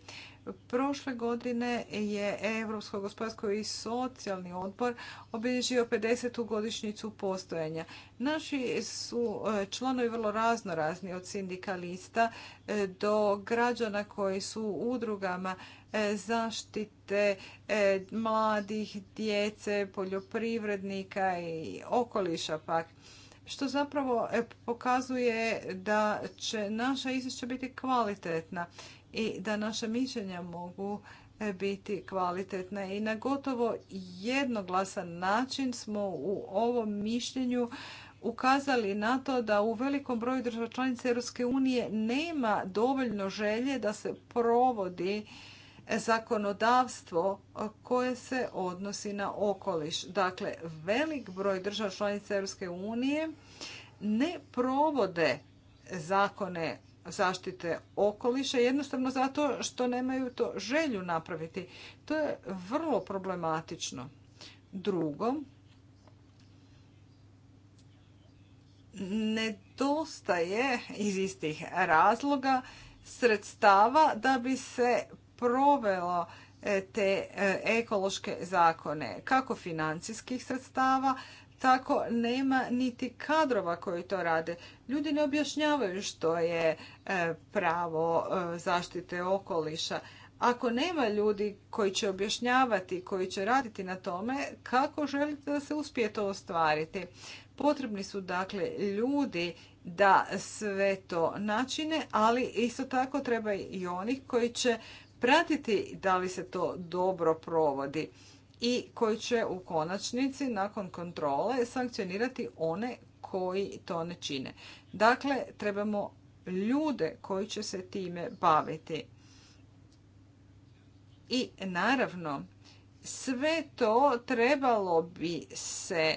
Prošle godine je Europsko gospodarsko i socijalni odbor obilježio 50. godišnjicu postojanja. Naši su e, članovi vrlo raznorazni od sindikalista e, do građana koji su u udrugama e, zaštite mladih, djece, poljoprivrednika i okoliša pak što zapravo pokazuje da će naša izvješća biti kvalitetna i da naše mišljenja mogu e, biti kvalitetna. I na gotovo jednoglasan način smo u ovom mišljenju ukazali na to da u velikom broju država članica Europske unije nema dovoljno želje da se provodi e, zakonodavstvo e, koje se odnosi na okoliš. Dakle, velik broj država članica Europske unije ne provode zakone zaštite okoliša jednostavno zato što nemaju to želju napraviti. To je vrlo problematično. Drugo, nedostaje iz istih razloga sredstava da bi se provelo e, te e, ekološke zakone, kako financijskih sredstava, tako nema niti kadrova koji to rade. Ljudi ne objašnjavaju što je e, pravo e, zaštite okoliša. Ako nema ljudi koji će objašnjavati, koji će raditi na tome, kako želite da se uspije to ostvariti? Potrebni su dakle ljudi da sve to načine, ali isto tako treba i onih koji će pratiti da li se to dobro provodi i koji će u konačnici nakon kontrole sankcionirati one koji to ne čine. Dakle, trebamo ljude koji će se time baviti. I naravno, sve to trebalo bi se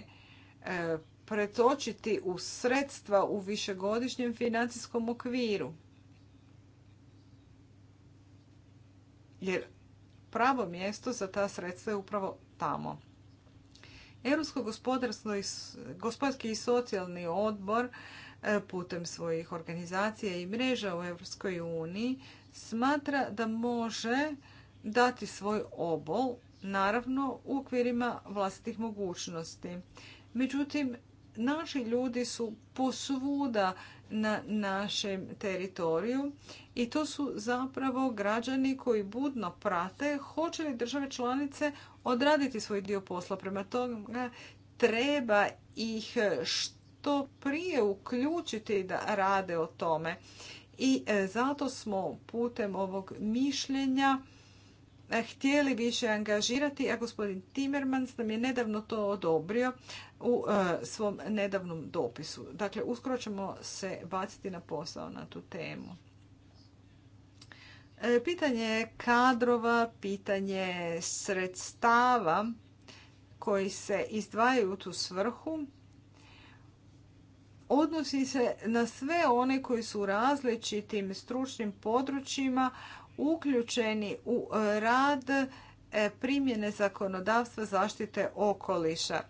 e, pretočiti u sredstva u višegodišnjem financijskom okviru. Jer pravo mjesto za ta sredstva je upravo tamo. Europsko gospodarski i socijalni odbor e, putem svojih organizacija i mreža u Europskoj uniji smatra da može dati svoj obol, naravno u okvirima vlastitih mogućnosti. Međutim, naši ljudi su posvuda na našem teritoriju i to su zapravo građani koji budno prate hoće li države članice odraditi svoj dio posla. Prema tome treba ih što prije uključiti da rade o tome. I e, zato smo putem ovog mišljenja htjeli više angažirati, a gospodin Timmermans nam je nedavno to odobrio u svom nedavnom dopisu. Dakle, uskoro ćemo se baciti na posao na tu temu. E, pitanje kadrova, pitanje sredstava koji se izdvajaju u tu svrhu odnosi se na sve one koji su u različitim stručnim područjima uključeni u e, rad e, primjene zakonodavstva zaštite okoliša.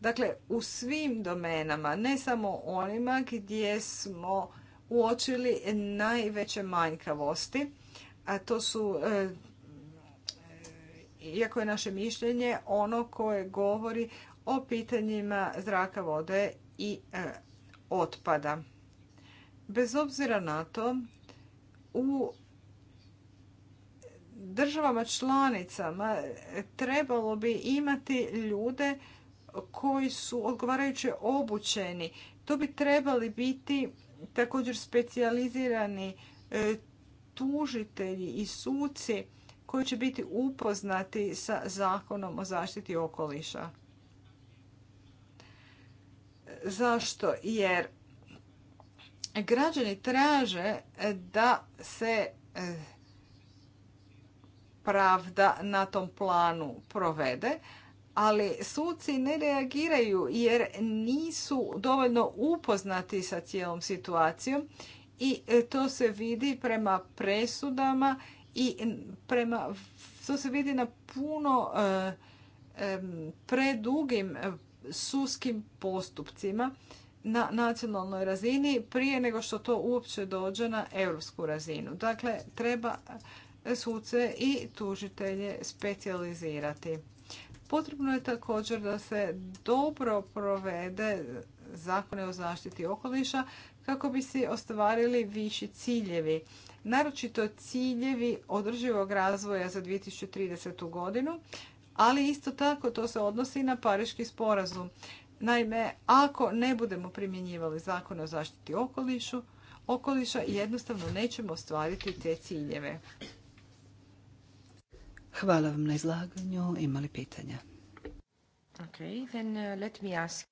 Dakle, u svim domenama, ne samo onima gdje smo uočili najveće manjkavosti, a to su e, iako je naše mišljenje ono koje govori o pitanjima zraka, vode i otpada. Bez obzira na to, u državama članicama trebalo bi imati ljude koji su odgovarajuće obučeni. To bi trebali biti također specijalizirani e, tužitelji i suci koji će biti upoznati sa zakonom o zaštiti okoliša. Zašto? Jer građani traže da se e, pravda na tom planu provede, ali suci ne reagiraju jer nisu dovoljno upoznati sa cijelom situacijom i e, to se vidi prema presudama i prema to se vidi na puno e, e, predugim sudskim postupcima na nacionalnoj razini prije nego što to uopće dođe na europsku razinu. Dakle, treba suce i tužitelje specijalizirati. Potrebno je također da se dobro provede zakone o zaštiti okoliša kako bi se ostvarili viši ciljevi, naročito ciljevi održivog razvoja za 2030. godinu, ali isto tako to se odnosi i na Pariški sporazum. Naime, ako ne budemo primjenjivali zakone o zaštiti okoliša jednostavno nećemo ostvariti te ciljeve. Hvala vam na izlaganju. Imali pitanja? Okay, then uh, let me ask.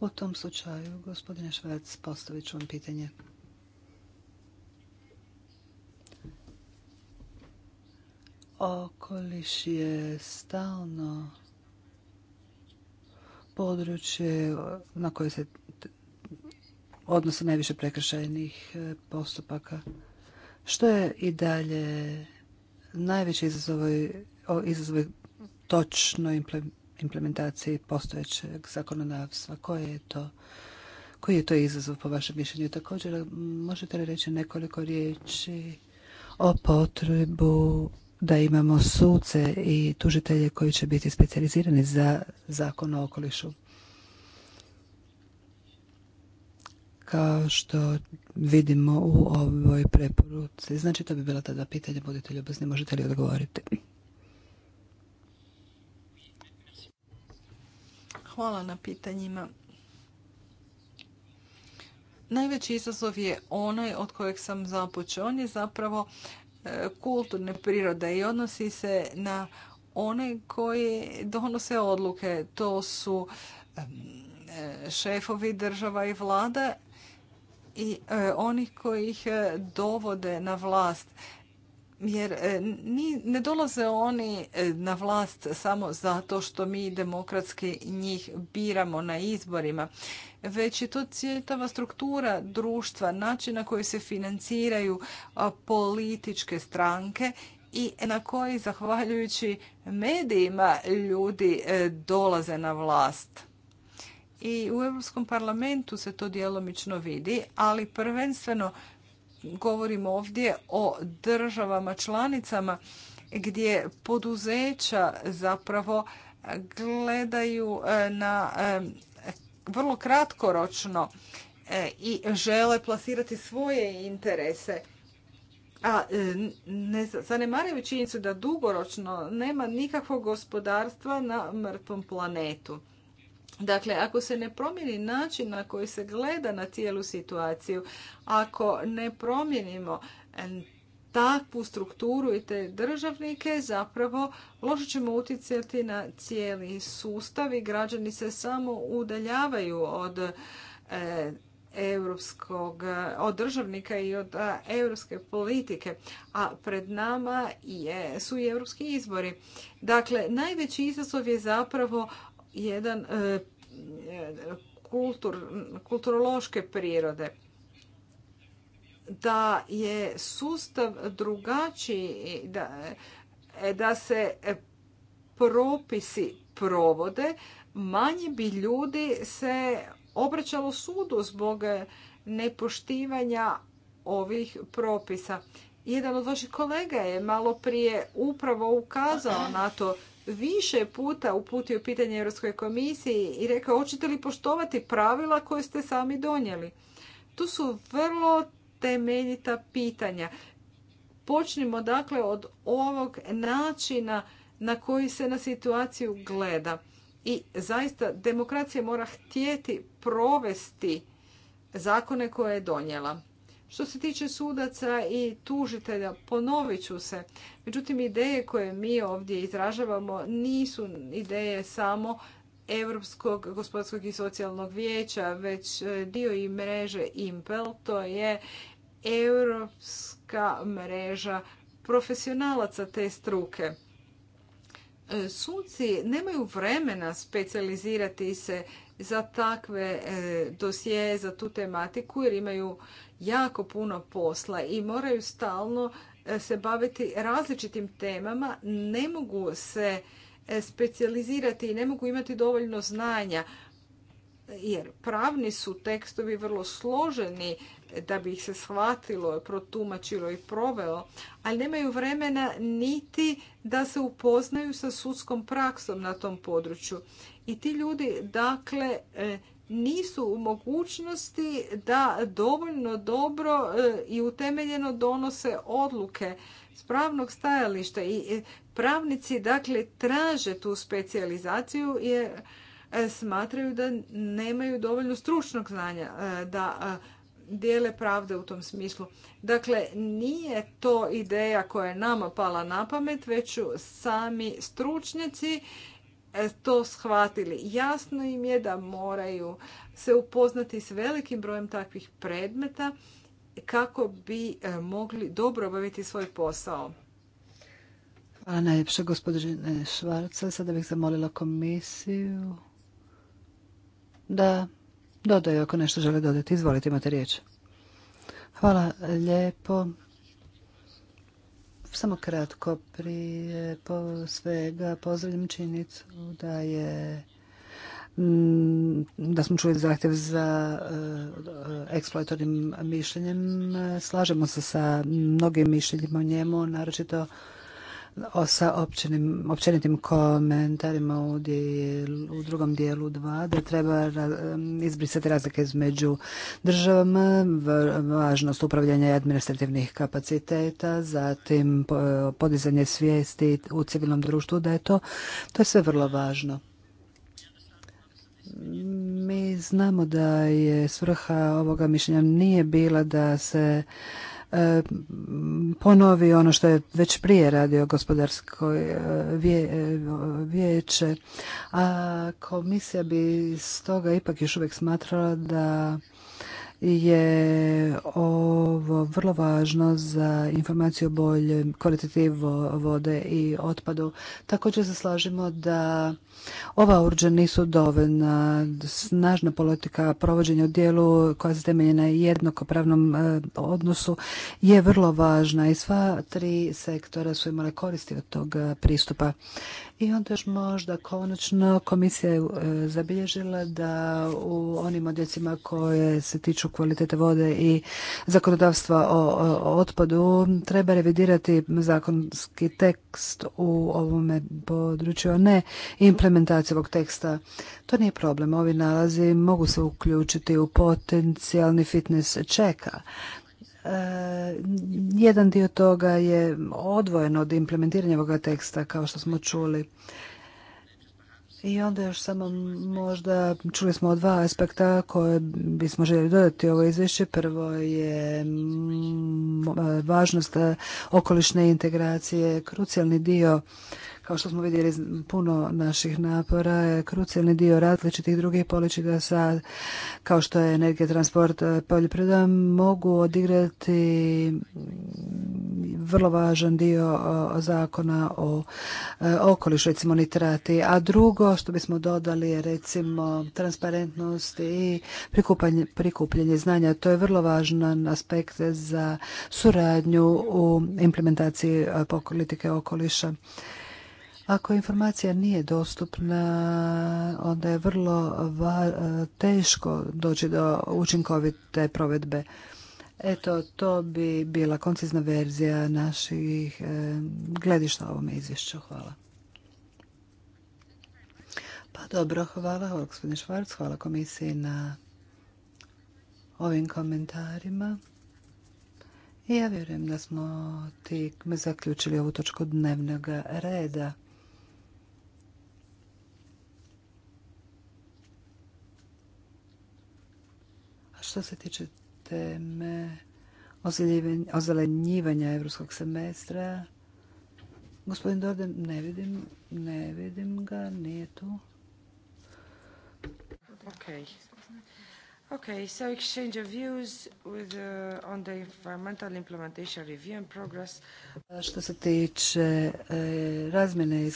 U tom slučaju, gospodine Švec, postavit ću vam pitanje. Okoliš je stalno područje na koje se odnose najviše prekršajnih e, postupaka, što je i dalje najveći izazovi, izazovi točno implementaciji postojećeg zakonodavstva? Koje to? Koji je to izazov po vašem mišljenju? Također, možete li reći nekoliko riječi o potrebu da imamo suce i tužitelje koji će biti specijalizirani za zakon o okolišu? Kao što vidimo u ovoj preporuci. Znači, to bi bila tada pitanja. Budite ljubazni, možete li odgovoriti? Hvala na pitanjima. Najveći izazov je onaj od kojeg sam započeo. On je zapravo e, kulturne prirode i odnosi se na one koji donose odluke. To su e, šefovi država i vlada i e, onih koji ih e, dovode na vlast. Jer e, ne dolaze oni na vlast samo zato što mi demokratski njih biramo na izborima, već je to cijetava struktura društva, način na koji se financiraju političke stranke i na koji, zahvaljujući medijima, ljudi dolaze na vlast i u Europskom parlamentu se to djelomično vidi, ali prvenstveno govorimo ovdje o državama članicama gdje poduzeća zapravo gledaju e, na e, vrlo kratkoročno e, i žele plasirati svoje interese. A ne zanemaraju činjenicu da dugoročno nema nikakvog gospodarstva na mrtvom planetu. Dakle, ako se ne promijeni način na koji se gleda na cijelu situaciju, ako ne promijenimo takvu strukturu i te državnike, zapravo loše ćemo utjecati na cijeli sustav i građani se samo udaljavaju od e, europskog, od državnika i od europske politike, a pred nama su i europski izbori. Dakle, najveći izazov je zapravo jedan e, kulturološke prirode da je sustav drugačiji, da, e, da se propisi provode, manje bi ljudi se obraćalo sudu zbog nepoštivanja ovih propisa. Jedan od vaših kolega je malo prije upravo ukazao na to više puta uputio pitanje Europskoj komisiji i rekao hoćete li poštovati pravila koje ste sami donijeli. Tu su vrlo temeljita pitanja. Počnimo dakle od ovog načina na koji se na situaciju gleda. I zaista demokracija mora htjeti provesti zakone koje je donijela. Što se tiče sudaca i tužitelja, ponovit ću se. Međutim, ideje koje mi ovdje izražavamo nisu ideje samo Europskog gospodarskog i socijalnog vijeća, već e, dio i mreže Impel, to je europska mreža profesionalaca te struke. E, suci nemaju vremena specijalizirati se za takve e, dosije, za tu tematiku jer imaju jako puno posla i moraju stalno e, se baviti različitim temama, ne mogu se e, specijalizirati i ne mogu imati dovoljno znanja jer pravni su tekstovi vrlo složeni da bi ih se shvatilo, protumačilo i proveo, ali nemaju vremena niti da se upoznaju sa sudskom praksom na tom području. I ti ljudi, dakle, e, nisu u mogućnosti da dovoljno dobro e, i utemeljeno donose odluke s pravnog stajališta i e, pravnici dakle traže tu specijalizaciju jer smatraju da nemaju dovoljno stručnog znanja da dijele pravde u tom smislu. Dakle, nije to ideja koja je nama pala na pamet, već sami stručnjaci E, to shvatili. Jasno im je da moraju se upoznati s velikim brojem takvih predmeta kako bi e, mogli dobro obaviti svoj posao. Hvala najljepše, gospodine Švarca. Sada bih zamolila komisiju da dodaju ako nešto žele dodati. Izvolite, imate riječ. Hvala lijepo. Samo kratko, prije svega pozdravljam činjenicu da je mm, da smo čuli zahtjev za eh, eksploatornim mišljenjem. Slažemo se sa mnogim mišljenjima o njemu, naročito sa općenitim komentarima u, u drugom dijelu dva da treba izbrisati razlike između državama, važnost upravljanja i administrativnih kapaciteta, zatim podizanje svijesti u civilnom društvu da je to, to je sve vrlo važno. Mi znamo da je svrha ovoga mišljenja nije bila da se E, ponovi ono što je već prije radio gospodarsko e, e, vijeće. A komisija bi stoga ipak još uvijek smatrala da je ovo vrlo važno za informaciju o boljoj vode i otpadu. Također se slažemo da ova oruđa nisu dovoljna. Snažna politika provođenja u dijelu koja se temelje na jednakopravnom e, odnosu je vrlo važna i sva tri sektora su imale koristi od tog e, pristupa. I onda još možda konačno komisija je e, zabilježila da u onim odjecima koje se tiču kvalitete vode i zakonodavstva o, o otpadu treba revidirati zakonski tekst u ovome području, a ne implementirati implementacije ovog teksta. To nije problem. Ovi nalazi mogu se uključiti u potencijalni fitness čeka. E, jedan dio toga je odvojen od implementiranja ovoga teksta, kao što smo čuli. I onda još samo možda čuli smo dva aspekta koje bismo željeli dodati ovo izvješće. Prvo je važnost e, okolišne integracije, krucijalni dio kao što smo vidjeli, puno naših napora je krucijalni dio različitih drugih politika sad, kao što je energija, transport, e, poljoprivreda, mogu odigrati vrlo važan dio e, zakona o e, okolišu, recimo nitrati. A drugo što bismo dodali je recimo transparentnost i prikupljenje znanja. To je vrlo važan aspekt za suradnju u implementaciji politike okoliša. Ako informacija nije dostupna, onda je vrlo teško doći do učinkovite provedbe. Eto, to bi bila koncizna verzija naših e, gledišta ovome izvješću. Hvala. Pa dobro, hvala, gospodine Švarc, hvala komisiji na ovim komentarima. I ja vjerujem da smo ti zaključili ovu točku dnevnog reda. Što se tiče teme ozelenjivanja europskog semestra, gospodin dorde ne vidim, ne vidim ga, nije tu. ok ok so exchange of views with, uh, on the environmental implementation review and progress. Što se tiče e, razmjene e,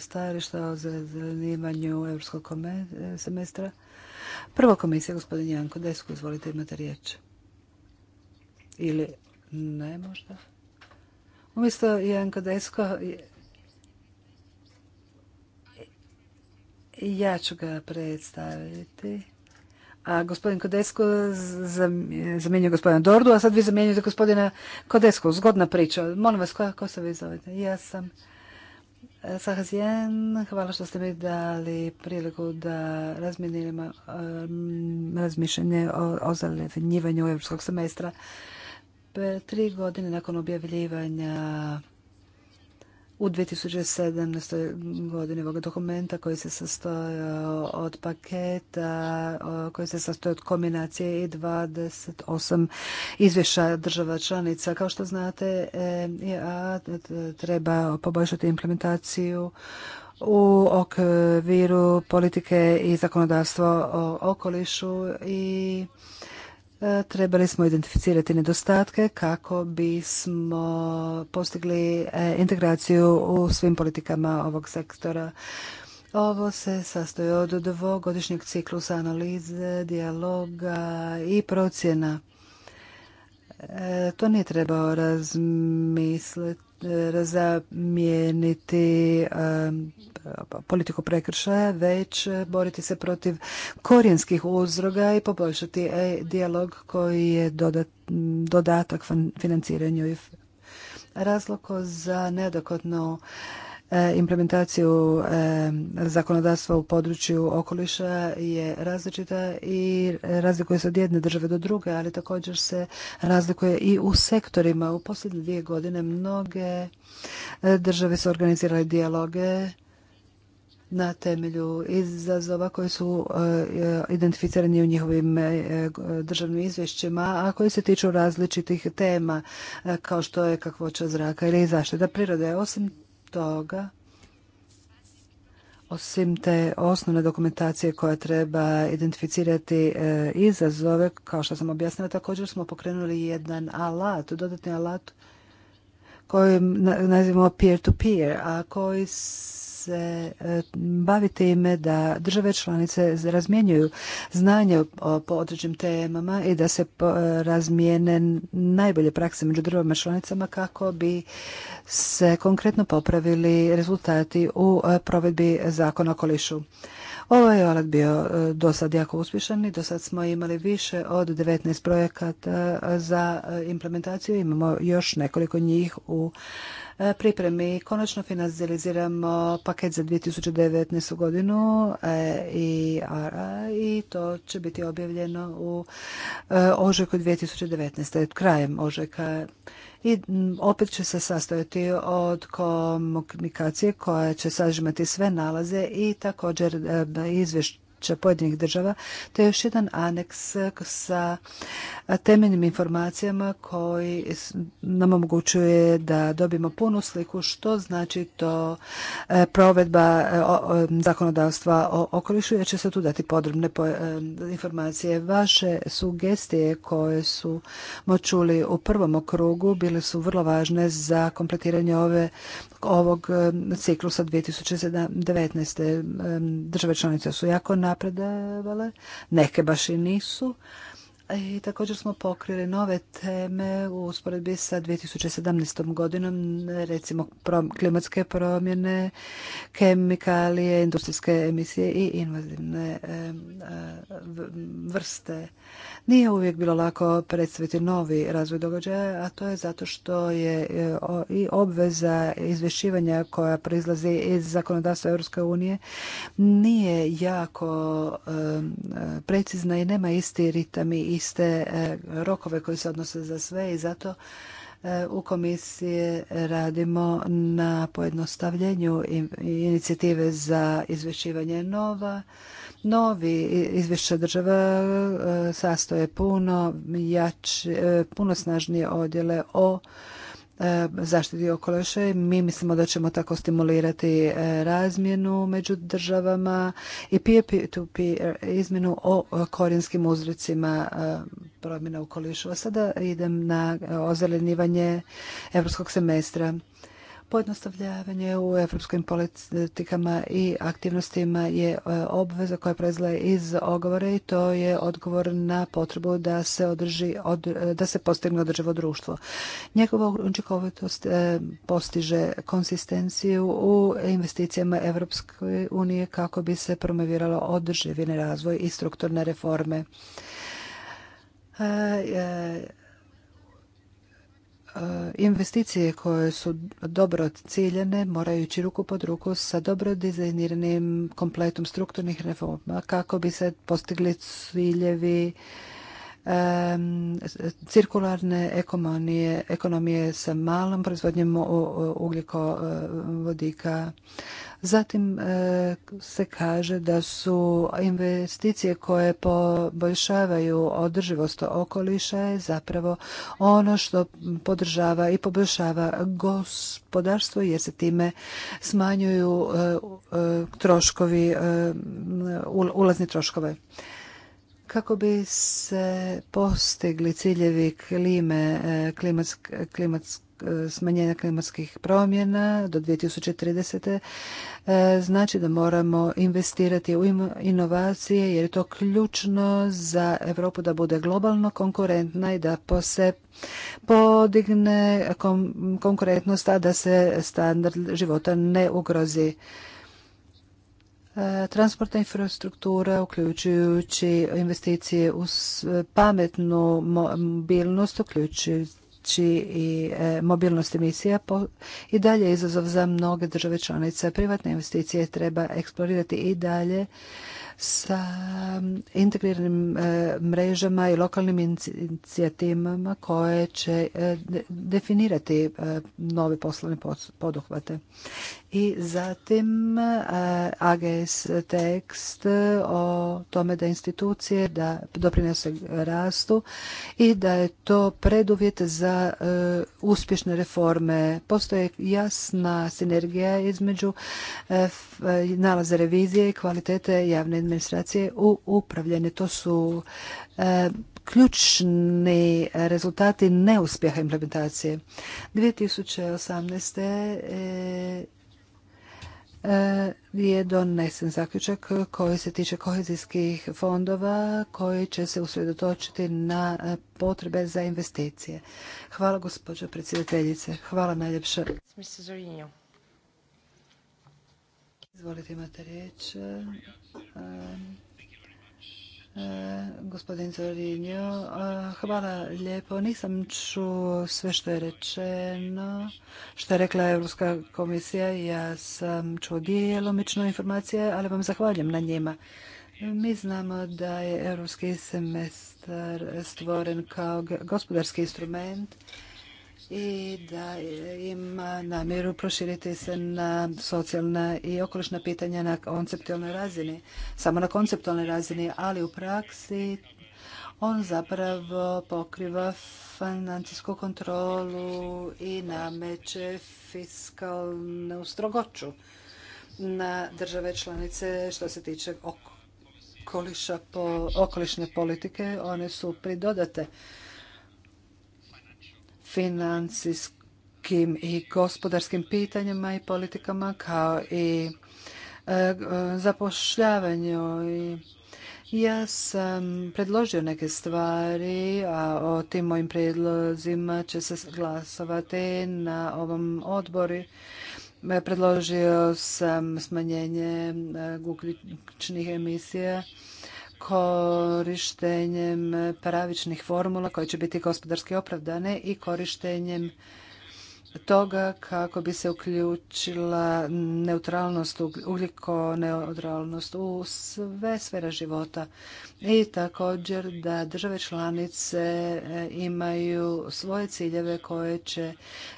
stajališta o zanimanju europskog e, semestra, Prvo komisija, gospodin Janko Desku, izvolite imate riječ. Ili ne možda? Umjesto Janko Desko, ja ću ga predstaviti. A gospodin Kodesko zamjenjuje gospodina Dordu, a sad vi zamjenjujete gospodina Kodesko. Zgodna priča. Molim vas, kako se vi zovete? Ja sam Sahazijan, hvala što ste mi dali priliku da razminiramo eh, razmišljanje o, o evropskog europskog semestra. Tri godine nakon objavljivanja u 2017. godini ovog dokumenta koji se sastoji od paketa, koji se sastoji od kombinacije i 28 izvješća država članica. Kao što znate, e treba poboljšati implementaciju u okviru politike i zakonodavstva o okolišu i E, trebali smo identificirati nedostatke kako bismo postigli e, integraciju u svim politikama ovog sektora. Ovo se sastoji od dvogodišnjeg ciklusa analize, dijaloga i procjena. E, to nije trebao razmisliti zamijeniti politiku prekršaja, već boriti se protiv korijenskih uzroga i poboljšati e, dijalog koji je dodatak financiranju i za nedokotno E, implementaciju e, zakonodavstva u području okoliša je različita i razlikuje se od jedne države do druge, ali također se razlikuje i u sektorima. U posljednje dvije godine mnoge e, države su organizirale dijaloge na temelju izazova koji su identificirani u njihovim državnim izvješćima, a koji se tiču različitih tema kao što je kakvoća zraka ili zaštita prirode. Osim toga, osim te osnovne dokumentacije koja treba identificirati e, izazove, kao što sam objasnila, također smo pokrenuli jedan alat, dodatni alat koji nazivamo peer-to-peer, a koji se e, bavi time da države članice razmjenjuju znanje po određenim temama i da se e, razmijene najbolje prakse među državama članicama kako bi se konkretno popravili rezultati u e, provedbi zakona o okolišu. Ovo ovaj je alat bio do sad jako uspješan i do sad smo imali više od 19 projekata za implementaciju. Imamo još nekoliko njih u E, pripremi. Konačno finaliziramo paket za 2019. godinu e, i i to će biti objavljeno u e, ožujku 2019. krajem ožujka i opet će se sastojati od komunikacije koja će sažimati sve nalaze i također izvješće pojedinih država, te još jedan aneks sa temeljnim informacijama koji nam omogućuje da dobijemo punu sliku što znači to e, provedba e, zakonodavstva o okolišu, jer će se tu dati podrobne e, informacije. Vaše sugestije koje su smo u prvom okrugu bile su vrlo važne za kompletiranje ove ovog ciklusa 2019. Države članice su jako na napredovale, neke baš i nisu. I također smo pokrili nove teme u usporedbi sa 2017. godinom, recimo klimatske promjene, kemikalije, industrijske emisije i invazivne vrste. Nije uvijek bilo lako predstaviti novi razvoj događaja, a to je zato što je e, i obveza izvješćivanja koja proizlazi iz zakonodavstva Europske unije nije jako precizna i nema isti ritam i iste e, rokove koji se odnose za sve i zato e, u komisiji radimo na pojednostavljenju inicijative za izvješćivanje nova. Novi izvješća država e, sastoje puno jače, puno snažnije odjele o E, zaštiti okoliša i mi mislimo da ćemo tako stimulirati e, razmjenu među državama i peer to izmjenu o korijenskim uzrocima e, promjena okoliša. A sada idem na ozelenivanje europskog semestra. Pojednostavljavanje u europskim politikama i aktivnostima je e, obveza koja proizlazi iz ogovore i to je odgovor na potrebu da se održi, e, da se postigne održivo društvo. Njegova učinkovitost e, postiže konsistenciju u investicijama Evropske unije kako bi se promoviralo održivine razvoj i strukturne reforme. E, investicije koje su dobro ciljene moraju ići ruku pod ruku sa dobro dizajniranim kompletom strukturnih reforma kako bi se postigli ciljevi e, cirkularne ekonomije, ekonomije sa malom proizvodnjom ugljikovodika, Zatim e, se kaže da su investicije koje poboljšavaju održivost okoliša je zapravo ono što podržava i poboljšava gospodarstvo jer se time smanjuju e, e, troškovi, ulazni troškove kako bi se postigli ciljevi klime, klimatske E, smanjenja klimatskih promjena do 2030. E, znači da moramo investirati u inovacije jer je to ključno za Europu da bude globalno konkurentna i da se podigne konkurentnost, a da se standard života ne ugrozi. E, transportna infrastruktura, uključujući investicije u pametnu mobilnost, uključujući i e, mobilnost emisija i dalje izazov za mnoge države članice. Privatne investicije treba eksplorirati i dalje sa integriranim e, mrežama i lokalnim inicijativama koje će e, definirati e, nove poslovne poduhvate. I zatim AGS tekst o tome da institucije da doprinose rastu i da je to preduvjet za uspješne reforme. Postoje jasna sinergija između nalaze revizije i kvalitete javne administracije u upravljanje. To su e, ključni rezultati neuspjeha implementacije. 2018. E, e, je donesen zaključak koji se tiče kohezijskih fondova koji će se usredotočiti na e, potrebe za investicije. Hvala gospođo predsjedateljice. Hvala najljepša. Izvolite imate riječ. Ehm, ehm, gospodin Zorinjo, eh, hvala lijepo. Nisam čuo sve što je rečeno, što je rekla Europska komisija. Ja sam čuo dijelomično informacije, ali vam zahvaljujem na njima. Mi znamo da je europski semestar stvoren kao gospodarski instrument i da ima namjeru proširiti se na socijalna i okolišna pitanja na konceptualnoj razini, samo na konceptualnoj razini, ali u praksi on zapravo pokriva financijsku kontrolu i nameće fiskalnu strogoću na države članice što se tiče okoliša, okolišne politike. One su pridodate financijskim i gospodarskim pitanjima i politikama kao i e, zapošljavanju i ja sam predložio neke stvari, a o tim mojim predlozima će se glasovati na ovom odboru. E, predložio sam smanjenje gugličnih e, emisija korištenjem pravičnih formula koje će biti gospodarski opravdane i korištenjem toga kako bi se uključila neutralnost, ugljiko neutralnost u sve sfere života i također da države članice e, imaju svoje ciljeve koje će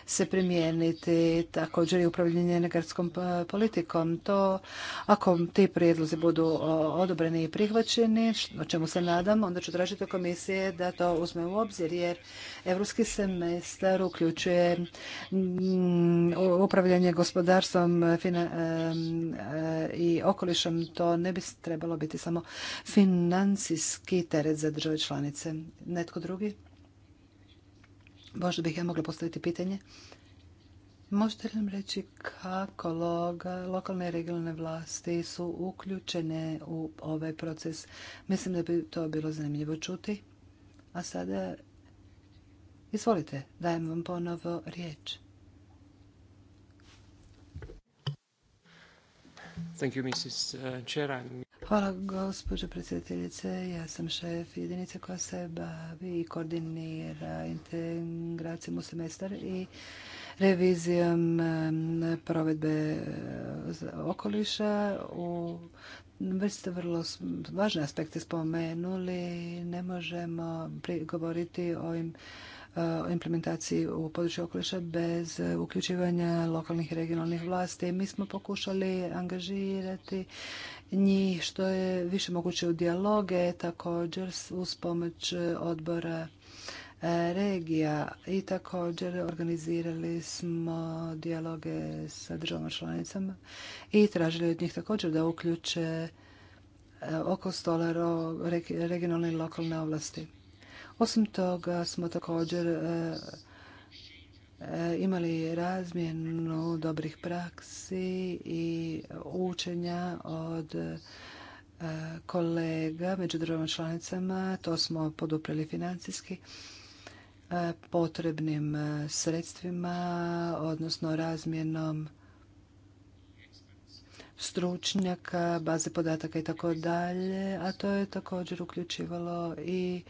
se primijeniti također i upravljanje energetskom e, politikom. To ako ti prijedlozi budu odobreni i prihvaćeni, o čemu se nadam, onda ću tražiti komisije da to uzme u obzir jer europski semestar uključuje Mm, upravljanje gospodarstvom e, i okolišom, to ne bi trebalo biti samo financijski teret za države članice. Netko drugi? Možda bih ja mogla postaviti pitanje. Možete li nam reći kako lokalne i regionalne vlasti su uključene u ovaj proces? Mislim da bi to bilo zanimljivo čuti. A sada Izvolite, dajem vam ponovo riječ. Uh, Hvala gospođo predsjedateljice. Ja sam šef jedinice koja se bavi i koordinira integracijom u semestar i revizijom um, provedbe uh, okoliša. U, već ste vrlo važne aspekte spomenuli. Ne možemo govoriti o ovim Eh, implementaciji u području okoliša bez uključivanja lokalnih i regionalnih vlasti. Mi smo pokušali angažirati njih što je više moguće u dijaloge, također uz pomoć odbora eh, regija i također organizirali smo dijaloge sa državama članicama i tražili od njih također da uključe eh, oko stolaro regionalne i lokalne ovlasti. Osim toga smo također e, e, imali razmjenu dobrih praksi i učenja od e, kolega među državama članicama. To smo podupreli financijski potrebnim sredstvima, odnosno razmjenom stručnjaka, baze podataka i tako dalje, a to je također uključivalo i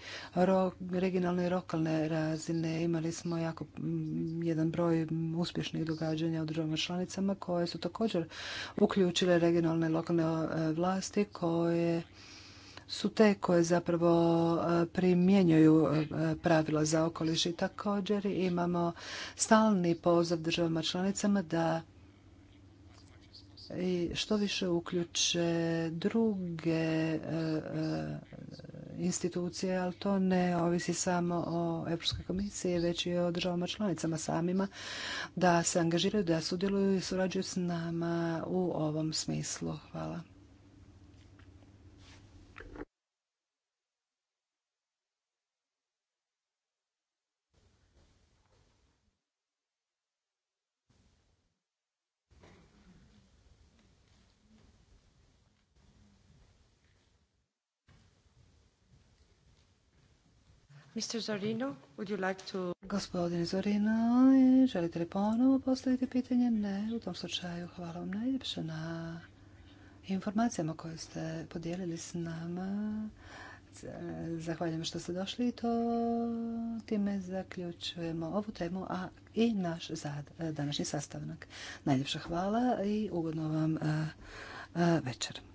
regionalne i lokalne razine. Imali smo jako mm, jedan broj uspješnih događanja u državama članicama koje su također uključile regionalne i lokalne e, vlasti koje su te koje zapravo e, primjenjuju e, pravila za okoliš i također imamo stalni poziv državama članicama da i što više uključe druge e, e, institucije, ali to ne ovisi samo o Europskoj komisiji, već i o državama članicama samima, da se angažiraju, da sudjeluju i surađuju s nama u ovom smislu. Hvala. Gospodine Zorino, želite li ponovo postaviti pitanje? Ne, u tom slučaju hvala vam najljepše na informacijama koje ste podijelili s nama. Zahvaljujem što ste došli i to time zaključujemo ovu temu, a i naš današnji sastavnak. Najljepša hvala i ugodno vam eh, eh, večer.